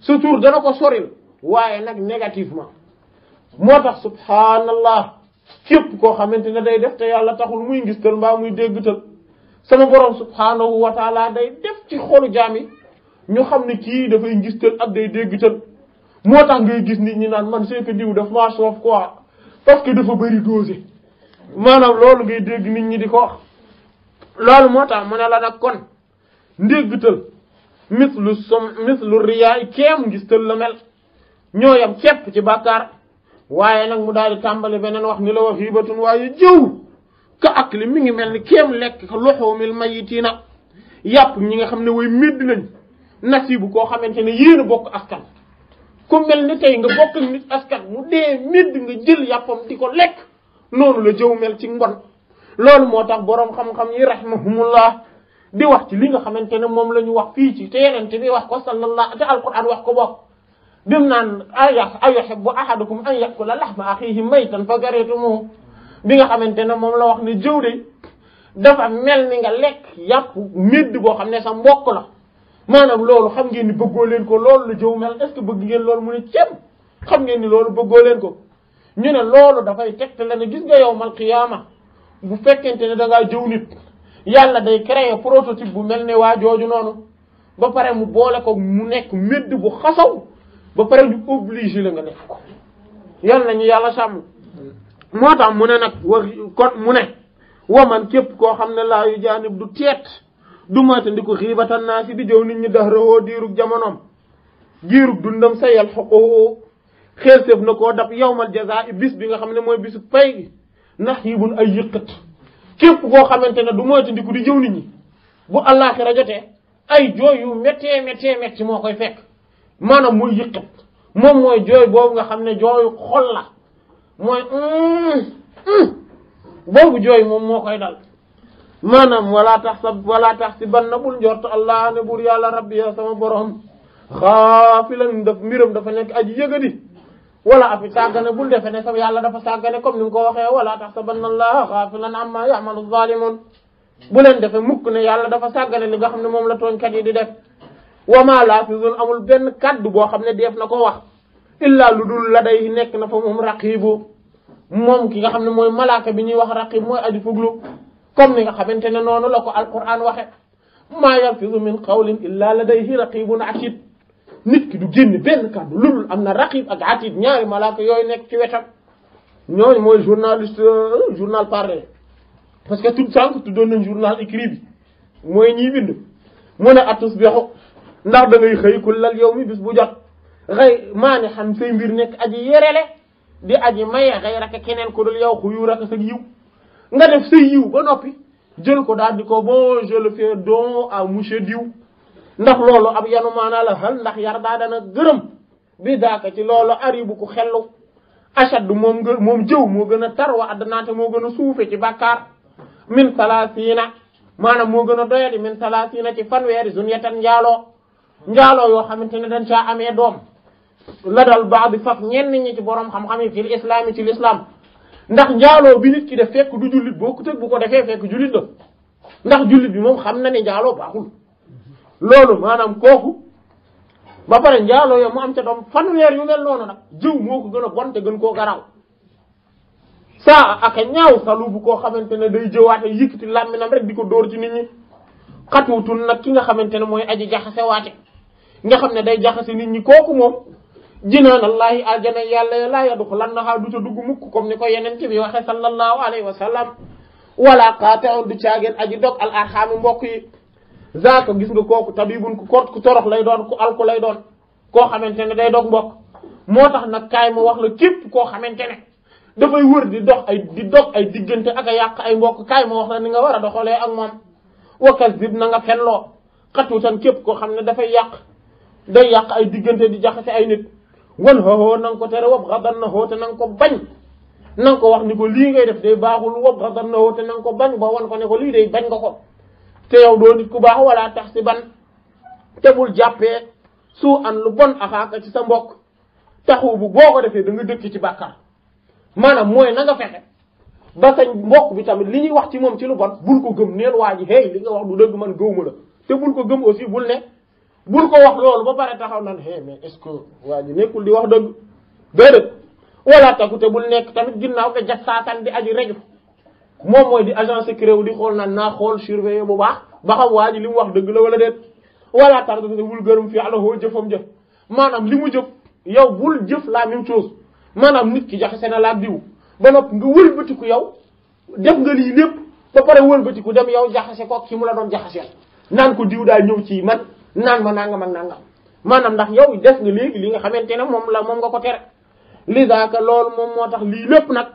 sa dana ko soril waaye nag négativement moo tax subhanallah képp koo xamante ne day def te yàlla taxul muy ngistal mbaa muy déggtal sama borom subhanahu wa taala day def ci xolu jaam ñu xam ne kii dafay ngistal ak day déggtal moo tax ngay gis nit ñi naan man c'est que diw daf maa soof quoi parce que dafa bëri dosé maanaam loolu ngay dégg nit ñi di ko wax loolu moo tax mu na la nag kon ndéggtal mislu som mislu riyaay keem ngis tël la mel ñoo yam cepp ci bàkkaar waaye nag mu daal di tàmbali beneen wax ni la wax hibatun waaye jëw ka ak li mi ngi mel ni keem lekk loxoomil mayitiina yàpp ñi nga xam ne way médd lañ nasibu koo xamante ne yéen a bokk askan ku melni tay nga bokk nit askan mu de medd nga jël yapam diko lek nonu la jëw mel ci ngon lolou motax borom xam-xam yi rahmuhumullah di wax ci li nga xamantene mom lañu wax fi ci te te bi wax ko sallallahu te alquran wax ko bok bim ahadukum an yakula lahma akhihi maytan fa bi nga xamantene mom la wax ni jëw de dafa mel nga ya yap medd bo xamne sa mbok la maanaam loolu xam ngeen ni bëggoo leen ko loolu la jëw mel est-ce que bëgg ngeen loolu mu ne ceeb xam ngeen ni loolu bëggoo leen ko ñu ne loolu dafay tegt la ne gis nga yow mal xiyaama bu fekkente ne da ngaa jëw nit yàlla day créer prototype bu mel ne waa jooju noonu ba pare mu boole ko mu nekk médd bu xasaw ba pare ñu obligé la nga def ko yal nañu yàlla sàmm moo tax mu ne nag war kon mu ne waman képp koo xam ne laa yu jaanib du teet du maatandiku xiibatan naa si di jëw nit ñi daxrawoo diirug jamonoom diirug dundam sayal xoqoo xeelséef na koo dab yawmal jaza i bis bi nga xam ne mooy bisu pay gi nax yibun ay yëqat képp koo xamante ne du moytandiku di jëw nit ñi bu àllaaxira jotee ay jooy yu méttee méttee moo koy fekk maanaam muy yëqat moom mooy jooy boobu nga xam ne jooyu xol la mooy mm, mm. boobu jooy moom moo koy dal maanaam wala tax sa wala tax si ban na bul njort allah ne buur yàlla rabbi ya sama borom xaafilan daf mbiram dafa nekk aji yëgadi wala afi sàggane bul defe ne sama yàlla dafa sàggane comme ni mu ko waxee wala tax sa banna allah xaafilan amma ya'malu zalimun bu leen defe mukk ne yàlla dafa sàggane li nga xam ne moom la tooñkat yi di def wama lafizun amul benn kaddu boo xam ne def na ko wax illaa lu dul la day nekk na fa moom raqibu moom ki nga xam ne mooy malaaka bi ñuy wax raqib mooy aji fuglu comme ni nga xamante ne noonu la ko alquran waxe maa yalfizu min qawlin illa ladayhi raqibun atid nit ki du génn benn kàddu lulul am na raqib ak atid ñaari malaaka yooyu nekk ci wetam ñooñu mooy journaliste journal parlé parce que tout sànq tuddoon nañ journal écrit bi mooy ñiy bind mu ne atusbihu ndax da ngay xëy kullal yawmi bis bu jot xëy maa ne xam say mbir nekk aji yerele di aji maye xëy rek keneen ku dul yow xuyuur ak sa yiw nga def sa ba noppi jël ko daal di ko bon je le fais don à monsieur diw ndax loolu ab yanu maanaa la xel ndax yar daa dana gërëm bi daaka ci loolu ari bu ko xellu achadu moom nga moom jëw moo gën a tar wa addanaate moo gën a suufe ci bàkkaar min salaasiina maanaam moo gën a doyati min salaasiina ci fanweeri zunyatan njaaloo njaaloo yoo xamante ne dañ caa amee doom la dal baax bi faf ñenn ñi ci borom xam-xam yi ci islam ci l'islam ndax njaaloo bi nit ki def fekk du jullit boo ko tëg bu ko defee fekk jullit la ndax jullit bi moom xam na ne njaaloo baaxul loolu maanaam kooku ba pare njaaloo yow mu am ca doom fanweer yu mel noonu nag jëw moo ko gën a bon gën koo garaaw saa ak a ñaaw salu bu koo xamante ne day jëwaate yëkkati làmminam rek di ko dóor ci nit ñi xatuutul ki nga xamante ne mooy aji jaxasewaate nga xam ne day jaxase nit ñi kooku moom jinaan allaahi aljana yàlla ya laa yadxulannahaa du ca dugg mukk comme ni ko yenente bi waxe sallallahu alayhi wa sallam wala qaati'un du caageen aji dog al arxaami mbokk yi zaaka gis nga kooku tabibun ku kort ku torox lay doon ku alku lay doon koo xamante ne day dog mbokk moo tax nag kaay ma wax la képp koo xamante ne dafay wër di dox ay di dog ay diggante ak yàq ay mbokk kaay ma wax la ni nga war a doxalee ak moom wakas dib na nga fenloo xatuutan képp koo xam ne dafay yàq day yàq ay diggante di jaxase ay nit wan xoo na nga ko tere wob xadan na xoo te na nga ko bañ na ko wax ni ko lii ngay def day baaxul wob xadan na xoo te na ko bañ ba wan ko ne ko lii day bañ nga ko te yow doo nit ku baax wala tax si ban te bul jàppee suu an lu bon axaaka ci sa mbokk taxu bu boo ko defee danga nga dëkk ci bàkkaar maanaam mooy na nga fexe ba sañ bi tamit li ñuy wax ci moom ci lu bon bul ko gëm neel waa ji hey li nga wax du dëgg man gëwma la te bul ko gëm aussi bul ne bu ko wax loolu ba pare taxaw nan hey mais est-ce que waa ji nekkul di wax dëgg déedéet wala takute bul nekk tamit ginnaaw nga jasaatan di aji reju moom mooy di agent secret wu di xool nan naa xool surveiller bu baax ba xam waa ji li mu wax dëgg la wala déet wala tarde bul gërëm fi àlahoo jëfam jëf maanaam li mu jëf yow bul jëf laa même chose maanaam nit ki jaxase na laa diw ba nopp nga wëlbatiku yow def nga lii lépp ba pare wëlbatiku dem yow jaxase ko ki mu la doon jaxaseel naan ko diw daa ñëw ci man naan ma nangam ak nangam maanaam ndax yow des nga léegi li nga xamante ne moom la moom nga ko tere li daaka moom moo tax lii lépp nag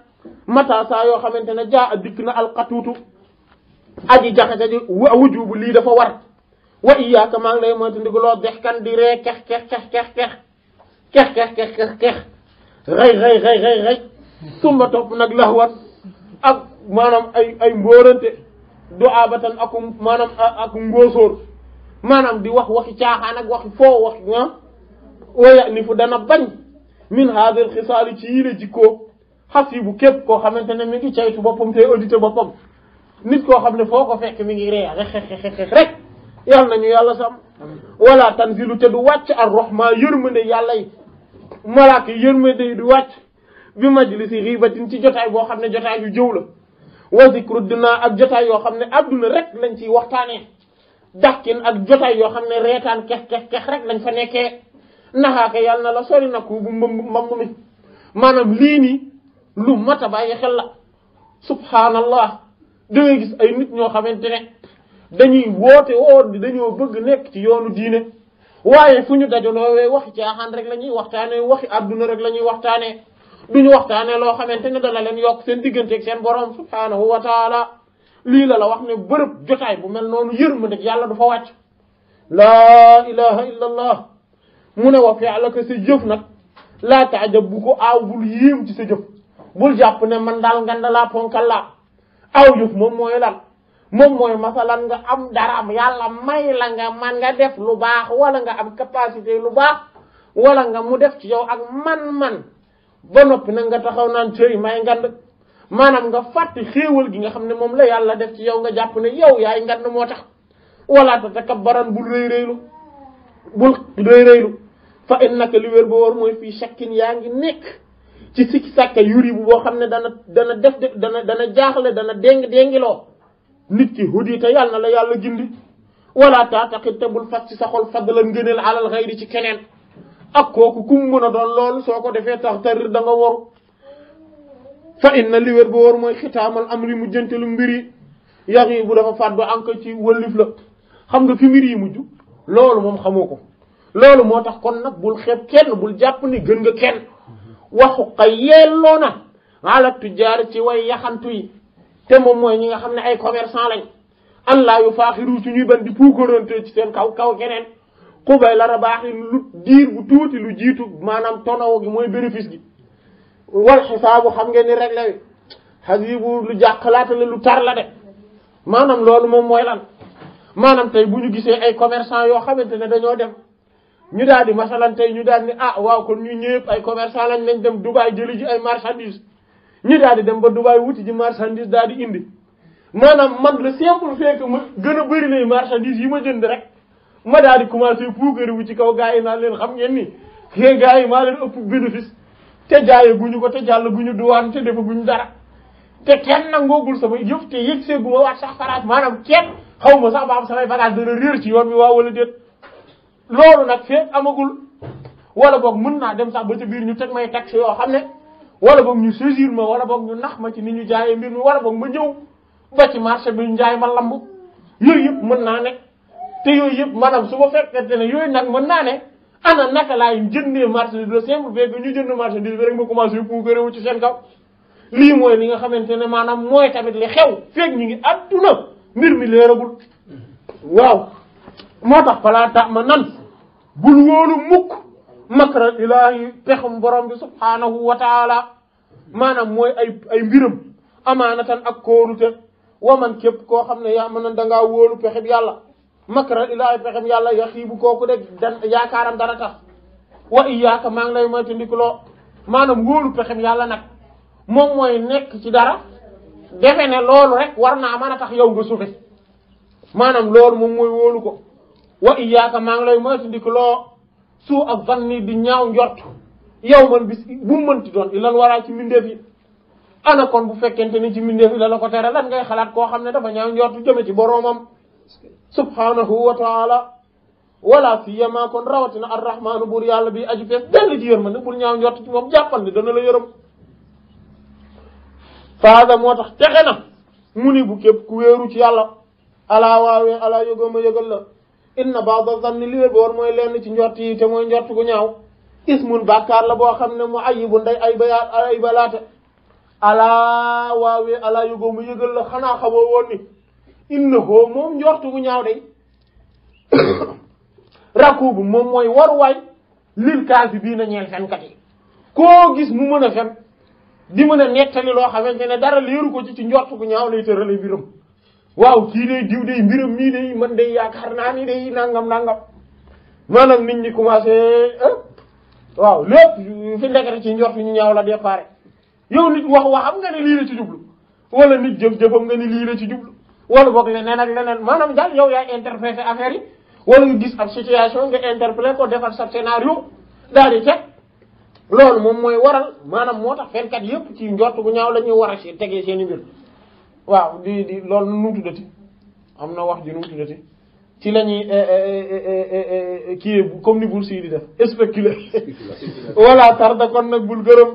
mata saa yoo xamante ne jaa a dikk na alxatuutu aji jaxase ji wujubu lii dafa war wa iyaaka maa ngi lay moytandiku loo dex kan di ree kex kex kex kex kex kex kex nag laxwat ak maanaam ay ay mbóorante du abatan ak ak ngóosóor maanaam di wax waxi caaxaan ak waxi foo wax ah ooya ni fu dana bañ min haadal xisaali ci yile jikkoo xasibu képp koo xamante ne mi ngi caytu boppam tey audité boppam nit koo xam ne foo ko fekk mi ngi ree rek rek na ñu yàlla sam wala tanzilu te du wàcc ar rahma yërmande yàlla yi malaaka yërmande yi du wàcc bi majlisi ribatin ci jotaay boo xam ne jotaay yu jëw la wa zikru duna ak jotaay yoo xam ne adduna rek lañ ciy waxtaanee dakkin ak jotaay yoo xam ne reetaan kex kex kex rek lañ fa nekkee naxaake yàlla na la sori na ko bu mbamb mi maanaam lii nii lu mat a bàyyi xel la subhanallah da ngay gis ay nit ñoo xamante ne dañuy woote woon di dañoo bëgg nekk ci yoonu diine waaye fu ñu dajaloowee waxi caaxaan rek la ñuy waxtaanee waxi adduna rek la ñuy waxtaanee duñu waxtaanee loo xamante ne dana leen yokk seen digganteeg seen borom subhanahu wa Lila la la wax ne beurep jotay bu mel noonu yërmande yàlla du fa wacc la ilaha illa allah mu ne wa fi'laka sa jëf nak la taajab bu ko awul yim ci sa jëf bul japp ne man dal nganda laa ponkal la aw jëf mom moy lan mom moy masalan nga am dara am yalla may la nga man nga def lu bax wala nga am capacité lu bax wala nga mu def ci yow ak man-man ba nopi nga taxaw naan cëy may ngand maanaam nga fàtte xéewal gi nga xam ne moom la yàlla def ci yow nga jàpp ne yow yaay ngand moo tax wala tatakabbaran bul rëy rëylu bul rëy rëylu fa innaka li wér ba war mooy fii shakkin yaa ngi nekk ci sikki sàkka yuri bu boo xam ne dana dana def dana dana jaaxle dana déng déngiloo nit ki hudita yàlla na la yàlla gindi wala taataqit te bul fas ci sa xol fadlan ngëneel alal xayri ci keneen ak kooku kum mën a doon loolu soo ko defee tax tarir danga nga waru fa inna li wér ba war mooy xitaamal am li mu lu mbir yi yàq bu dafa faat ba anka ci wëllif la xam nga fi mbir yi mujj loolu moom xamoo ko loolu moo tax kon nag bul xeeb kenn bul jàpp ni gën nga kenn waxu ka yelloo na ala tujaar ci way yaxantu yi te moom mooy ñi nga xam ne ay commerçant lañ an allah yu faaxiru ci ñuy ban di puukarante ci seen kaw kaw keneen xubay la rabaaxi lu diir bu tuuti lu jiitu maanaam tonawo gi mooy bénéfice gi wal xisaabu xam ngeen rek réglé wi xasibu lu jàqalaate la lu tar la de maanaam loolu moom mooy lan maanaam tey bu ñu gisee ay commerçant yoo xamante ne dañoo dem ñu daal di masalan tey ñu daal ni ah waaw kon ñu ñëpp ay commerçant lañ nañ dem Dubaay jëli ji ay marchandise ñu daal di dem ba Dubaay wuti ji marchandise daal di indi maanaam man la simple fait que ma gën a bëri lay marchandise yi ma jënd rek ma daal di commencé puukari wu ci kaw gars yi naa leen xam ngeen ni xëy gars yi maa te jaaye guñu ko te jàll guñu duwaan te defa guñu dara te kenn nangoogul sama yëf te yëg seegu ma waat sax faraas maanaam kenn ma sax ba am samay bagage dana ci yoon bi waaw wala déet loolu nag amagul wala boog mën naa dem sax ba ca biir ñu teg may taxe yoo xam ne wala boog ñu saisir ma wala boog ñu nax ma ci ni ñu jaayee mbir mi wala boog ma ñëw ba ci marché bi ñu jaay ma lamb yooyu yëpp mën naa ne te yooyu yëpp maanaam su ma fekkente ne yooyu nag mën naa ne ana naka laay jëndee marchandise le simple fait que ñu jënd marchandise bi rek ma commencé puukare wu ci seen kaw lii mooy li nga xamante ne maanaam mooy tamit li xew feeg ñu ngi àdduna mbir mi leeragul waaw moo tax falaa ta ma nan bul wóolu mukk makra ilaahi pexum borom bi subhaanahu wa taala maanaam mooy ay ay mbiram amaanatan ak kóorute waman képp koo xam ne yaa mën a dangaa wóolu pexib yàlla makra ilaa pexem yàlla yaxiibu kooku de dan karam dana wa iyyaka maa ngi ma tindiklo manam ngolu fexam yalla nak mom moy nek ci dara defene lolu rek warna mana tax yow nga sufe manam lolu mom moy wolu ko wa iyyaka maa ngi ma tindiklo su ak vanni di ñaaw njort yow man bis bu ti doon ilal wara ci minde fi ana kon bu fekente ni ci minde fi la la ko tere lan ngay xalat ko xamne dafa ñaaw jëme ci boromam subhanahu wa taala wala siyama kon rawatina buur yàlla bi aju fees dell ci yërmande bul ñaaw njort ci moom jàppal ni dana la yërëm faada moo tax texe na mu ku wéeru ci yàlla alaa waawee alaa yëgooma yëgal inna ba'da zanni li ci njort yi te mooy boo xam ne mu ayibu nday ay ba alaa waawee alaa yëgooma yëgal la xanaa xamoo innahu moom njortu bu ñaaw day bu moom mooy waruwaay lil kaazibiina ñeel fenkat yi koo gis mu mën a fen di mën a nettali loo xamante ne dara leeru ko ci ci njortu bu ñaaw lay tërale mbiram waaw kii day diw day mbiram mii day man day yaakaar naa ni day nangam nangam maanaam nit ñi commencé eh? waaw lépp fi ndekete ci njortu ñu ñaaw la départ yow nit wax waxam nga ne lii la ci jublu wala nit jëf jëfam nga ne lii la ci jublu wala boog leneen ak leneen maanaam daal yow yaay interprété affaire yi wala nga gis ab situation nga interprété ko defar sa scénario daal di teg loolu moom mooy waral maanaam moo tax fenkat yëpp ci njort gu ñaaw lañuy ñuy war a tegee seen i waaw di di loolu nu mu tuddati am na wax ji nu mu ci la ñuy eh, eh, eh, kii comme ni bul sii di def spéculer voilà tarda kon nag bul gërëm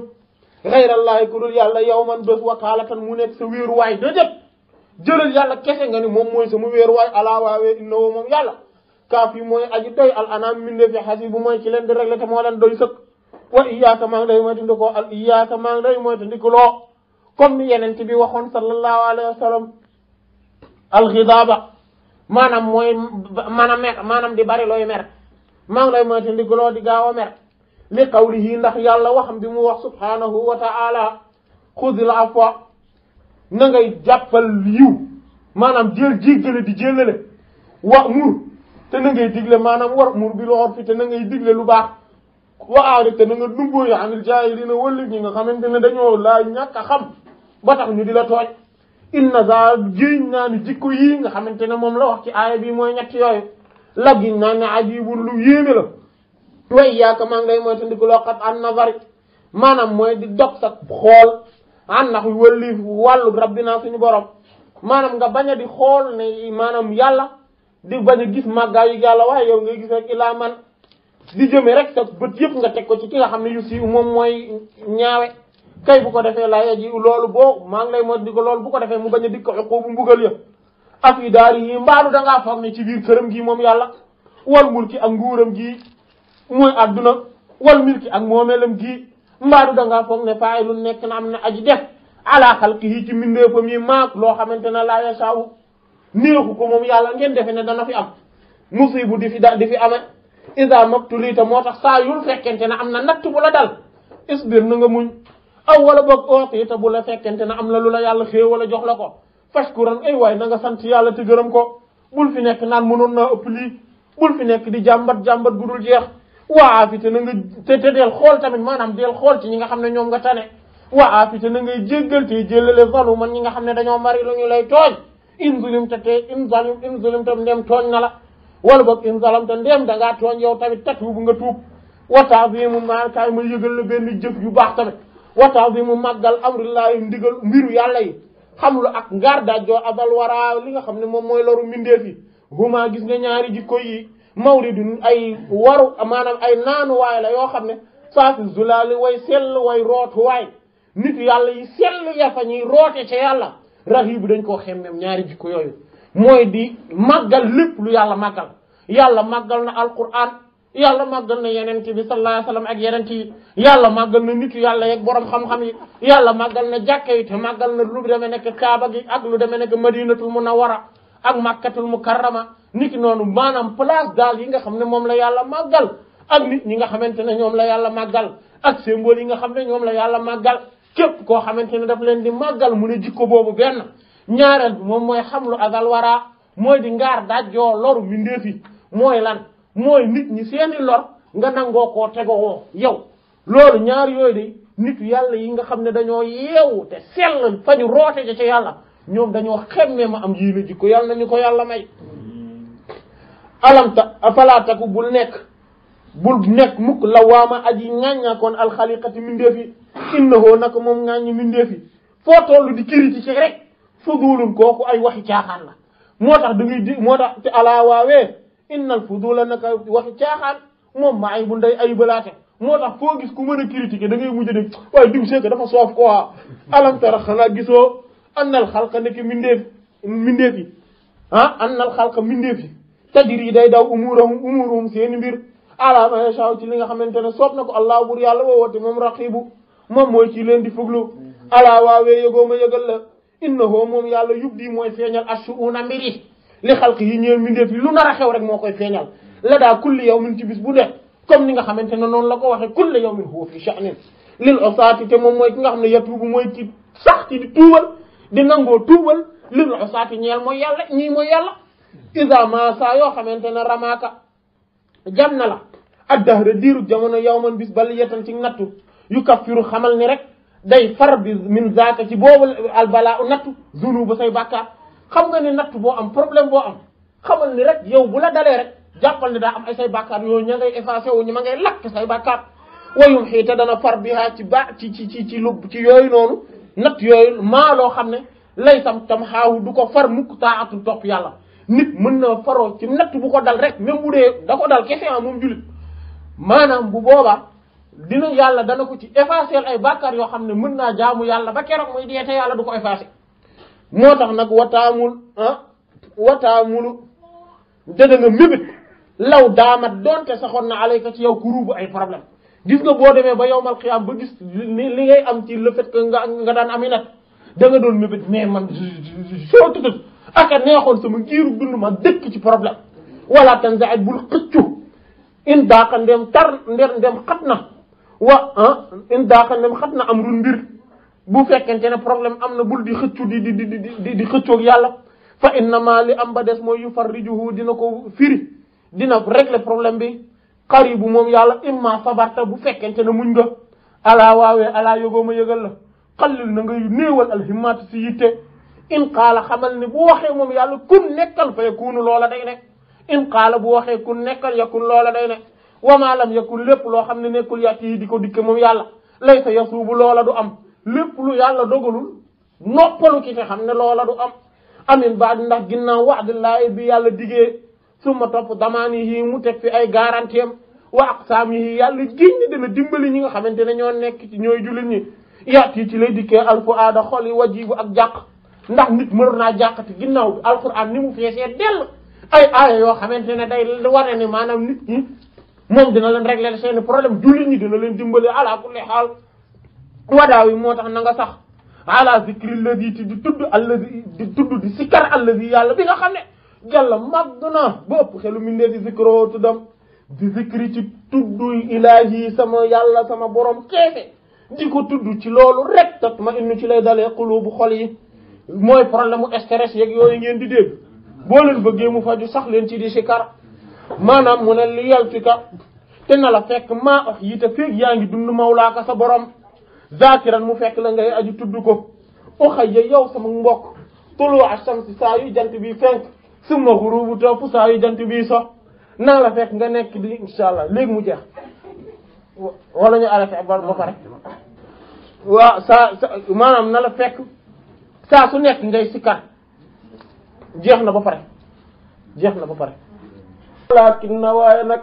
xayrallaahi ku dul yàlla yow man bés wakaalatan mu nekk sa wéeruwaay jëlal yàlla kese nga ni moom mooy sama wéer waay alaa waawee inna woo moom yàlla kaaf yi mooy aji doy al anaam mbindeef yi xas yi mooy ci leen di régler te moo leen doy sëkk wa iyaaka maa ngi lay moytandikoo al iyaaka maa ngi lay moytandikuloo comme ni ci bi waxoon sallallahu alayhi wa sallam alxidaaba maanaam mooy man a maanaam di bari looy mer maa ngi lay moytandikuloo di gaaw a mer li qawlihi ndax yàlla waxam bi mu wax subhanahu wa ta'ala xudil afwa na ngay jàppal yiw maanaam jël jéggale di jéllale wa mur te na ngay digle maanaam war mur bi loxor te na ngay digle lu baax waaari te na nga dumboo yo xamil na wëllu ñi nga xamante ne dañoo laa ñàkk a xam ba tax ñu di la tooñ inna za géeñ naa ni jikko yi nga xamante ne moom la wax ci aaya mooy ñett yooyu la giñ naa ne ajibun lu yéeme la way yaaka maa ngi lay mooy te ndiko loo xat an nazari maanaam mooy di dog sa xool an ndax walu rabbina suñu borom manam nga baña di xol ne manam yalla di baña gis magga yu yalla way yow ngay gis rek ila man di jëme rek sa bëtt yëpp nga tek ko ci ki nga xamni yu siiw moom kay bu ko défé la yaji loolu bo ma ngi lay mod di ko loolu bu ko défé mu baña ko bu mbugal ya af daari yi da nga ci biir kërëm gi mom yalla wal mulki ak nguuram gi moy aduna wal milki ak momelam gi mbaadu da ngaa foog ne faayilun nekk na am na aji def ala xalqihi ci mbindeefam yi maak loo xamante ne laa yasaawu néexu ko moom yàlla ngeen defe ne dana fi am musibu di fi da di fi amee isa mabtulita moo tax saa yul fekkente ne am na natt bu la dal isbir na nga muñ aw wala boog ootiita bu la fekkente ne am na lu la yàlla xée wala jox la ko fashkuran ay waay na nga sant yàlla te gërëm ko bul fi nekk naan mënoon naa ëpp lii bul fi nekk di jàmbat jàmbat bu dul waa afite na nga te te deel xool tamit maanaam deel xool ci ñi nga xam ne ñoom nga tane waa afite na ngay jéggal te jëlale valu man ñi nga xam ne dañoo mari lu ñu lay tooñ in zulimta te in zalim in zulimta ndem tooñ na la wala boog in zalamta ndem da ngaa tooñ yow tamit tatubu nga tuub wa ta'zimu ma kaay ma yëgal la benn jëf yu baax tamit wa ta'zimu màggal amrillahi ndigal mbiru yàlla yi xamlu ak ngaar daajoo abal waraa li nga xam ne moom mooy loru mbindeef yi huma gis nga ñaari jikko yi mawridun ay waru maanaam ay naanuwaay la yoo xam ne saafi zulaali way sell way rootu waay nit yàlla yi sell yafa ñuy roote ca yàlla rahib dañ koo xemmem ñaari jikko yooyu mooy di màggal lépp lu yàlla màggal yàlla màggal na alquran yàlla màggal na yenent bi sallallahu alayhi wasallam ak yenent yi yàlla màggal na nitu yàlla yeeg borom xam-xam yi yàlla màggal na jàkka yi te màggal na lu demee nekk kaaba gi ak lu demee nekk madinatul munawwara ak makkatul mukarrama niki noonu maanaam place yi nga xam ne moom la yàlla màggal ak nit ñi nga xamante ne ñoom la yàlla màggal ak symbole yi nga xam ne ñoom la yàlla màggal képp koo xamante ne daf leen di màggal mu ne boobu benn ñaareel moom mooy xam lu azal mooy di ngaar dajjoo loru mbindeef yi mooy lan mooy nit ñi seeni lor nga nangoo ko tego tegowoo yow loolu ñaar yooyu de nit yàlla yi nga xam ne dañoo yeewu te sell fañu roote ca ca yàlla ñoom dañoo xemmee ma am yii la jikko yàlla nañu ko yàlla may alam ta afala taku bul nek bul nek muk lawama aji ngagna kon khaliqati mindee fi innahu nak mom ngagni mindee fi fo toll di ci rek fudulun koku ay waxi caaxaan la motax tax da motax te innal fudula nak waxi caaxaan mom ma ay bu ndey ay balate motax fo gis ku meuna critiquer da ngay dafa soof quoi alam tara xanaa gisoo annal nak nekk mindeef mindeef yi ha ah, annal khalqa mindeef tajri day daw umuurahum umuuruhum seen mbir ala ma yashaa ci li nga xamante ne soob na ko allah bur yàlla woowote moom raqibu moom mooy ci leen di fuglu ala waawee yëgoo ma yëgal la innahu moom yàlla yubdi mooy feeñal ashuuna mbiri li xalq yi ñeel mbindeef yi lu nar a xew rek moo koy feeñal la daa kulli yawmin ci bis bu def comme ni nga xamante ne noonu la ko waxee kulli yawmin huwa fi sha'nin lil osaati te moom mooy ki nga xam ne yatuubu mooy ci sax ci di tuubal di nangoo tuubal lil osaati ñeel mooy yàlla ñii mooy yàlla isa ma saa yoo xamante ne ramaaka jam na la addahra diiru jamono yawman bis bal yetan ci nattu yu kaffiru xamal ni rek day far bi min zaaka ci boobu albalaa u nattu zunuba say bàkkaar xam nga ni nattu boo am problème boo am xamal ni rek yow bu la dalee rek jàppal ne daa am ay say bàkkaar yooyu ña ngay effacé wu ñu ma ngay lakk say bàkkaar wayum xiita dana far bihaa ci ba ci ci ci ci lu ci yooyu noonu natt yooyu maa loo xam ne lay sam tam xaawu du ko far mukk taa atul yàlla nit mën na faroo ci natt bu ko dal rek même bu dee da ko dal kese ah moom jullit maanaam bu boobaa dina yàlla dana ko ci effacer ay bàkkaar yoo xam ne mën naa jaamu yàlla ba keroog muy dee te yàlla du ko effacer. moo tax nag wataamul ah wataamulu dëgg nga mébét law doon donte saxoon na alayka ci yow kurubu ay problème gis nga boo demee ba yowmal xiyaam ba gis li li ngay am ci la fait que nga nga daan am i nat da nga doon mébét mais man soo tëdd. aka neexoon sama giiru dund ma dëkk ci problème wala tanzaat bul xëccu in daaka ndem tar ndem ndem xat na wa ah, in daaka ndem xat na am mbir bu fekkente ne problème am na bul di xëccu di di di di di xëccoog yàlla fa innama li am ba des mooy yu yufarrijuhu dina ko firi dina régler problème bi xaribu moom yàlla imma sabarta bu fekkente ne muñ nga alaa waawee alaa yogoo ma la xallil na ngay néewal alhimmaati si yitte in qaala xamal ni bu waxee moom yàlla kun nekkal fa yakunu loola day nekk in qaala bu waxee kun nekkal yakun loola day nekk wa maa lam yakun lépp loo xam ne nekkul yàtt yi di ko dikke moom yàlla lay sa yasuubu loola du am lépp lu yàlla dogalul noppalu ki te xam ne loola du am amin ba ndax ginnaaw wa'dillaahi bi yàlla digee suma topp damaan yi mu teg fi ay garantie wa aqsaam yi yàlla géñ ne dimbali ñi nga xamante ne ñoo nekk ci ñooy jullit ñi yàtt yi ci aada xol yi wajibu ak jàq ndax nit mën naa jàqati ginnaaw bi alxuraan ni mu feesee dell ay aaya yoo xamante ne day wane ne maanaam nit moom dina leen régler seeni problème jullit ñi dina leen dimbale ala kulli xaal wadaaw yi moo tax na nga sax ala zikri ladi ti di tudd alladi di tudd di sikkar alladi yàlla bi nga xam ne jàlla màgg na ba ëpp xelu mu ne di zikroo tuddam di zikri ci tudd ilaahi sama yàlla sama borom keefe di ko tudd ci loolu rek tat ma innu ci lay dalee xulubu xol yi moy problème mu stress yeeg yoy ngeen di deg bo leen beugé mu faju sax leen ci di sikar manam mu ne li ka te na la fekk ma wax yi te feeg yaa ngi dund sa borom zakiran mu fekk la ngay aju tuddu ko xaye yow sama mbokk tulu asam ci sa yu jant bi fenk summa ghurubu top sa yu jant bi so na la fekk nga nek di inshallah leg mu jeex wala ñu arrêté ba pare wa sa manam na la fekk saa su nekk ngay sikkat jeex na ba pare jeex na ba pare lakin na waaye nag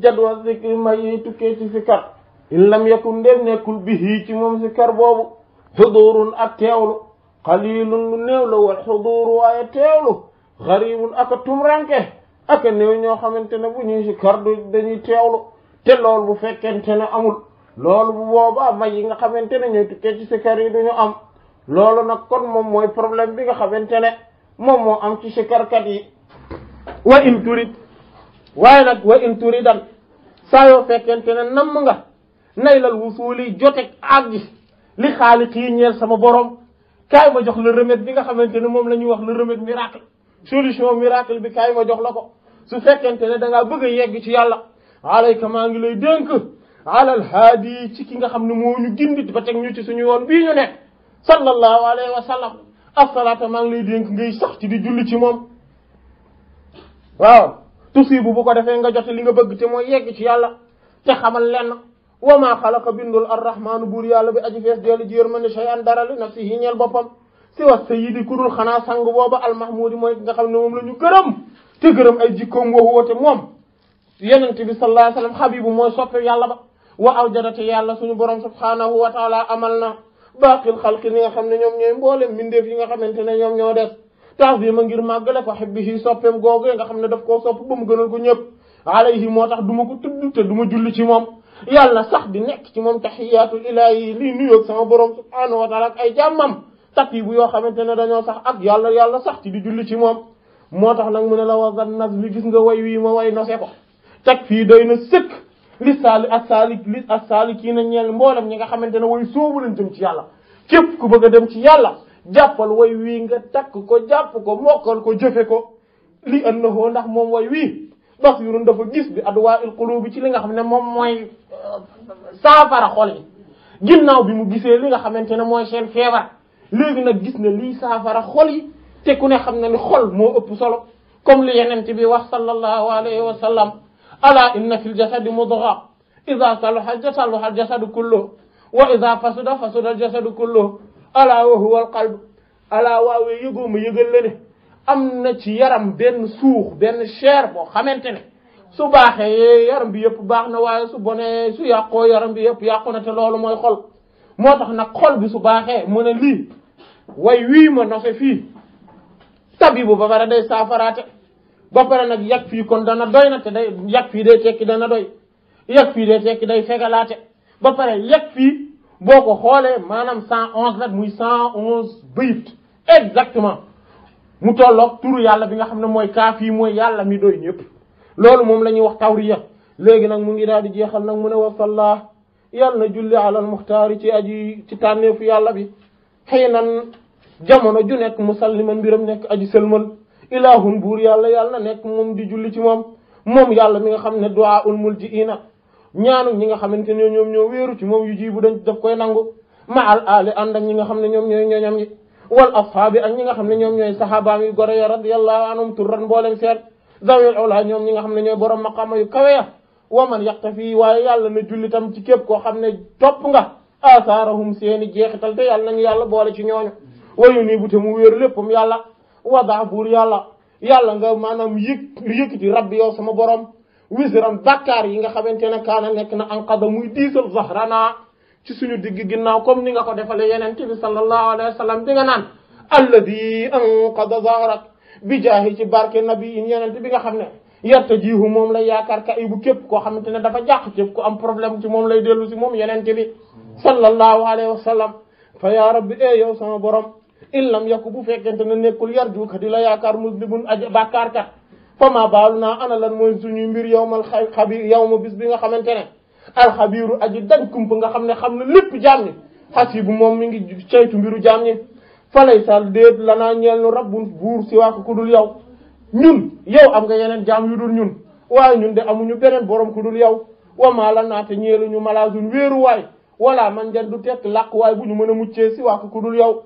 jadwa zikri ma yi tukkee ci sikkat in lam yakun ndem nekkul bihi ci moom sikkar boobu xuduurun ak teewlu xaliilun lu néew la wal xuduuru waaye teewlu xariibun ak a tumranke ak a néew ñoo xamante ne bu ñuy sikkar du dañuy teewlu te loolu bu fekkente ne amul loolu bu boobaa ma yi nga xamante ne ñooy tukkee ci sikkar yi du ñu am loolu nag kon moom mooy problème bi nga xamante ne moom moo am ci sikkarkat yi wa in turid waaye nag wa in turidan saa yoo fekkente ne namm nga naylal wusuuli joteg àgg li xaaliq yi ñeel sama borom kaay ma jox la remède bi nga xamante ne moom la ñuy wax le remède miracle solution miracle bi kaay ma jox la ko su fekkente ne danga bëgg a yegg ci yàlla alayka maa ngi lay dénk alal haadi ci ki nga xam ne moo ñu gindit ba teg ñu ci suñu yoon bii ñu nekk sallallahu alayhi wa sallam asalaata maa ngi lay dénk ngay sax ci di julli ci moom tusibu bu ko defee nga jote li nga bëgg te mooy yegg ci yàlla te xamal lenn wa maa xalaqa bindul arrahmaanu buur yàlla bi aji fees dellu ji yërmande shay'an dara li nafsihi ñeel boppam si wax sayyidi ku dul xanaa sang booba almahmuudi mooy nga xam ne moom la ñu gërëm te gërëm ay jikkoom wa huwa te moom yenent bi sallallahu alayhi yàlla ba suñu borom subhaanahu baaqil xalqi ni nga xam ne ñoom ñooy mboolem mbindeef yi nga xamante ne ñoom ñoo des ta'zima ngir màggale ko hubbihi soppeem googu nga xam ne daf koo sopp ba mu gënal ko ñëpp alayhi moo tax du ma ko tudd te du ma julli ci moom na sax di nekk ci moom tahiyatul ilahi lii nuyoog sama borom subhanahu wa taala ak ay jàmmam tati bu yoo xamante ne dañoo sax ak yàlla yàlla sax ci di julli ci moom moo tax nag mu ne la wagan nas li gis nga way wii ma way nose ko teg fii doy na sëkk li saali ak saali li ak saali kii na ñeel mboolem ñi nga xamante ne way soobu lañ jëm ci yàlla képp ku bëgg a dem ci yàlla jàppal way wii nga takk ko jàpp ko mokkal ko jëfe ko li annahu ndax moom way wii basirun dafa gis bi adwaa'il qulubi ci li nga xam ne moom mooy euh, saafara xol yi ginnaaw bi mu gisee li nga xamante ne mooy seen feebar léegi nag gis na lii saafara xol yi te ne xam na ni xol moo ëpp solo comme li yenente bi wax sallallahu alayhi wa ألا إن في الجسد مضغة إذا صلحت صلح الجسد كله وإذا فسد فسد الجسد كله ألا وهو القلب ألا waaw yëgoo ma yëgal la ne am na ci yaram benn suux benn chair boo xamante ne su baaxee yaram bi yëpp baax na waaye su bonee su yàqoo yaram bi yëpp yàqu na te loolu mooy xol moo tax nag xol bi su baaxee mu ne lii way wii ma nose fii tabibu ba bara day saafaraate ba pare nag yàq fii kon dana doy na te day yàq fii day tekki dana doy yàq fii day tekki day fegalaate ba pare yàq fii boo ko xoolee maanaam cent onze la muy cent onze bayit exactement mu tolloog turu yàlla bi nga xam ne mooy kaafi mooy yàlla mi doy ñëpp loolu moom la ñuy wax tawriya léegi nag mu ngi daal di jeexal nag mu ne laa yàlla na julli alal muxtaari ci aji ci tànneefu yàlla bi xëy nan jamono ju nekk musalliman mbiram nekk aji sëlmal ilahun buur yàlla yàlla na nekk moom di julli ci moom moom yàlla mi nga xam ne du'a ul muljiina ñaanu ñi nga xamante ne ñoom ñoo wéeru ci moom yu ji bu dañ daf koy nangu maal ali ànd ak ñi nga xam ne ñoom ñooy ñooñam yi wal ashaabi ak ñi nga xam ne ñoom ñooy saxaabaam yu gore ya radiyallahu anhum turran mboolem seen zawil ula ñoom ñi nga xam ne ñooy borom maqaama yu kawe ya wa man yaqtafi waaye yàlla na jullitam ci képp koo xam ne topp nga asaarahum seeni jeexital te yàlla nañu yàlla boole ci ñooñu wayu nii bu te mu wéeru léppam yàlla wadaa buur yàlla yàlla nga maanaam yëg yëkkati rabbi yow sama borom wisiran bakkaar yi nga xamante ne kaana nekk na anqada muy diisal zahrana ci suñu digg ginnaaw comme ni nga ko defale yeneen bi sallallahu alayhi wa sallam bi nga naan alladi anqada zahrak bi jaahi ci barke nabi in yeneen bi nga xam ne yarta jiihu moom lay yaakaar ka ibu képp koo xamante ne dafa jàq képp ku am problème ci moom lay dellu si moom yeneen bi sallallahu alayhi wa sallam fa yaa rabbi e yow sama borom illam yàqu bu fekkente ne nekkul yarjuka di la yaakaar muslimun aji bàkkaar kat fama baalu naa ana lan mooy suñuy mbir yowmal xabir yow ma bis bi nga xamante ne alxabiru aji dañ kumpa nga xam ne xam na lépp jaam ñi xasibu moom mi ngi ceytu mbiru jaam ñi falay sal déet lanaa ñeel nu rabbun buur si waa ku dul yow ñun yow am nga yeneen jaam yu dul ñun waaye ñun de amuñu beneen borom ku dul yow wamaa la naate ñeeluñu malaasun wéeru waay wala man jan du tekk làq waay bu ñu mën a muccee si waa ku yow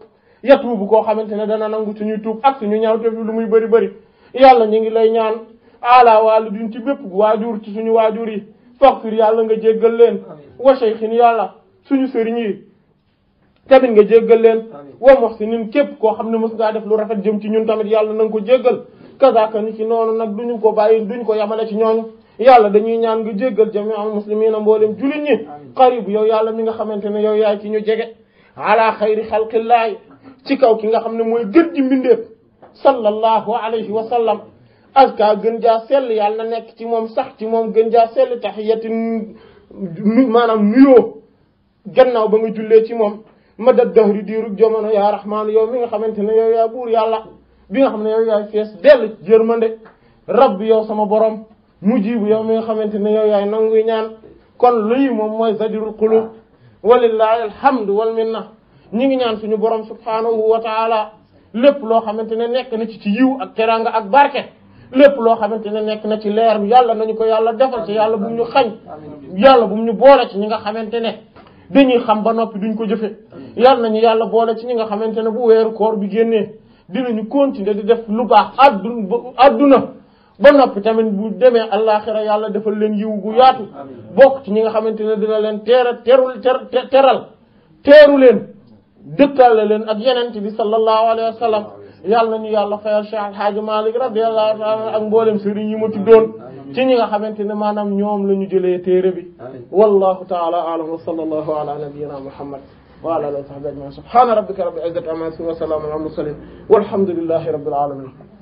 yatru bu koo xamante ne dana nangu suñuy tuub ak suñu ñaaw te fi lu muy bari bëri yàlla ñu ngi lay ñaan ala waali duñ ci bépp waajur ci suñu waajur yi faxfir yàlla nga jéggal leen wa shaykhin yàlla suñu sëriñ yi nga jéggal leen wa muhsinin képp koo xam ne mos ngaa def lu rafet jëm ci ñun tamit yàlla na nga ko jéggal kazaka ni ci noonu nag duñu ko bàyyi duñ ko yamale ci ñooñu yàlla dañuy ñaan nga jéggal jami'al muslimina mboolem jullit ñi xarib yow yàlla mi nga xamante ne yow yaay ci ñu jege ala ci kaw ki nga xamne moy mooy gën di mbindeef sallallahu alayhi wa sallam aska gën ja sel yàlla nek ci mom sax ci mom gën ja sel tahiyatun manam nuyo gannaaw ba nga julle ci mom madad dahri diirug jomono ya rahman yow mi nga xamantene yow ya bur yàlla bi nga xamne yow ya fess del jërmande rabb yow sama borom mujibu yow mi nga xamantene yow yaay nanguy ñaan kon luy mom moy zadirul qulub walillahi alhamdu wal minnah ñu ngi ñaan suñu borom subhaanahu wa taala lépp loo xamante ne nekk na ci ci yiw ak teraanga ak barke lépp loo xamante ne nekk na ci leer bi yàlla nañu ko yàlla defal ci yàlla bu ñu xañ yàlla bu mu boole ñi nga xamante ne dañuy xam ba noppi duñ ko jëfe yàlla nañu yàlla boole ci ñi nga xamante ne bu weeru koor bi génnee dinañu continuer di def lu baax addun adduna ba noppi tamit bu demee àllaaxira yàlla defal leen yiw gu yaatu bokk ci ñi nga xamante ne dina leen teera teru teral teeru leen dëkkaale leen ak yenent bi sallallahu alayhi wa sallam yàlla nañu yàlla fayal Cheikh Al Hadj Malick radiyallahu ta'ala ak mboolem sëriñ yi ma tuddoon ci ñi nga xamante ne maanaam ñoom la ñu jëlee téere bi wallahu ta'ala a'lam wa sallallahu ala nabiyyina muhammad wa ala alihi wa sahbihi ajma'in subhana rabbika rabbil izzati amma yasifun wa salamun ala al mursalin walhamdulillahi rabbil alamin